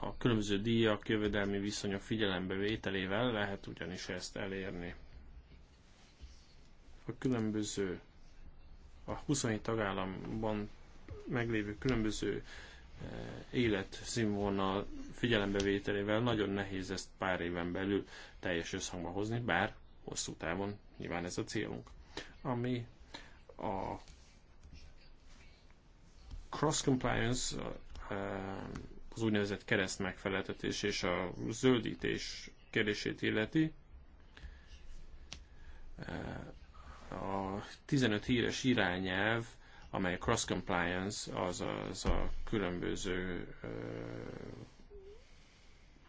a különböző díjak, jövedelmi viszonyok figyelembe vételével lehet ugyanis ezt elérni a különböző, a 27 tagállamban meglévő különböző eh, életszínvonal figyelembevételével nagyon nehéz ezt pár éven belül teljes összhangba hozni, bár hosszú távon nyilván ez a célunk. Ami a cross-compliance, eh, az úgynevezett kereszt megfeleltetés és a zöldítés kérdését illeti, eh, a 15 híres irányelv, amely cross compliance, az az a különböző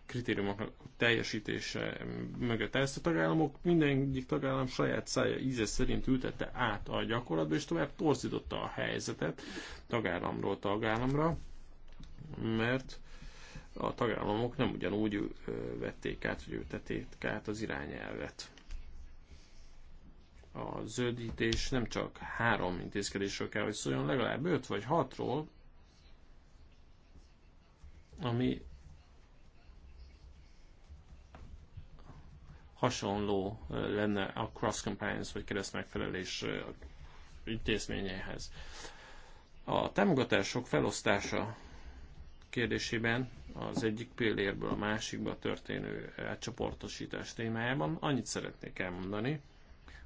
kritériumok teljesítése mögött ezt a tagállamok, mindegyik tagállam saját szája íze szerint ültette át a gyakorlatba, és tovább torzította a helyzetet tagállamról tagállamra, mert a tagállamok nem ugyanúgy vették át, vagy ültették át az irányelvet a zöldítés nem csak három intézkedésről kell, hogy szóljon, legalább öt vagy hatról, ami hasonló lenne a cross-compliance vagy megfelelés intézményeihez. A támogatások felosztása kérdésében az egyik pillérből a másikba történő átcsoportosítás témájában annyit szeretnék elmondani,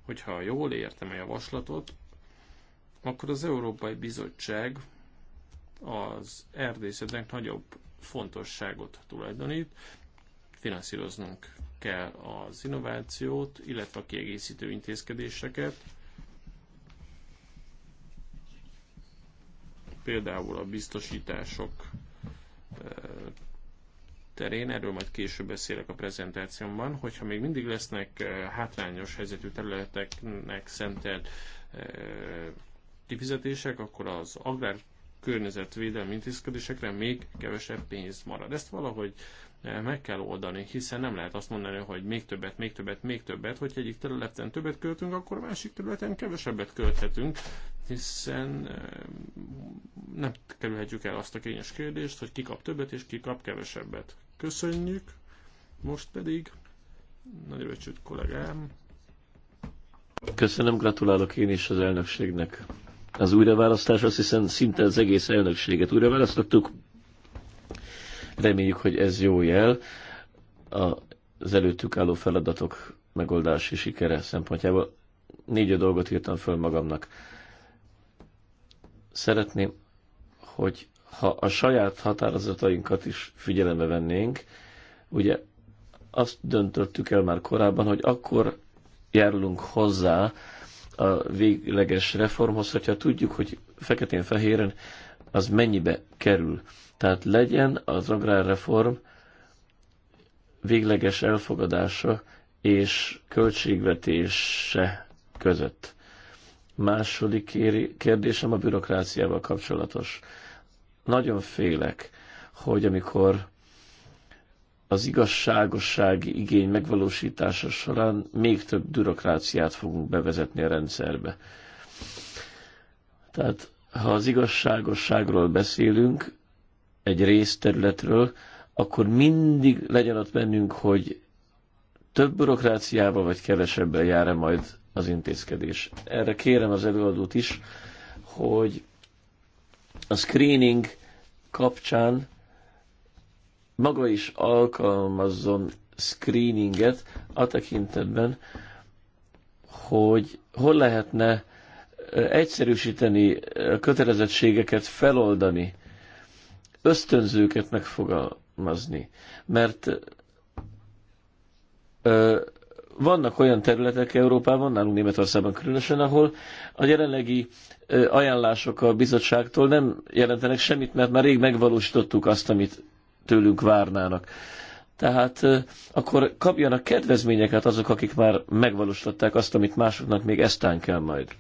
Hogyha jól értem a javaslatot, akkor az Európai Bizottság az erdészetnek nagyobb fontosságot tulajdonít, finanszíroznunk kell az innovációt, illetve a kiegészítő intézkedéseket, például a biztosítások eh, terén, erről majd később beszélek a prezentációmban, hogyha még mindig lesznek eh, hátrányos helyzetű területeknek szentelt eh, kifizetések, akkor az agrár környezetvédelmi intézkedésekre még kevesebb pénz marad. Ezt valahogy eh, meg kell oldani, hiszen nem lehet azt mondani, hogy még többet, még többet, még többet, hogy egyik területen többet költünk, akkor másik területen kevesebbet költhetünk, hiszen nem kerülhetjük el azt a kényes kérdést, hogy ki kap többet és ki kap kevesebbet. Köszönjük. Most pedig nagyra becsült kollégám. Köszönöm, gratulálok én is az elnökségnek. Az újraválasztás azt hiszem szinte az egész elnökséget újraválasztottuk. Reméljük, hogy ez jó jel az előttük álló feladatok megoldási sikere szempontjából. Négy dolgot írtam föl magamnak. Szeretném, hogy ha a saját határozatainkat is figyelembe vennénk, ugye azt döntöttük el már korábban, hogy akkor járulunk hozzá a végleges reformhoz, hogyha tudjuk, hogy feketén-fehéren az mennyibe kerül. Tehát legyen az agrárreform végleges elfogadása és költségvetése között. Második kérdésem a bürokráciával kapcsolatos nagyon félek, hogy amikor az igazságossági igény megvalósítása során még több bürokráciát fogunk bevezetni a rendszerbe. Tehát ha az igazságosságról beszélünk, egy részterületről, akkor mindig legyen ott bennünk, hogy több bürokráciával vagy kevesebben jár-e majd az intézkedés. Erre kérem az előadót is, hogy a screening kapcsán maga is alkalmazzon screeninget a tekintetben, hogy hol lehetne egyszerűsíteni a kötelezettségeket, feloldani, ösztönzőket megfogalmazni. Mert ö, vannak olyan területek Európában, nálunk Németországban különösen, ahol a jelenlegi ajánlások a bizottságtól nem jelentenek semmit, mert már rég megvalósítottuk azt, amit tőlünk várnának. Tehát akkor kapjanak kedvezményeket azok, akik már megvalósították azt, amit másoknak még eztán kell majd.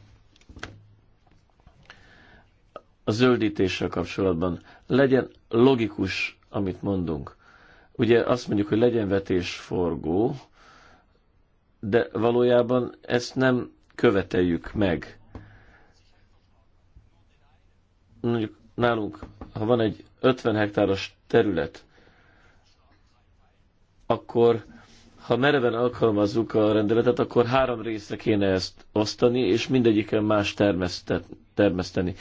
A zöldítéssel kapcsolatban legyen logikus, amit mondunk. Ugye azt mondjuk, hogy legyen vetésforgó, de valójában ezt nem követeljük meg mondjuk nálunk, ha van egy 50 hektáros terület, akkor ha mereven alkalmazzuk a rendeletet, akkor három részre kéne ezt osztani, és mindegyiken más termeszteni.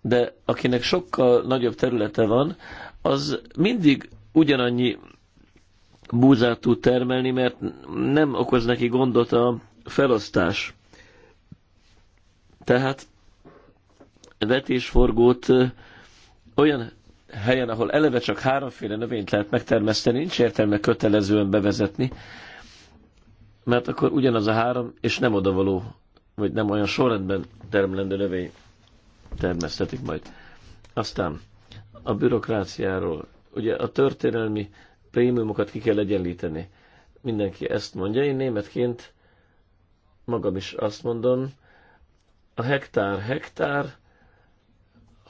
De akinek sokkal nagyobb területe van, az mindig ugyanannyi búzát tud termelni, mert nem okoz neki gondot a felosztás. Tehát vetésforgót olyan helyen, ahol eleve csak háromféle növényt lehet megtermeszteni, nincs értelme kötelezően bevezetni, mert akkor ugyanaz a három, és nem odavaló, vagy nem olyan sorrendben termelendő növény termesztetik majd. Aztán a bürokráciáról. Ugye a történelmi prémiumokat ki kell egyenlíteni. Mindenki ezt mondja, én németként magam is azt mondom, a hektár hektár,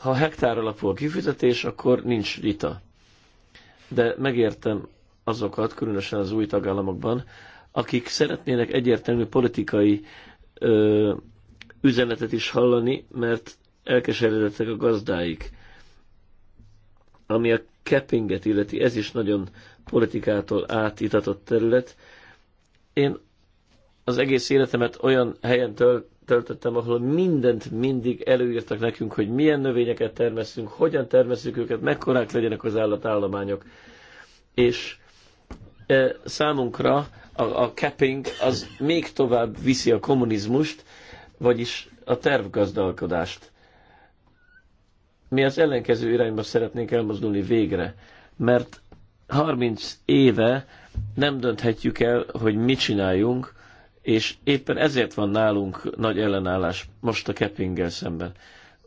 ha hektár alapú a kifizetés, akkor nincs vita. De megértem azokat, különösen az új tagállamokban, akik szeretnének egyértelmű politikai ö, üzenetet is hallani, mert elkeseredettek a gazdáik. Ami a keppinget illeti, ez is nagyon politikától átitatott terület. Én az egész életemet olyan helyen tölt, töltöttem, ahol mindent mindig előírtak nekünk, hogy milyen növényeket termeszünk, hogyan termeszünk őket, mekkorák legyenek az állatállományok. És e, számunkra a, a capping az még tovább viszi a kommunizmust, vagyis a tervgazdalkodást. Mi az ellenkező irányba szeretnénk elmozdulni végre, mert 30 éve nem dönthetjük el, hogy mit csináljunk, és éppen ezért van nálunk nagy ellenállás most a Keppinggel szemben.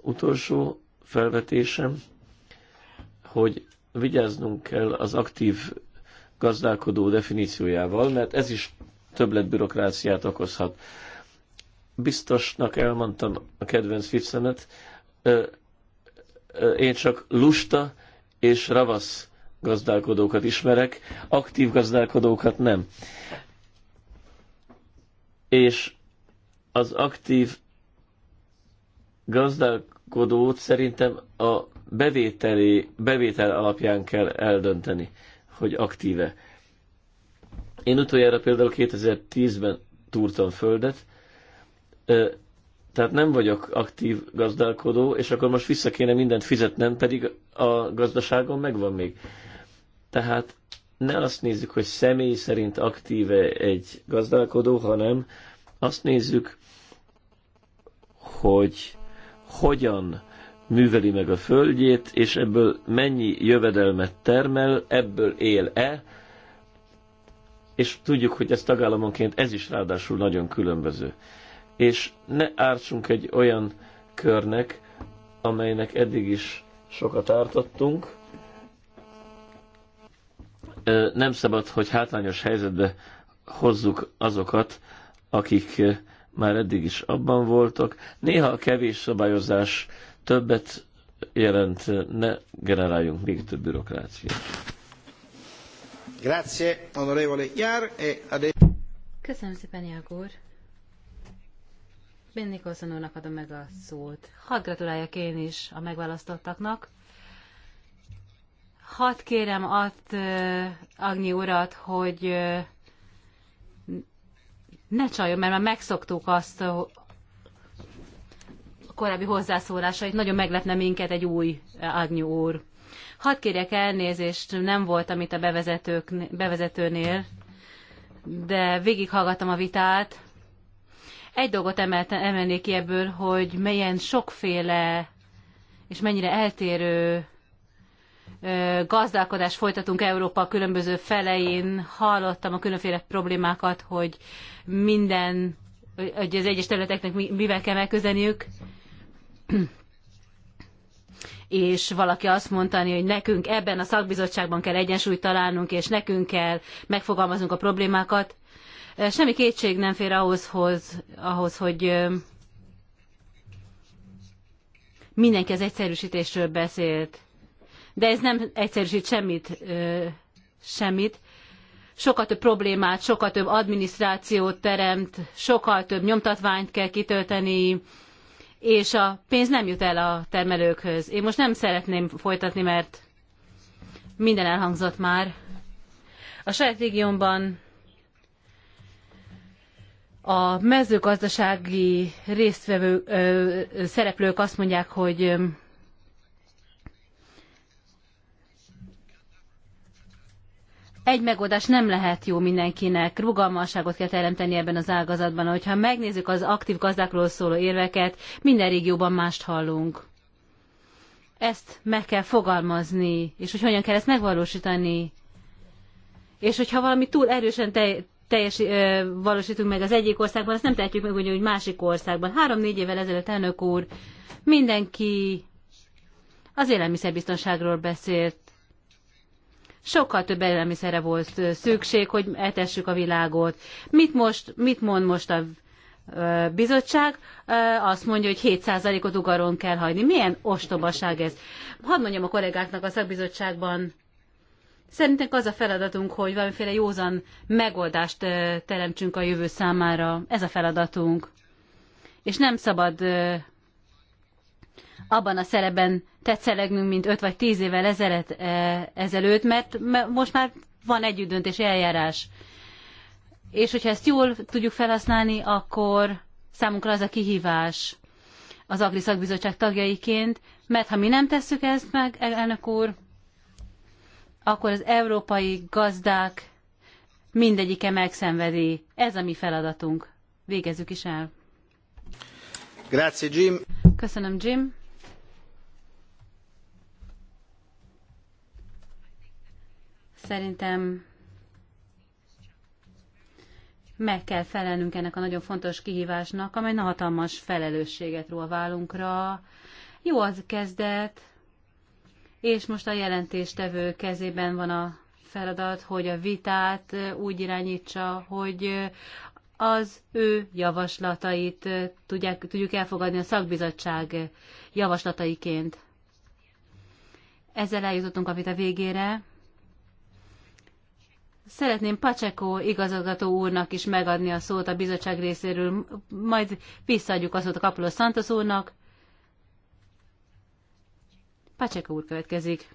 Utolsó felvetésem, hogy vigyáznunk kell az aktív gazdálkodó definíciójával, mert ez is többlet bürokráciát okozhat. Biztosnak elmondtam a kedvenc viccemet, én csak lusta és ravasz gazdálkodókat ismerek, aktív gazdálkodókat nem és az aktív gazdálkodót szerintem a bevételi, bevétel alapján kell eldönteni, hogy aktíve. Én utoljára például 2010-ben túrtam földet, tehát nem vagyok aktív gazdálkodó, és akkor most vissza kéne mindent fizetnem, pedig a gazdaságom megvan még. Tehát ne azt nézzük, hogy személy szerint aktíve egy gazdálkodó, hanem azt nézzük, hogy hogyan műveli meg a földjét, és ebből mennyi jövedelmet termel, ebből él-e, és tudjuk, hogy ez tagállamonként ez is ráadásul nagyon különböző. És ne ártsunk egy olyan körnek, amelynek eddig is sokat ártottunk, nem szabad, hogy hátrányos helyzetbe hozzuk azokat, akik már eddig is abban voltak. Néha a kevés szabályozás többet jelent, ne generáljunk még több bürokráciát. Grazie, onorevole Jár. E Köszönöm szépen, Jágor. Ben Nicholson úrnak adom meg a szót. Hadd gratuláljak én is a megválasztottaknak. Hadd kérem azt Agnyi urat, hogy ne csaljon, mert már megszoktuk azt a korábbi hozzászólásait. Nagyon meglepne minket egy új Agnyi úr. Hadd kérjek elnézést, nem voltam itt a bevezetők, bevezetőnél, de végighallgattam a vitát. Egy dolgot emelte, emelnék ki ebből, hogy milyen sokféle és mennyire eltérő gazdálkodást folytatunk Európa különböző felein. Hallottam a különféle problémákat, hogy minden, hogy az egyes területeknek mivel kell megközelniük. És valaki azt mondani, hogy nekünk ebben a szakbizottságban kell egyensúlyt találnunk, és nekünk kell megfogalmaznunk a problémákat. Semmi kétség nem fér ahhoz, hoz, ahhoz hogy mindenki az egyszerűsítésről beszélt de ez nem egyszerűsít semmit, semmit. Sokkal több problémát, sokkal több adminisztrációt teremt, sokkal több nyomtatványt kell kitölteni, és a pénz nem jut el a termelőkhöz. Én most nem szeretném folytatni, mert minden elhangzott már. A saját régiómban a mezőgazdasági résztvevő ö, szereplők azt mondják, hogy egy megoldás nem lehet jó mindenkinek. Rugalmasságot kell teremteni ebben az ágazatban. Hogyha megnézzük az aktív gazdákról szóló érveket, minden régióban mást hallunk. Ezt meg kell fogalmazni, és hogy hogyan kell ezt megvalósítani. És hogyha valami túl erősen te, teljes, ö, valósítunk meg az egyik országban, azt nem tehetjük meg úgy, hogy másik országban. Három-négy évvel ezelőtt elnök úr mindenki az élelmiszerbiztonságról beszélt, sokkal több élelmiszerre volt szükség, hogy etessük a világot. Mit, most, mit mond most a bizottság azt mondja, hogy 7%-ot ugaron kell hagyni. Milyen ostobaság ez? Hadd mondjam a kollégáknak a szakbizottságban, szerintem az a feladatunk, hogy valamiféle józan megoldást teremtsünk a jövő számára. Ez a feladatunk. És nem szabad abban a szerepben tetszelegnünk, mint 5 vagy 10 évvel ezelőtt, eh, ezelőtt mert most már van együttdöntési eljárás. És hogyha ezt jól tudjuk felhasználni, akkor számunkra az a kihívás az Agri Szakbizottság tagjaiként, mert ha mi nem tesszük ezt meg, elnök úr, akkor az európai gazdák mindegyike megszenvedi. Ez a mi feladatunk. Végezzük is el. Grazie, Jim. Köszönöm, Jim. Szerintem meg kell felelnünk ennek a nagyon fontos kihívásnak, amely na hatalmas felelősséget ró a válunkra. Jó az kezdet, és most a jelentéstevő kezében van a feladat, hogy a vitát úgy irányítsa, hogy az ő javaslatait tudják, tudjuk elfogadni a szakbizottság javaslataiként. Ezzel eljutottunk a vita végére. Szeretném Pacsekó igazgató úrnak is megadni a szót a bizottság részéről, majd visszaadjuk a szót a Kapulos Santos úrnak. Pacsekó úr következik.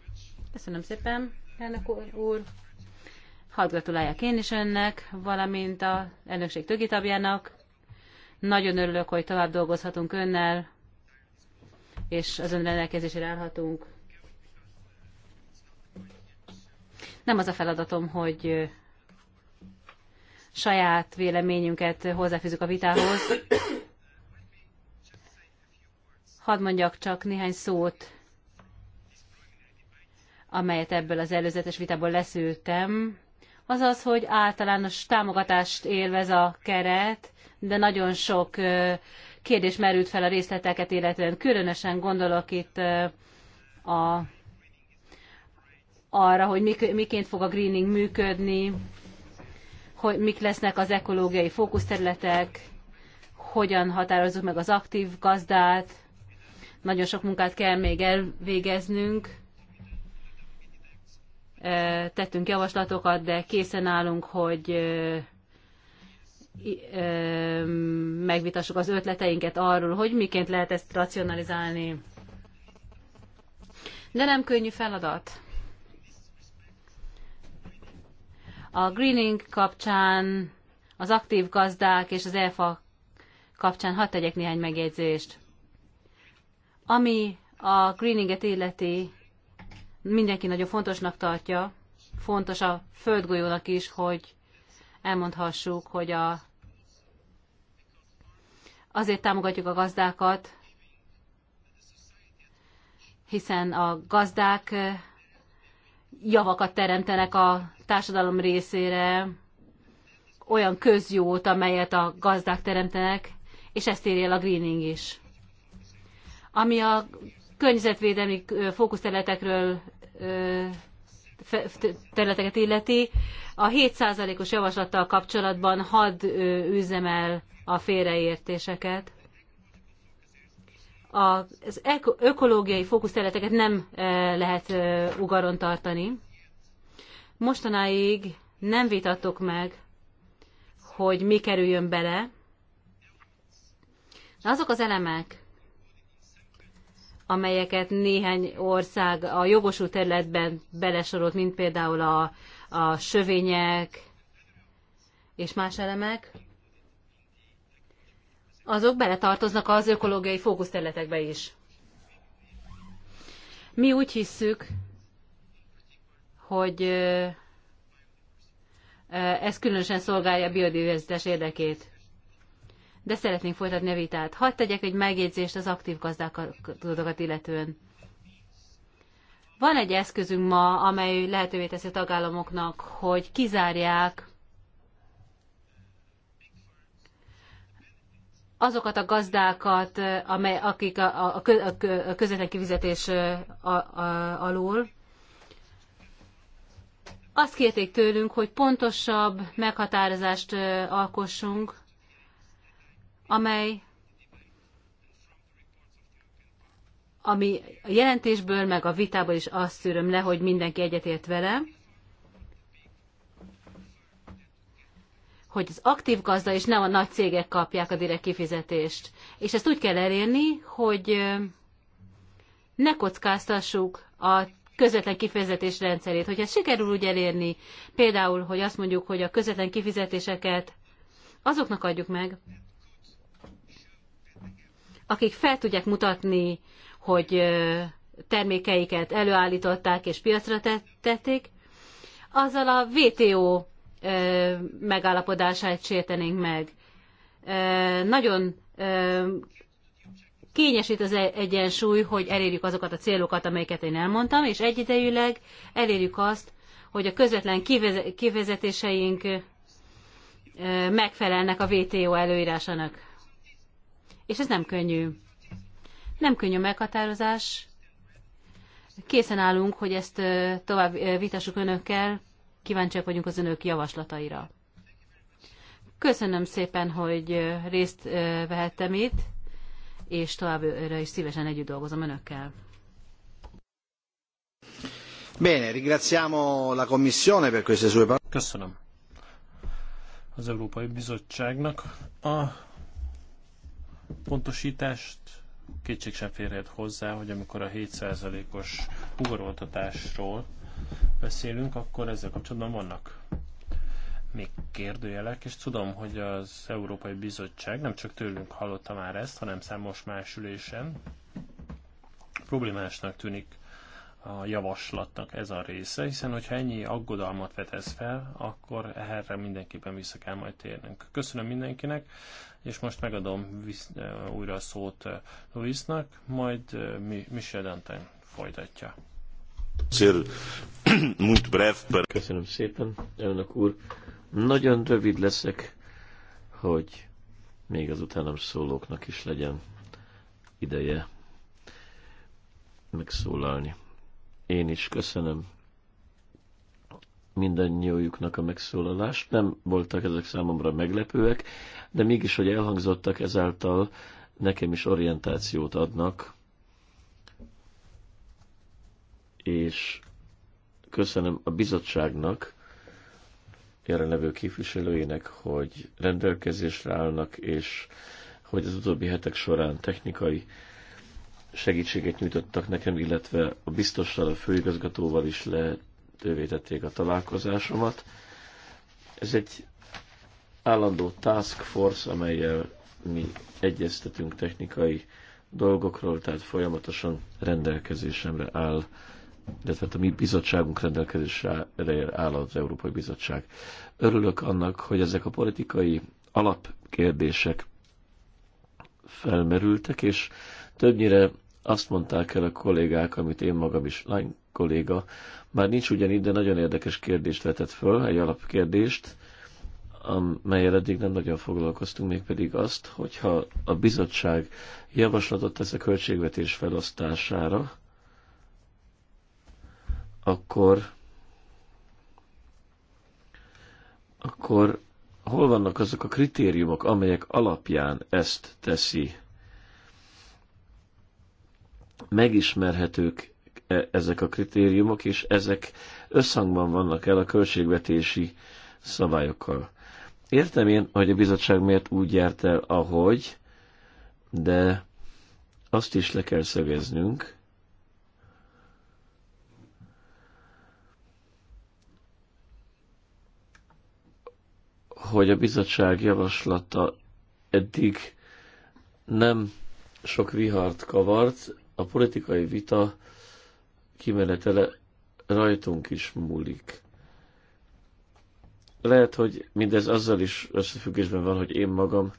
Köszönöm szépen, elnök úr. Hadd gratuláljak én is önnek, valamint a elnökség tögitabjának. Nagyon örülök, hogy tovább dolgozhatunk önnel, és az ön rendelkezésére állhatunk Nem az a feladatom, hogy saját véleményünket hozzáfűzünk a vitához. Hadd mondjak csak néhány szót, amelyet ebből az előzetes vitából leszűrtem. Az az, hogy általános támogatást élvez a keret, de nagyon sok kérdés merült fel a részleteket illetően. Különösen gondolok itt a arra, hogy miként fog a greening működni, hogy mik lesznek az ekológiai fókuszterületek, hogyan határozzuk meg az aktív gazdát. Nagyon sok munkát kell még elvégeznünk. Tettünk javaslatokat, de készen állunk, hogy megvitassuk az ötleteinket arról, hogy miként lehet ezt racionalizálni. De nem könnyű feladat. A greening kapcsán, az aktív gazdák és az EFA kapcsán hadd tegyek néhány megjegyzést. Ami a greeninget illeti, mindenki nagyon fontosnak tartja, fontos a földgolyónak is, hogy elmondhassuk, hogy a, azért támogatjuk a gazdákat, hiszen a gazdák javakat teremtenek a társadalom részére, olyan közjót, amelyet a gazdák teremtenek, és ezt érje el a greening is. Ami a környezetvédelmi fókuszterületekről területeket illeti, a 7%-os javaslattal kapcsolatban hadd üzemel a félreértéseket az ökológiai fókuszterületeket nem eh, lehet eh, ugaron tartani. Mostanáig nem vitattok meg, hogy mi kerüljön bele, de azok az elemek, amelyeket néhány ország a jogosult területben belesorolt, mint például a, a sövények és más elemek, azok beletartoznak az ökológiai fókuszterületekbe is. Mi úgy hisszük, hogy ez különösen szolgálja a biodiverzitás érdekét. De szeretnénk folytatni a vitát. Hadd tegyek egy megjegyzést az aktív gazdálkodókat illetően. Van egy eszközünk ma, amely lehetővé teszi a tagállamoknak, hogy kizárják azokat a gazdákat, amely, akik a, a, a, a közvetlen kifizetés alól. Azt kérték tőlünk, hogy pontosabb meghatározást alkossunk, amely ami a jelentésből, meg a vitából is azt szűröm le, hogy mindenki egyetért velem. hogy az aktív gazda és nem a nagy cégek kapják a direkt kifizetést. És ezt úgy kell elérni, hogy ne kockáztassuk a közvetlen kifizetés rendszerét. Hogyha sikerül úgy elérni, például, hogy azt mondjuk, hogy a közvetlen kifizetéseket azoknak adjuk meg, akik fel tudják mutatni, hogy termékeiket előállították és piacra tették, azzal a WTO megállapodását sértenénk meg. Nagyon kényes itt az e- egyensúly, hogy elérjük azokat a célokat, amelyeket én elmondtam, és egyidejűleg elérjük azt, hogy a közvetlen kivezetéseink megfelelnek a WTO előírásának. És ez nem könnyű. Nem könnyű meghatározás. Készen állunk, hogy ezt tovább vitassuk önökkel, kíváncsiak vagyunk az önök javaslataira. Köszönöm szépen, hogy részt vehettem itt, és továbbra is szívesen együtt dolgozom önökkel. Bene, ringraziamo la Commissione per queste sue parole. Köszönöm az Európai Bizottságnak a pontosítást kétség sem férhet hozzá, hogy amikor a 7%-os ugoroltatásról beszélünk, akkor ezzel kapcsolatban vannak még kérdőjelek, és tudom, hogy az Európai Bizottság nem csak tőlünk hallotta már ezt, hanem számos más ülésen problémásnak tűnik a javaslatnak ez a része, hiszen hogyha ennyi aggodalmat vetesz fel, akkor erre mindenképpen vissza kell majd térnünk. Köszönöm mindenkinek, és most megadom visz, újra a szót Luisnak, majd eh, Michel Dantin folytatja. Köszönöm szépen, elnök úr. Nagyon rövid leszek, hogy még az utánam szólóknak is legyen ideje megszólalni. Én is köszönöm mindannyiójuknak a megszólalást. Nem voltak ezek számomra meglepőek, de mégis, hogy elhangzottak ezáltal, nekem is orientációt adnak és köszönöm a bizottságnak, jelenlevő képviselőjének, hogy rendelkezésre állnak, és hogy az utóbbi hetek során technikai segítséget nyújtottak nekem, illetve a biztossal, a főigazgatóval is lehetővé tették a találkozásomat. Ez egy állandó task force, amelyel mi egyeztetünk technikai dolgokról, tehát folyamatosan rendelkezésemre áll illetve hát a mi bizottságunk rendelkezésre áll az Európai Bizottság. Örülök annak, hogy ezek a politikai alapkérdések felmerültek, és többnyire azt mondták el a kollégák, amit én magam is, lány kolléga, már nincs ugyanígy, de nagyon érdekes kérdést vetett föl, egy alapkérdést, amelyel eddig nem nagyon foglalkoztunk, mégpedig azt, hogyha a bizottság javaslatot tesz a költségvetés felosztására, akkor akkor hol vannak azok a kritériumok, amelyek alapján ezt teszi? Megismerhetők ezek a kritériumok, és ezek összhangban vannak el a költségvetési szabályokkal. Értem én, hogy a bizottság miért úgy járt el, ahogy, de azt is le kell szögeznünk, hogy a bizottság javaslata eddig nem sok vihart kavart, a politikai vita kimenetele rajtunk is múlik. Lehet, hogy mindez azzal is összefüggésben van, hogy én magam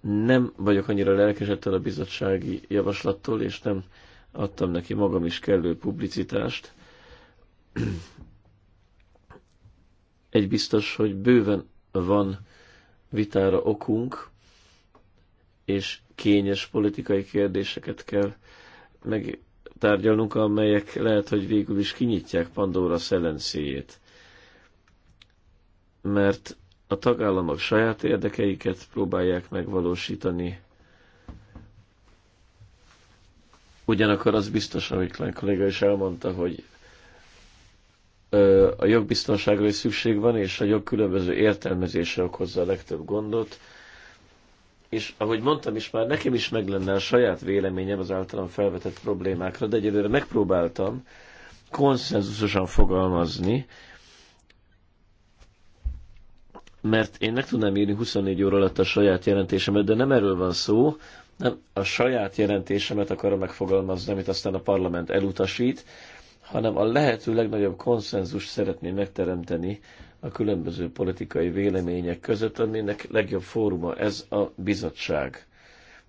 nem vagyok annyira lelkesettel a bizottsági javaslattól, és nem adtam neki magam is kellő publicitást. Egy biztos, hogy bőven van vitára okunk, és kényes politikai kérdéseket kell megtárgyalnunk, amelyek lehet, hogy végül is kinyitják Pandora szelenszéjét. Mert a tagállamok saját érdekeiket próbálják megvalósítani. Ugyanakkor az biztos, amit a kolléga is elmondta, hogy a jogbiztonságra is szükség van, és a jog különböző értelmezése okozza a legtöbb gondot. És ahogy mondtam is, már nekem is meg lenne a saját véleményem az általam felvetett problémákra, de egyelőre megpróbáltam konszenzusosan fogalmazni, mert én meg tudnám írni 24 óra alatt a saját jelentésemet, de nem erről van szó, nem a saját jelentésemet akarom megfogalmazni, amit aztán a parlament elutasít, hanem a lehető legnagyobb konszenzus szeretné megteremteni a különböző politikai vélemények között, aminek legjobb fóruma ez a bizottság.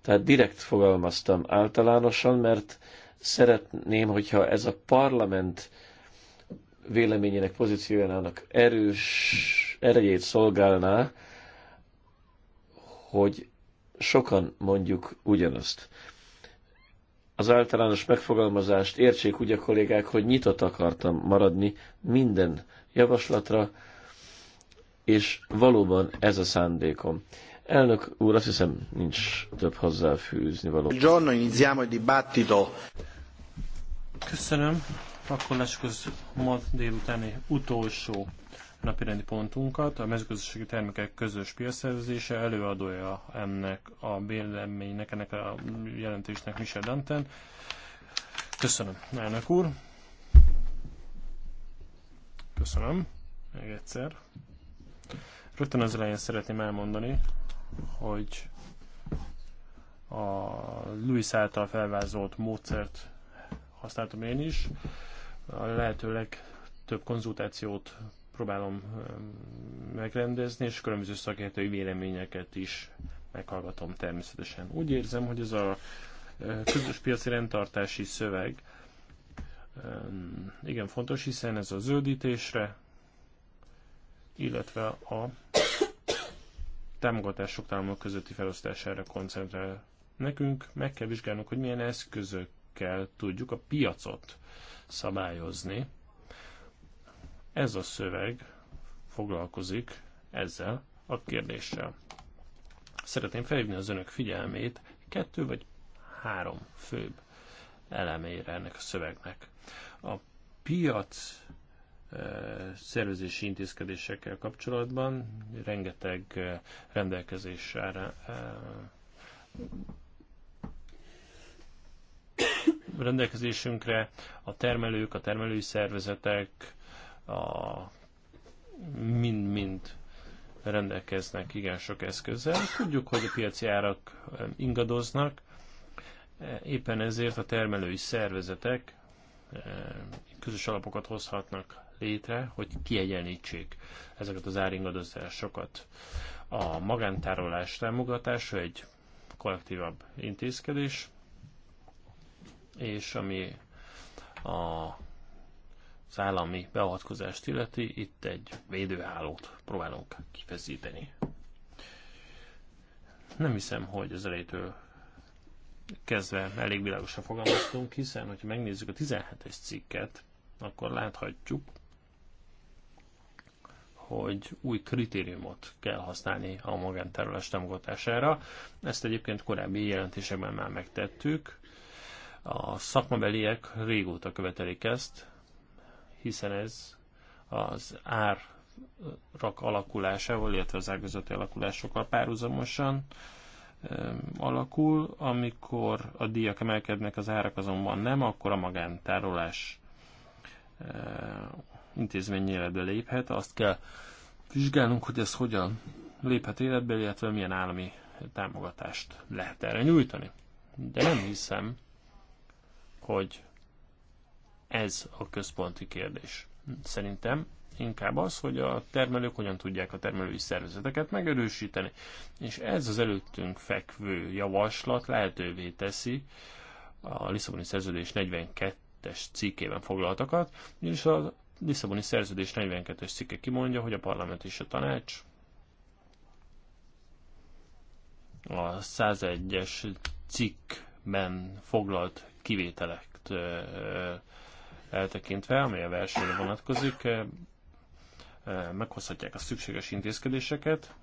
Tehát direkt fogalmaztam általánosan, mert szeretném, hogyha ez a parlament véleményének, pozíciójának erős erejét szolgálná, hogy sokan mondjuk ugyanazt az általános megfogalmazást értsék úgy a kollégák, hogy nyitott akartam maradni minden javaslatra, és valóban ez a szándékom. Elnök úr, azt hiszem nincs több hozzáfűzni való. Giorno, iniziamo il dibattito. Köszönöm. Akkor lesz ma délutáni utolsó napirendi pontunkat, a mezőgazdasági termékek közös piaszervezése, előadója ennek a véleménynek, ennek a jelentésnek Michel Danten. Köszönöm, elnök úr. Köszönöm, még egyszer. Rögtön az elején szeretném elmondani, hogy a Louis által felvázolt módszert használtam én is. A lehetőleg több konzultációt próbálom megrendezni, és különböző szakértői véleményeket is meghallgatom természetesen. Úgy érzem, hogy ez a közös piaci rendtartási szöveg igen fontos, hiszen ez a zöldítésre, illetve a támogatások támogatások közötti felosztására koncentrál. Nekünk meg kell vizsgálnunk, hogy milyen eszközökkel tudjuk a piacot szabályozni, ez a szöveg foglalkozik ezzel a kérdéssel. Szeretném felhívni az önök figyelmét kettő vagy három főbb elemére ennek a szövegnek. A piac eh, szervezési intézkedésekkel kapcsolatban rengeteg eh, rendelkezésre eh, rendelkezésünkre a termelők, a termelői szervezetek, a mind-mind rendelkeznek igen sok eszközzel. Tudjuk, hogy a piaci árak ingadoznak, e, éppen ezért a termelői szervezetek e, közös alapokat hozhatnak létre, hogy kiegyenlítsék ezeket az áringadozásokat. A magántárolás támogatása egy kollektívabb intézkedés, és ami a az állami beavatkozást illeti, itt egy védőhálót próbálunk kifeszíteni. Nem hiszem, hogy az elejétől kezdve elég világosan fogalmaztunk, hiszen, hogyha megnézzük a 17-es cikket, akkor láthatjuk, hogy új kritériumot kell használni a magánterülés támogatására. Ezt egyébként korábbi jelentésekben már megtettük. A szakmabeliek régóta követelik ezt, hiszen ez az árak alakulásával, illetve az ágazati alakulásokkal párhuzamosan alakul, amikor a díjak emelkednek, az árak azonban nem, akkor a magántárolás intézmény életbe léphet. Azt kell vizsgálnunk, hogy ez hogyan léphet életbe, illetve milyen állami támogatást lehet erre nyújtani. De nem hiszem, hogy ez a központi kérdés. Szerintem inkább az, hogy a termelők hogyan tudják a termelői szervezeteket megerősíteni. És ez az előttünk fekvő javaslat lehetővé teszi a Lisszaboni Szerződés 42-es cikkében foglaltakat, és a Lisszaboni Szerződés 42-es cikke kimondja, hogy a parlament és a tanács a 101-es cikkben foglalt kivételeket eltekintve, amely a versenyre vonatkozik, eh, eh, meghozhatják a szükséges intézkedéseket.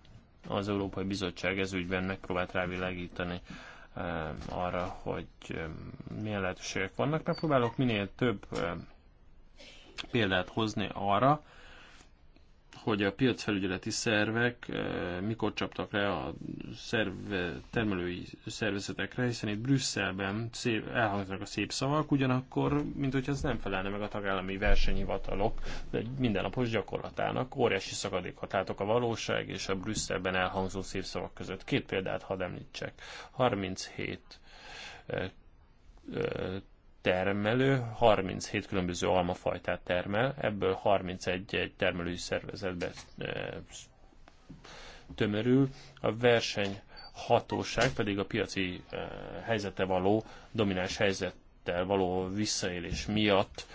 Az Európai Bizottság ez ügyben megpróbált rávilágítani eh, arra, hogy milyen lehetőségek vannak. Megpróbálok minél több példát hozni arra, hogy a piacfelügyeleti szervek eh, mikor csaptak rá a szerve, termelői szervezetekre, hiszen itt Brüsszelben szép, elhangzanak a szép szavak, ugyanakkor, mint hogy ez nem felelne meg a tagállami versenyhivatalok mindennapos gyakorlatának, óriási szakadékot látok a valóság és a Brüsszelben elhangzó szép szavak között. Két példát hadd említsek. 37 termelő 37 különböző almafajtát termel, ebből 31 egy termelői szervezetbe tömörül, a verseny hatóság pedig a piaci helyzete való, domináns helyzettel való visszaélés miatt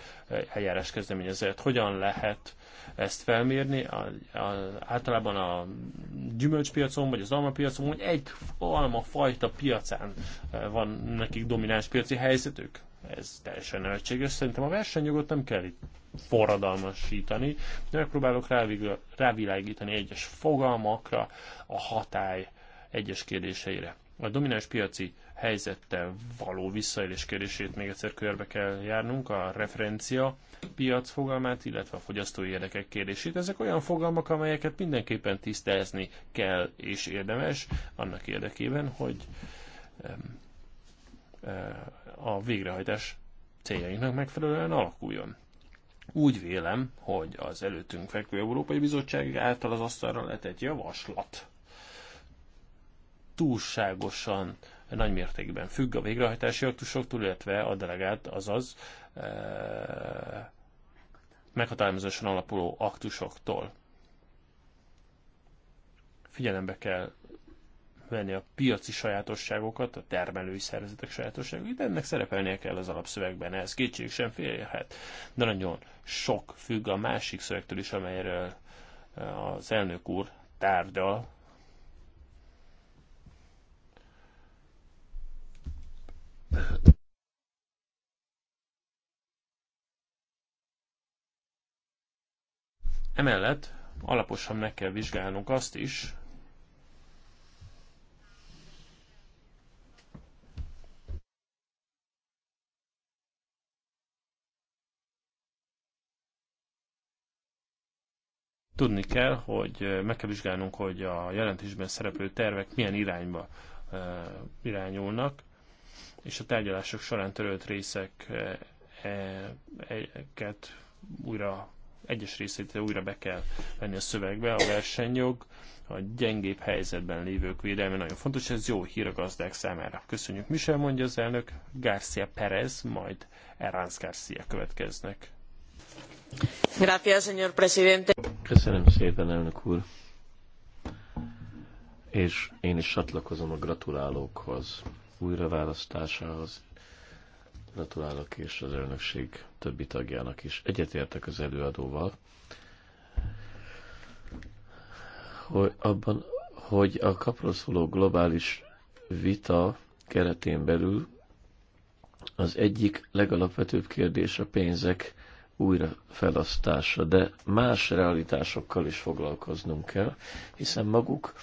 eljárás kezdeményezett. Hogyan lehet ezt felmérni? A, a, általában a gyümölcspiacon, vagy az almapiacon, vagy egy almafajta piacán van nekik domináns piaci helyzetük? Ez teljesen nevetséges. Szerintem a versenyjogot nem kell itt forradalmasítani. Megpróbálok rávilágítani egyes fogalmakra, a hatály egyes kérdéseire. A domináns piaci helyzettel való visszaélés kérdését még egyszer körbe kell járnunk, a referencia piac fogalmát, illetve a fogyasztói érdekek kérdését. Ezek olyan fogalmak, amelyeket mindenképpen tisztázni kell és érdemes annak érdekében, hogy a végrehajtás céljainknak megfelelően alakuljon. Úgy vélem, hogy az előttünk fekvő Európai Bizottság által az asztalra egy javaslat túlságosan nagy mértékben függ a végrehajtási aktusoktól, illetve a delegált, azaz e, meghatározósan alapuló aktusoktól. Figyelembe kell venni a piaci sajátosságokat, a termelői szervezetek sajátosságait, ennek szerepelnie kell az alapszövegben, ez kétség sem félhet. De nagyon sok függ a másik szövegtől is, amelyről eh, az elnök úr tárgyal. Emellett alaposan meg kell vizsgálnunk azt is, Tudni kell, hogy meg kell vizsgálnunk, hogy a jelentésben szereplő tervek milyen irányba irányulnak, és a tárgyalások során törölt részeket e, újra egyes részét újra be kell venni a szövegbe, a versenyjog, a gyengébb helyzetben lévők védelme nagyon fontos, ez jó hír a gazdák számára. Köszönjük, Michel, mondja az elnök, Garcia Perez, majd Eránz Garcia következnek señor presidente. Köszönöm szépen, elnök úr. És én is csatlakozom a gratulálókhoz, újraválasztásához. Gratulálok és az elnökség többi tagjának is. Egyetértek az előadóval, hogy abban, hogy a kapról szóló globális vita keretén belül az egyik legalapvetőbb kérdés a pénzek újra de más realitásokkal is foglalkoznunk kell, hiszen maguk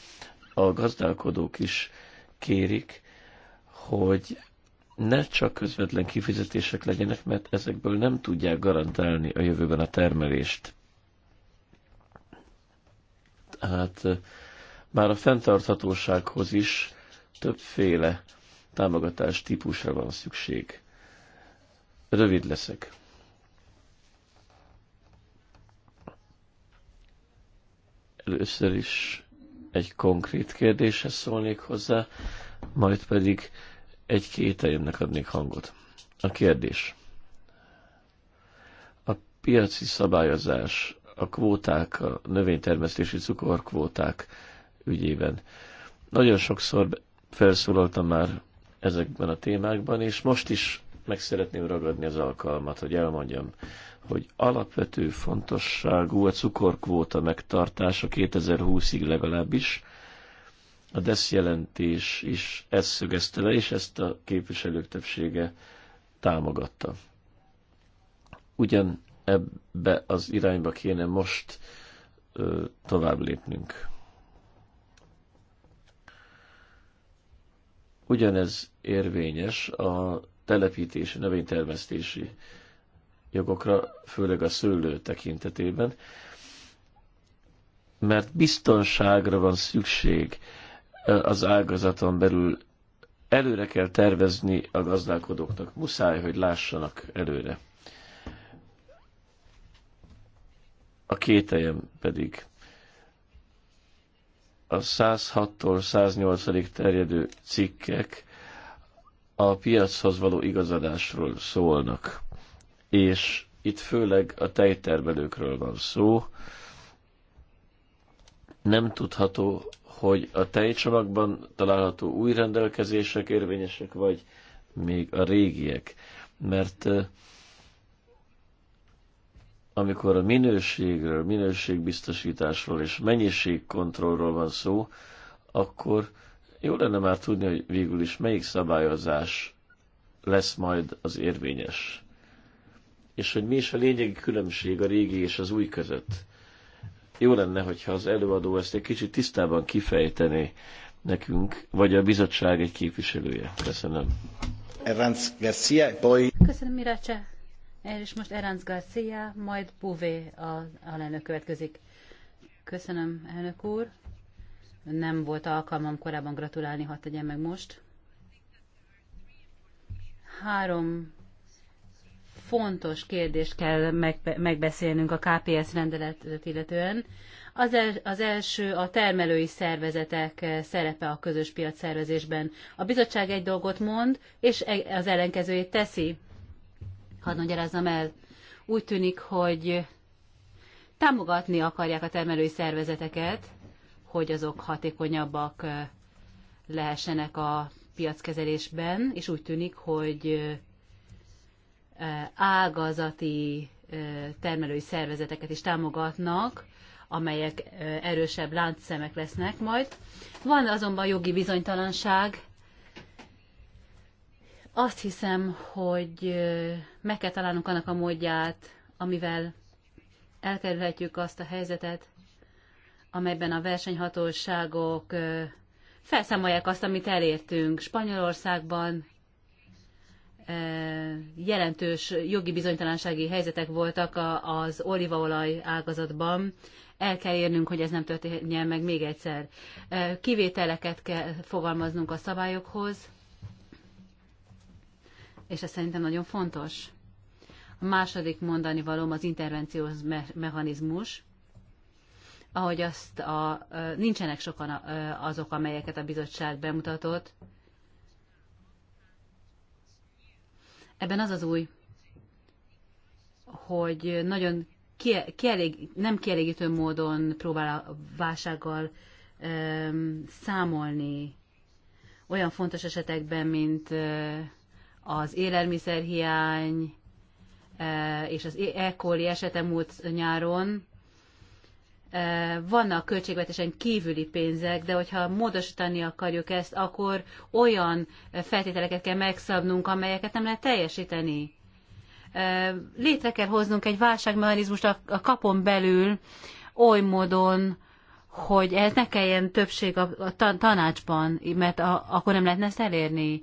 a gazdálkodók is kérik, hogy ne csak közvetlen kifizetések legyenek, mert ezekből nem tudják garantálni a jövőben a termelést. Tehát már a fenntarthatósághoz is többféle támogatás típusra van szükség. Rövid leszek. Először is egy konkrét kérdéshez szólnék hozzá, majd pedig egy kételjemnek adnék hangot. A kérdés. A piaci szabályozás, a kvóták, a növénytermesztési cukorkvóták ügyében. Nagyon sokszor felszólaltam már ezekben a témákban, és most is meg szeretném ragadni az alkalmat, hogy elmondjam hogy alapvető fontosságú a cukorkvóta megtartása 2020-ig legalábbis. A DESZ jelentés is ezt szögezte le, és ezt a képviselők többsége támogatta. Ugyan ebbe az irányba kéne most ö, tovább lépnünk. Ugyanez érvényes a telepítési, növénytermesztési jogokra, főleg a szőlő tekintetében, mert biztonságra van szükség az ágazaton belül. Előre kell tervezni a gazdálkodóknak, muszáj, hogy lássanak előre. A kételjem pedig a 106-tól 108 terjedő cikkek a piachoz való igazadásról szólnak és itt főleg a tejtermelőkről van szó. Nem tudható, hogy a tejcsomagban található új rendelkezések érvényesek, vagy még a régiek. Mert amikor a minőségről, minőségbiztosításról és mennyiségkontrollról van szó, akkor jó lenne már tudni, hogy végül is melyik szabályozás lesz majd az érvényes és hogy mi is a lényegi különbség a régi és az új között. Jó lenne, hogyha az előadó ezt egy kicsit tisztában kifejtené nekünk, vagy a bizottság egy képviselője. Köszönöm. Erranz Garcia, boy. Köszönöm, Miracse. És most Erranz Garcia, majd Bouvé a alelnök következik. Köszönöm, elnök úr. Nem volt alkalmam korábban gratulálni, ha tegyem meg most. Három fontos kérdést kell megbeszélnünk a KPS rendeletet illetően. Az, el, az első a termelői szervezetek eh, szerepe a közös piac szervezésben. A bizottság egy dolgot mond, és e-, az ellenkezőjét teszi. Hadd magyarázzam el. Úgy tűnik, hogy támogatni akarják a termelői szervezeteket, hogy azok hatékonyabbak eh, lehessenek a piackezelésben, és úgy tűnik, hogy eh, ágazati termelői szervezeteket is támogatnak, amelyek erősebb láncszemek lesznek majd. Van azonban jogi bizonytalanság. Azt hiszem, hogy meg kell találnunk annak a módját, amivel elkerülhetjük azt a helyzetet, amelyben a versenyhatóságok felszámolják azt, amit elértünk Spanyolországban, jelentős jogi bizonytalansági helyzetek voltak az olívaolaj ágazatban. El kell érnünk, hogy ez nem történjen meg még egyszer. Kivételeket kell fogalmaznunk a szabályokhoz, és ez szerintem nagyon fontos. A második mondani valóm az intervenciós mechanizmus, ahogy azt a, nincsenek sokan azok, amelyeket a bizottság bemutatott, Ebben az az új, hogy nagyon kielég, nem kielégítő módon próbál a válsággal um, számolni olyan fontos esetekben, mint uh, az élelmiszerhiány uh, és az E. coli esete múlt nyáron, vannak költségvetésen kívüli pénzek, de hogyha módosítani akarjuk ezt, akkor olyan feltételeket kell megszabnunk, amelyeket nem lehet teljesíteni. Létre kell hoznunk egy válságmechanizmust a kapon belül, oly módon, hogy ez ne kelljen többség a, tanácsban, mert a, akkor nem lehetne ezt elérni.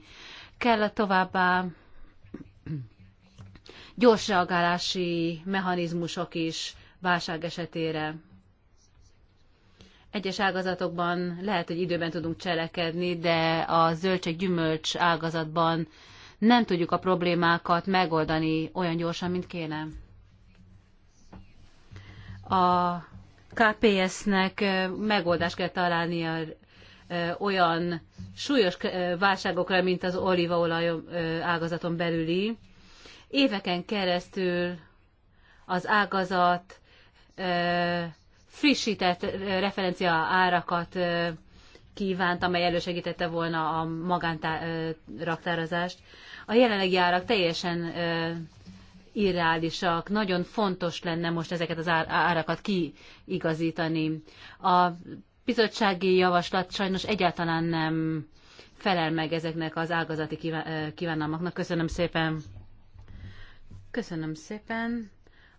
Kell a továbbá gyors reagálási mechanizmusok is válság esetére. Egyes ágazatokban lehet, hogy időben tudunk cselekedni, de a zöldség-gyümölcs ágazatban nem tudjuk a problémákat megoldani olyan gyorsan, mint kéne. A KPS-nek megoldást kell találnia olyan súlyos válságokra, mint az olívaolaj ágazaton belüli. Éveken keresztül az ágazat frissített referencia árakat kívánt, amely elősegítette volna a magántárazást. A jelenlegi árak teljesen irreálisak, nagyon fontos lenne most ezeket az árakat kiigazítani. A bizottsági javaslat sajnos egyáltalán nem felel meg ezeknek az ágazati kívánalmaknak. Köszönöm szépen. Köszönöm szépen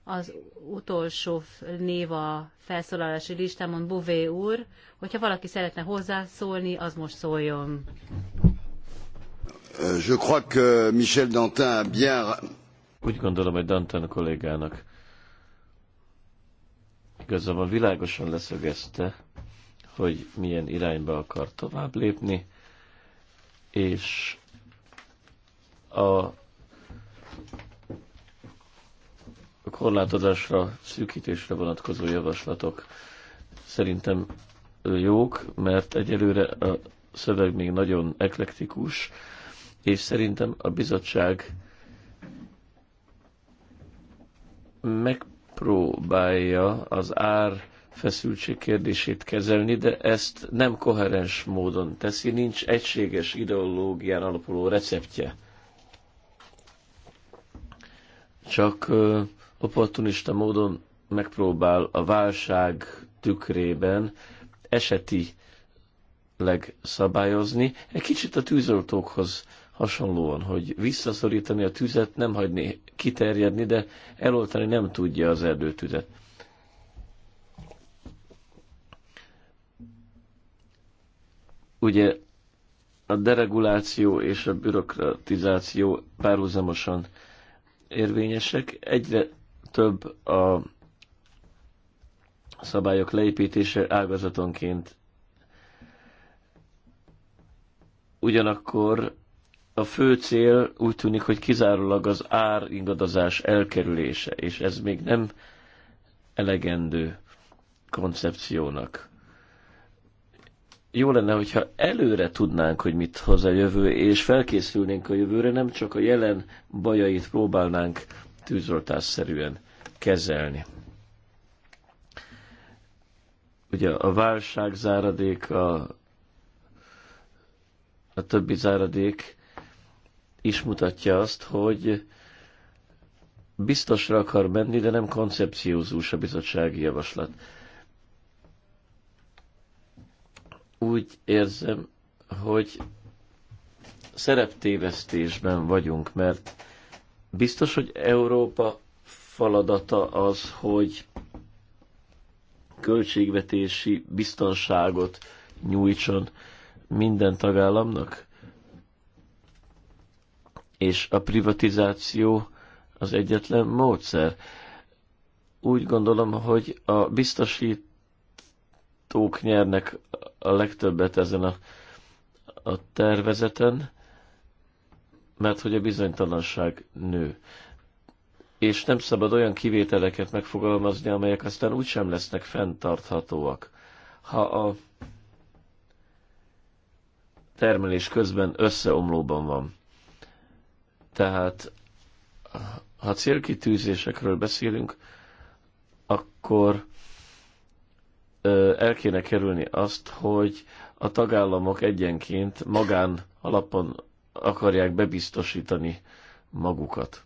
az utolsó név a felszólalási listámon Bové úr. Hogyha valaki szeretne hozzászólni, az most szóljon. Euh, je crois que Michel Dantin bien... Úgy gondolom, hogy Dantin kollégának igazából világosan leszögezte, hogy milyen irányba akar tovább lépni, és a korlátozásra, szűkítésre vonatkozó javaslatok szerintem jók, mert egyelőre a szöveg még nagyon eklektikus, és szerintem a bizottság megpróbálja az ár feszültség kérdését kezelni, de ezt nem koherens módon teszi, nincs egységes ideológián alapuló receptje. Csak opportunista módon megpróbál a válság tükrében eseti szabályozni. Egy kicsit a tűzoltókhoz hasonlóan, hogy visszaszorítani a tüzet, nem hagyni kiterjedni, de eloltani nem tudja az erdőtüzet. Ugye a dereguláció és a bürokratizáció párhuzamosan érvényesek. Egyre több a szabályok leépítése ágazatonként. Ugyanakkor a fő cél úgy tűnik, hogy kizárólag az ár ingadozás elkerülése, és ez még nem elegendő koncepciónak. Jó lenne, hogyha előre tudnánk, hogy mit hoz a jövő, és felkészülnénk a jövőre, nem csak a jelen bajait próbálnánk tűzoltásszerűen kezelni. Ugye a válság záradék, a, a többi záradék is mutatja azt, hogy biztosra akar menni, de nem koncepciózus a bizottsági javaslat. Úgy érzem, hogy szereptévesztésben vagyunk, mert Biztos, hogy Európa feladata az, hogy költségvetési biztonságot nyújtson minden tagállamnak, és a privatizáció az egyetlen módszer. Úgy gondolom, hogy a biztosítók nyernek a legtöbbet ezen a, a tervezeten, mert hogy a bizonytalanság nő. És nem szabad olyan kivételeket megfogalmazni, amelyek aztán úgysem lesznek fenntarthatóak. Ha a termelés közben összeomlóban van. Tehát, ha célkitűzésekről beszélünk, akkor el kéne kerülni azt, hogy a tagállamok egyenként magán alapon akarják bebiztosítani magukat.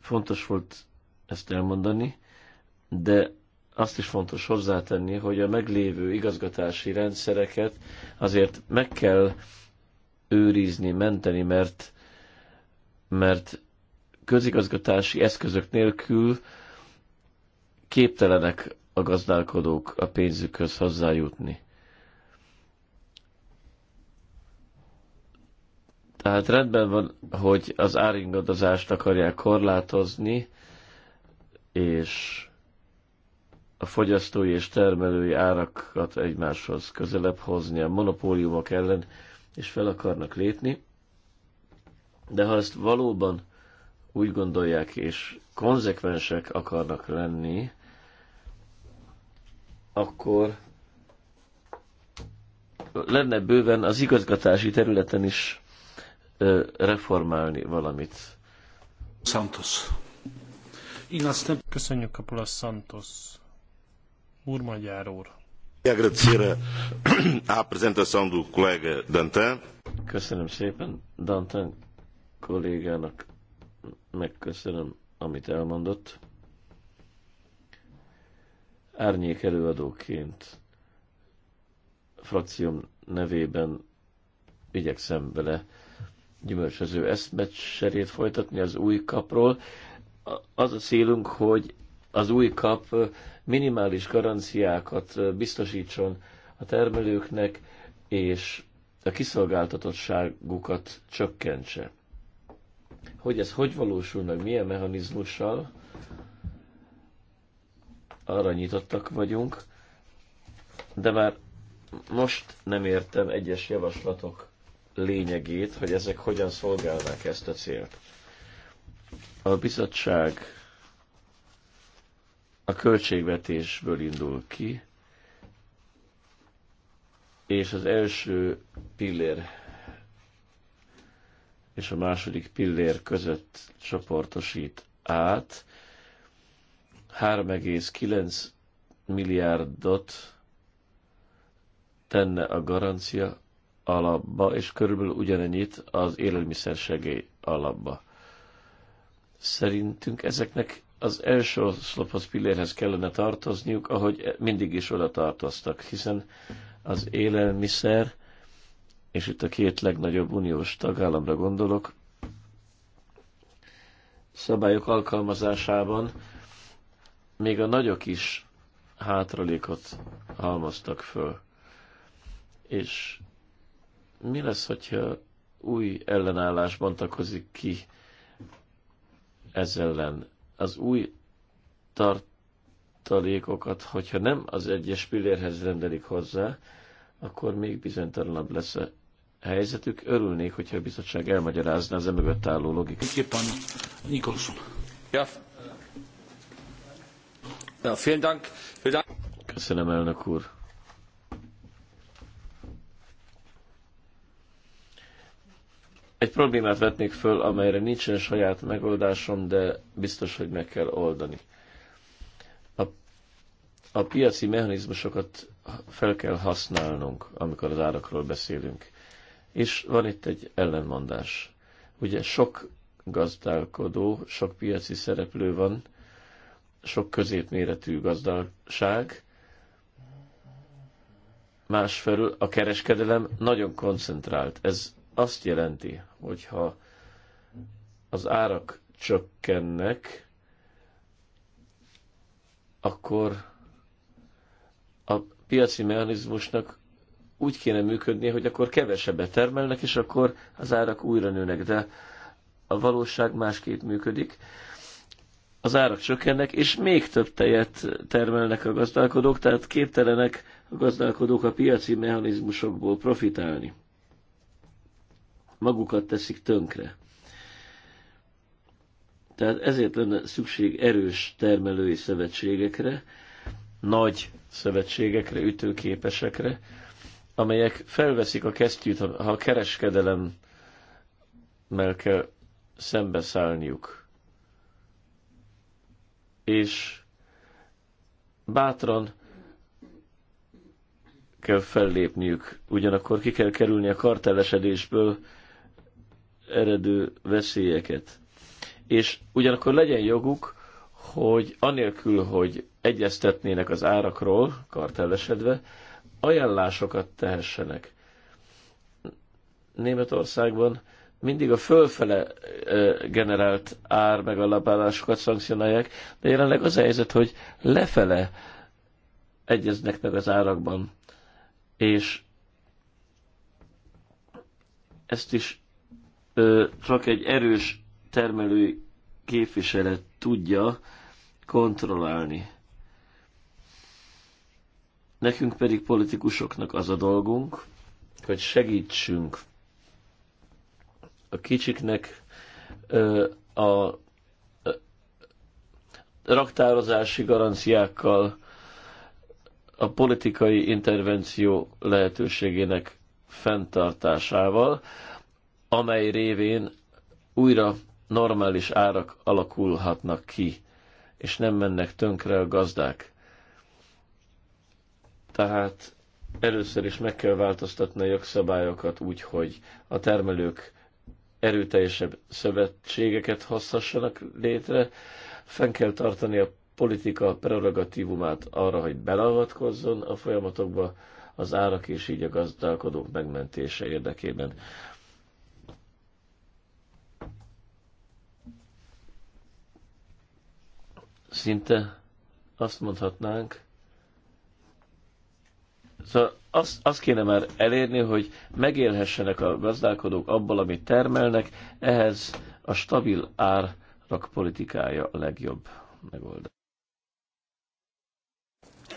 Fontos volt ezt elmondani, de azt is fontos hozzátenni, hogy a meglévő igazgatási rendszereket azért meg kell őrizni, menteni, mert, mert közigazgatási eszközök nélkül képtelenek a gazdálkodók a pénzükhöz hozzájutni. Tehát rendben van, hogy az áringadozást akarják korlátozni, és a fogyasztói és termelői árakat egymáshoz közelebb hozni, a monopóliumok ellen, és fel akarnak lépni. De ha ezt valóban úgy gondolják, és konzekvensek akarnak lenni, akkor lenne bőven az igazgatási területen is reformálni valamit. Santos. Én Köszönjük Kapula Santos. Úrmagyár úr. a Köszönöm szépen Dantin kollégának. Megköszönöm, amit elmondott. Árnyék előadóként frakcióm nevében igyekszem bele gyümölcsöző eszmecserét folytatni az új kapról. Az a célunk, hogy az új kap minimális garanciákat biztosítson a termelőknek, és a kiszolgáltatottságukat csökkentse. Hogy ez hogy valósul meg, milyen mechanizmussal, arra nyitottak vagyunk, de már most nem értem egyes javaslatok lényegét, hogy ezek hogyan szolgálnák ezt a célt. A bizottság a költségvetésből indul ki, és az első pillér és a második pillér között csoportosít át 3,9 milliárdot tenne a garancia alapba, és körülbelül ugyanennyit az segély alapba. Szerintünk ezeknek az első oszlophoz pillérhez kellene tartozniuk, ahogy mindig is oda tartoztak, hiszen az élelmiszer, és itt a két legnagyobb uniós tagállamra gondolok, szabályok alkalmazásában még a nagyok is hátralékot halmoztak föl. És mi lesz, hogyha új ellenállás bontakozik ki ez ellen? Az új tartalékokat, hogyha nem az egyes pillérhez rendelik hozzá, akkor még bizonytalanabb lesz a helyzetük. Örülnék, hogyha a bizottság elmagyarázná az emögött álló logikát. Képen Nikolson. ja, Köszönöm, elnök úr. Egy problémát vetnék föl, amelyre nincsen saját megoldásom, de biztos, hogy meg kell oldani. A, a piaci mechanizmusokat fel kell használnunk, amikor az árakról beszélünk. És van itt egy ellenmondás. Ugye sok gazdálkodó, sok piaci szereplő van, sok középméretű gazdaság, másfelől a kereskedelem nagyon koncentrált. Ez azt jelenti, hogyha az árak csökkennek, akkor a piaci mechanizmusnak úgy kéne működni, hogy akkor kevesebbet termelnek, és akkor az árak újra nőnek, de a valóság másképp működik. Az árak csökkennek, és még több tejet termelnek a gazdálkodók, tehát képtelenek a gazdálkodók a piaci mechanizmusokból profitálni magukat teszik tönkre. Tehát ezért lenne szükség erős termelői szövetségekre, nagy szövetségekre, ütőképesekre, amelyek felveszik a kesztyűt, ha a kereskedelemmel kell szembeszállniuk. És bátran kell fellépniük, ugyanakkor ki kell kerülni a kartelesedésből, eredő veszélyeket. És ugyanakkor legyen joguk, hogy anélkül, hogy egyeztetnének az árakról, kartellesedve, ajánlásokat tehessenek. Németországban mindig a fölfele generált ár megalapálásokat szankcionálják, de jelenleg az a helyzet, hogy lefele egyeznek meg az árakban. És ezt is csak egy erős termelői képviselet tudja kontrollálni. Nekünk pedig politikusoknak az a dolgunk, hogy segítsünk a kicsiknek a raktározási garanciákkal a politikai intervenció lehetőségének fenntartásával, amely révén újra normális árak alakulhatnak ki, és nem mennek tönkre a gazdák. Tehát először is meg kell változtatni a jogszabályokat úgy, hogy a termelők erőteljesebb szövetségeket hozhassanak létre, fenn kell tartani a politika prerogatívumát arra, hogy belavatkozzon a folyamatokba az árak és így a gazdálkodók megmentése érdekében. szinte azt mondhatnánk, szóval azt, azt kéne már elérni, hogy megélhessenek a gazdálkodók abból, amit termelnek, ehhez a stabil árak politikája a legjobb megoldás.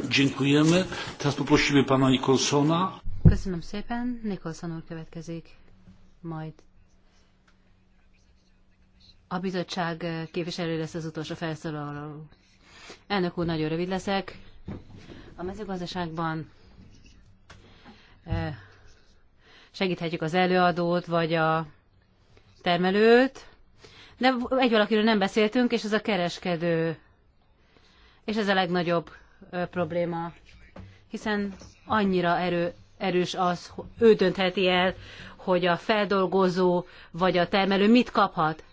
Dziękujemy. Teraz poprosimy pana Nicholsona. Köszönöm szépen. Nicholson úr következik, majd a bizottság képviselő lesz az utolsó felszólaló. Elnök úr, nagyon rövid leszek. A mezőgazdaságban eh, segíthetjük az előadót, vagy a termelőt, de egy valakiről nem beszéltünk, és ez a kereskedő. És ez a legnagyobb eh, probléma, hiszen annyira erő, erős az, ő döntheti el, hogy a feldolgozó vagy a termelő mit kaphat.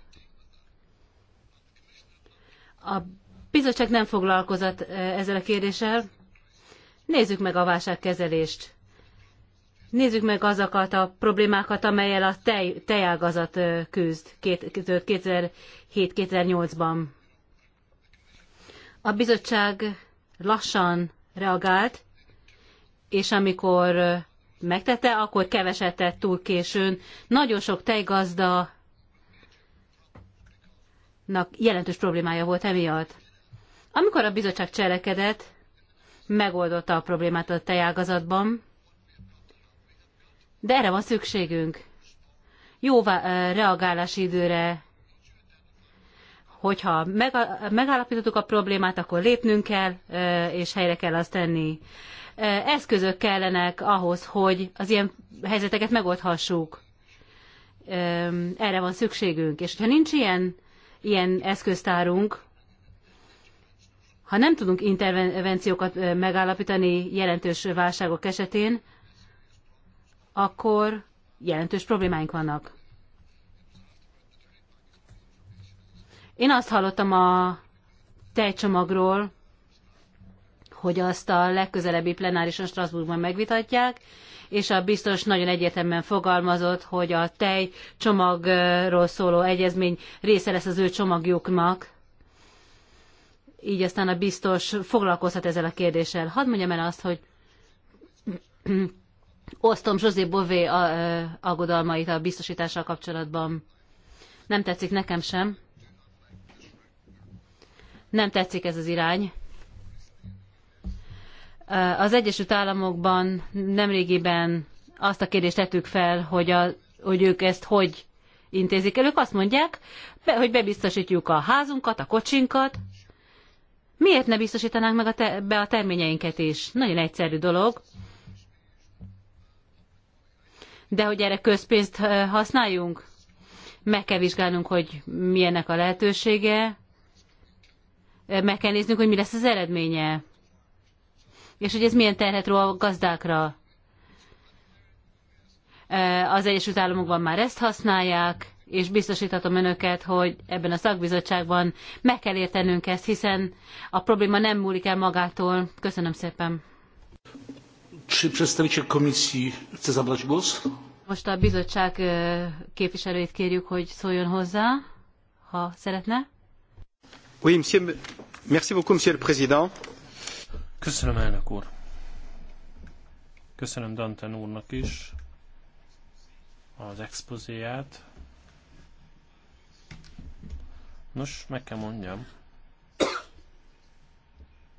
A bizottság nem foglalkozott ezzel a kérdéssel. Nézzük meg a válságkezelést. Nézzük meg azokat a problémákat, amelyel a tej, tejágazat küzd 2007-2008-ban. A bizottság lassan reagált, és amikor megtette, akkor keveset tett túl későn. Nagyon sok tejgazda jelentős problémája volt emiatt. Amikor a bizottság cselekedett, megoldotta a problémát a tejágazatban, de erre van szükségünk. Jó reagálási időre, hogyha megállapítottuk a problémát, akkor lépnünk kell, és helyre kell azt tenni. Eszközök kellenek ahhoz, hogy az ilyen helyzeteket megoldhassuk. Erre van szükségünk. És hogyha nincs ilyen ilyen eszköztárunk. Ha nem tudunk intervenciókat megállapítani jelentős válságok esetén, akkor jelentős problémáink vannak. Én azt hallottam a tejcsomagról, hogy azt a legközelebbi plenárison Strasbourgban megvitatják, és a biztos nagyon egyetemben fogalmazott, hogy a tej csomagról szóló egyezmény része lesz az ő csomagjuknak, így aztán a biztos foglalkozhat ezzel a kérdéssel. Hadd mondjam el azt, hogy osztom José Bové aggodalmait a biztosítással kapcsolatban. Nem tetszik nekem sem. Nem tetszik ez az irány. Az Egyesült Államokban nemrégiben azt a kérdést tettük fel, hogy, a, hogy ők ezt hogy intézik el. Ők azt mondják, hogy bebiztosítjuk a házunkat, a kocsinkat. Miért ne biztosítanánk meg a te, be a terményeinket is? Nagyon egyszerű dolog. De hogy erre közpénzt használjunk? Meg kell vizsgálnunk, hogy milyenek a lehetősége. Meg kell néznünk, hogy mi lesz az eredménye és hogy ez milyen terhet ró a gazdákra. Az Egyesült Államokban már ezt használják, és biztosíthatom önöket, hogy ebben a szakbizottságban meg kell értenünk ezt, hiszen a probléma nem múlik el magától. Köszönöm szépen. Czy przedstawiciel komisji chce zabrać głos? Most a bizottság képviselőit kérjük, hogy szóljon hozzá, ha szeretne. Oui, monsieur, merci beaucoup, monsieur le président. Köszönöm, elnök úr. Köszönöm Danten úrnak is az expozéját. Nos, meg kell mondjam,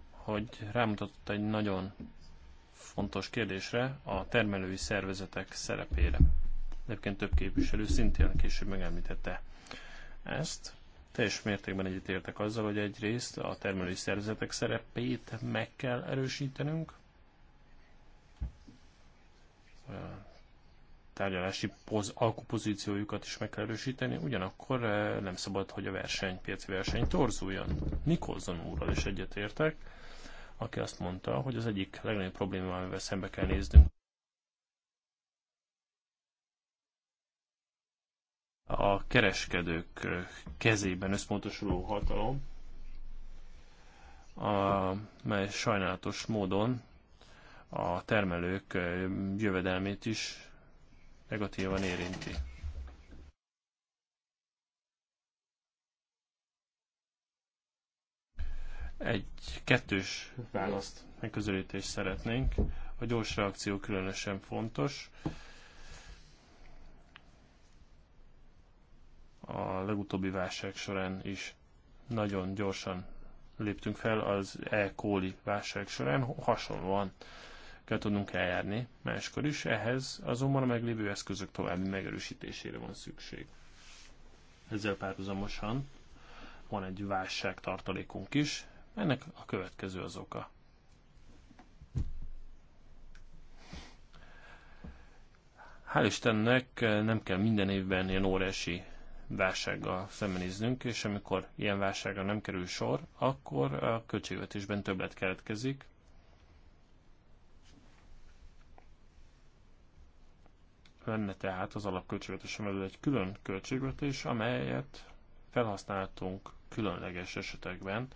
hogy rámutatott egy nagyon fontos kérdésre, a termelői szervezetek szerepére. Egyébként több képviselő szintén később megemlítette ezt. Teljes mértékben egyetértek azzal, hogy egyrészt a termelői szervezetek szerepét meg kell erősítenünk, tárgyalási poz, alkupozíciójukat is meg kell erősíteni, ugyanakkor eh, nem szabad, hogy a verseny, piaci verseny torzuljon. Nikolson úrral is egyetértek, aki azt mondta, hogy az egyik legnagyobb probléma, amivel szembe kell néznünk, a kereskedők kezében összpontosuló hatalom, a, mely sajnálatos módon a termelők jövedelmét is negatívan érinti. Egy kettős választ megközelítést szeretnénk. A gyors reakció különösen fontos. a legutóbbi válság során is nagyon gyorsan léptünk fel az e coli válság során, hasonlóan kell tudnunk eljárni máskor is, ehhez azonban a meglévő eszközök további megerősítésére van szükség. Ezzel párhuzamosan van egy válság tartalékunk is, ennek a következő az oka. Hál' Istennek nem kell minden évben ilyen óriási válsággal szembenéznünk, és amikor ilyen válságra nem kerül sor, akkor a költségvetésben többet keletkezik. Lenne tehát az alapköltségvetés mellett egy külön költségvetés, amelyet felhasználtunk különleges esetekben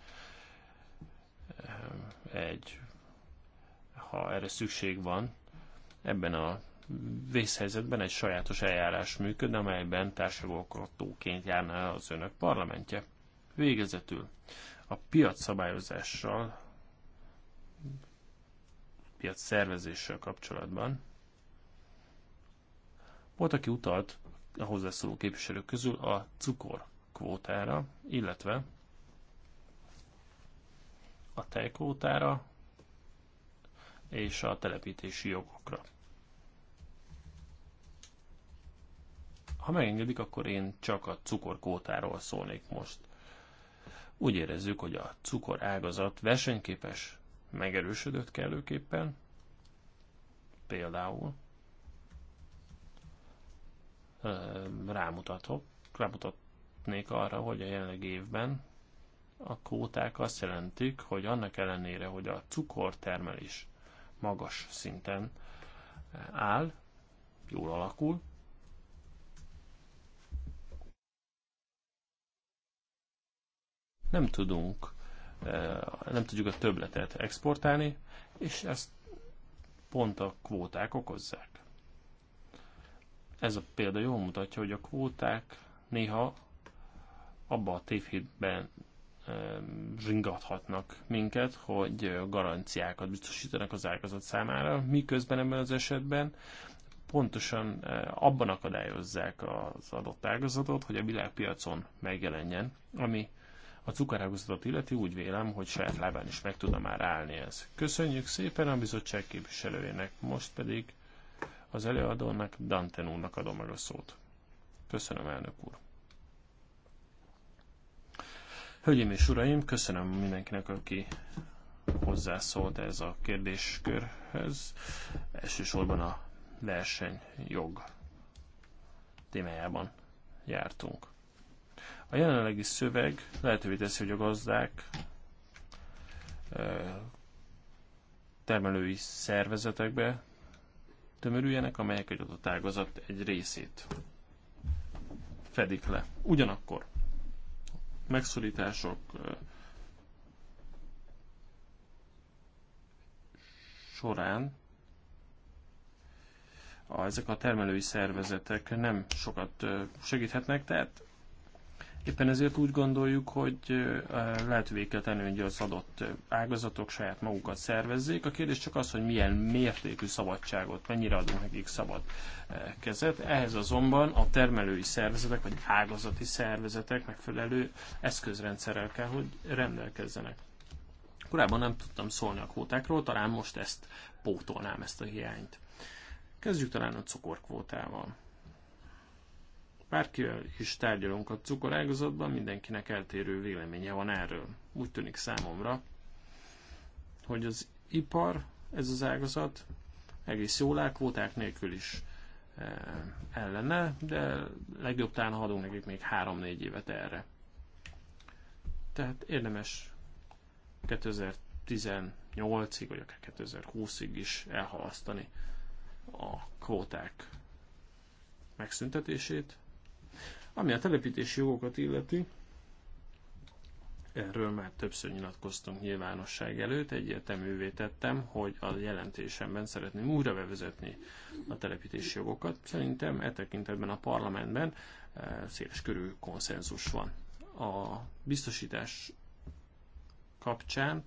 ehm, egy, ha erre szükség van, ebben a vészhelyzetben egy sajátos eljárás működne, amelyben társadalmokatóként járna az önök parlamentje. Végezetül a piac szabályozással, piac szervezéssel kapcsolatban volt, aki utalt a hozzászóló képviselők közül a cukor kvótára, illetve a tejkvótára és a telepítési jogokra. Ha megengedik, akkor én csak a cukorkótáról szólnék most. Úgy érezzük, hogy a cukor ágazat versenyképes, megerősödött kellőképpen, például rámutatok, rámutatnék arra, hogy a jelenlegi évben a kóták azt jelentik, hogy annak ellenére, hogy a cukortermelés magas szinten áll, jól alakul, nem tudunk, eh, nem tudjuk a többletet exportálni, és ezt pont a kvóták okozzák. Ez a példa jól mutatja, hogy a kvóták néha abba a tévhitben ringathatnak eh, minket, hogy garanciákat biztosítanak az ágazat számára, miközben ebben az esetben pontosan eh, abban akadályozzák az adott ágazatot, hogy a világpiacon megjelenjen, ami a cukorágozatot illeti úgy vélem, hogy saját lábán is meg tudna már állni ez. Köszönjük szépen a bizottság képviselőjének, most pedig az előadónak, Danten úrnak adom meg a szót. Köszönöm, elnök úr. Hölgyeim és uraim, köszönöm mindenkinek, aki hozzászólt ez a kérdéskörhöz. Elsősorban a versenyjog témájában jártunk. A jelenlegi szöveg lehetővé teszi, hogy a gazdák termelői szervezetekbe tömörüljenek, amelyek egy adott ágazat egy részét fedik le. Ugyanakkor megszorítások során ezek a termelői szervezetek nem sokat segíthetnek, tehát Éppen ezért úgy gondoljuk, hogy lehetővé kell tenni, hogy az adott ágazatok saját magukat szervezzék. A kérdés csak az, hogy milyen mértékű szabadságot, mennyire adunk nekik szabad kezet. Ehhez azonban a termelői szervezetek, vagy ágazati szervezetek megfelelő eszközrendszerrel kell, hogy rendelkezzenek. Korábban nem tudtam szólni a kvótákról, talán most ezt pótolnám, ezt a hiányt. Kezdjük talán a cukorkvótával. Bárkivel is tárgyalunk a cukorágazatban, mindenkinek eltérő véleménye van erről. Úgy tűnik számomra, hogy az ipar, ez az ágazat egész jól áll, kvóták nélkül is e, ellene, de legjobb talán adunk nekik még 3-4 évet erre. Tehát érdemes 2018-ig, vagy akár 2020-ig is elhalasztani a kvóták megszüntetését. Ami a telepítési jogokat illeti, erről már többször nyilatkoztunk nyilvánosság előtt, egyértelművé tettem, hogy a jelentésemben szeretném újra bevezetni a telepítési jogokat. Szerintem e tekintetben a parlamentben e, széles körű konszenzus van. A biztosítás kapcsán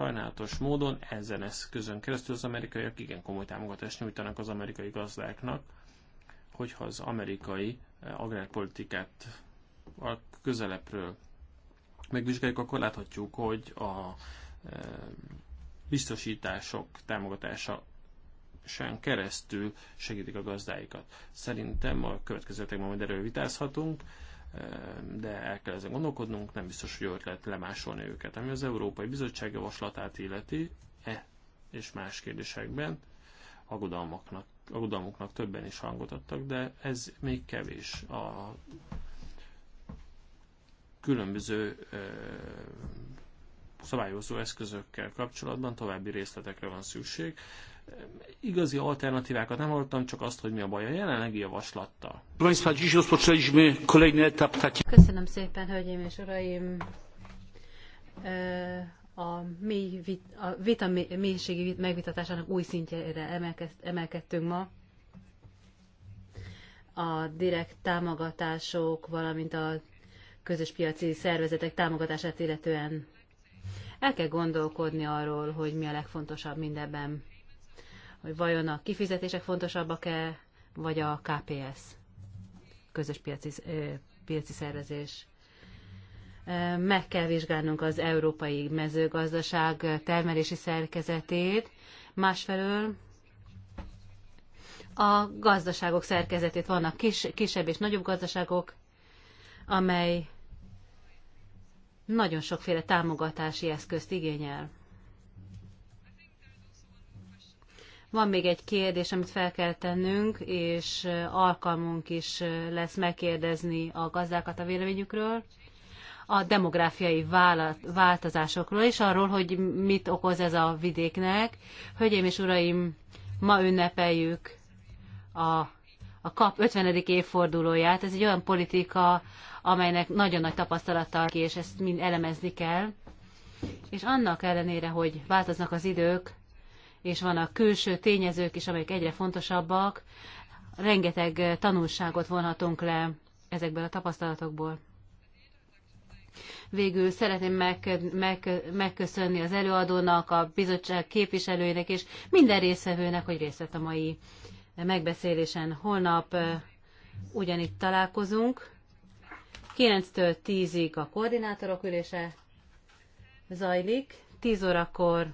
Sajnálatos módon ezen eszközön keresztül az amerikaiak igen komoly támogatást nyújtanak az amerikai gazdáknak, hogyha az amerikai eh, agrárpolitikát a közelebbről megvizsgáljuk, akkor láthatjuk, hogy a eh, biztosítások támogatása sen keresztül segítik a gazdáikat. Szerintem a következő majd erről vitázhatunk de el kell ezen gondolkodnunk, nem biztos, hogy ott lehet lemásolni őket. Ami az Európai Bizottság javaslatát illeti, e és más kérdésekben aggodalmaknak, aggodalmuknak többen is hangot adtak, de ez még kevés. A különböző ö, szabályozó eszközökkel kapcsolatban további részletekre van szükség. Igazi alternatívákat nem hallottam, csak azt, hogy mi a baj a jelenlegi javaslattal. Köszönöm szépen, hölgyeim és uraim! a, mély vit, a vita mélységi megvitatásának új szintjére emelkedtünk ma. A direkt támogatások, valamint a közös piaci szervezetek támogatását illetően el kell gondolkodni arról, hogy mi a legfontosabb mindebben hogy vajon a kifizetések fontosabbak-e, vagy a KPS, közös piaci, piaci szervezés. Meg kell vizsgálnunk az európai mezőgazdaság termelési szerkezetét, másfelől a gazdaságok szerkezetét vannak kis, kisebb és nagyobb gazdaságok, amely nagyon sokféle támogatási eszközt igényel. Van még egy kérdés, amit fel kell tennünk, és alkalmunk is lesz megkérdezni a gazdákat a véleményükről, a demográfiai változásokról, és arról, hogy mit okoz ez a vidéknek. Hölgyeim és uraim, ma ünnepeljük a a KAP 50. évfordulóját. Ez egy olyan politika, amelynek nagyon nagy tapasztalattal ki, és ezt mind elemezni kell. És annak ellenére, hogy változnak az idők, és vannak külső tényezők is, amelyek egyre fontosabbak. Rengeteg tanulságot vonhatunk le ezekből a tapasztalatokból. Végül szeretném meg, meg, megköszönni az előadónak, a bizottság képviselőinek és minden részvevőnek, hogy részt vett a mai megbeszélésen. Holnap ugyanitt találkozunk. 9-től 10-ig a koordinátorok ülése zajlik. 10 órakor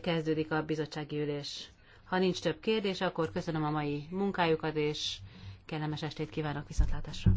kezdődik a bizottsági ülés. Ha nincs több kérdés, akkor köszönöm a mai munkájukat, és kellemes estét kívánok viszontlátásra.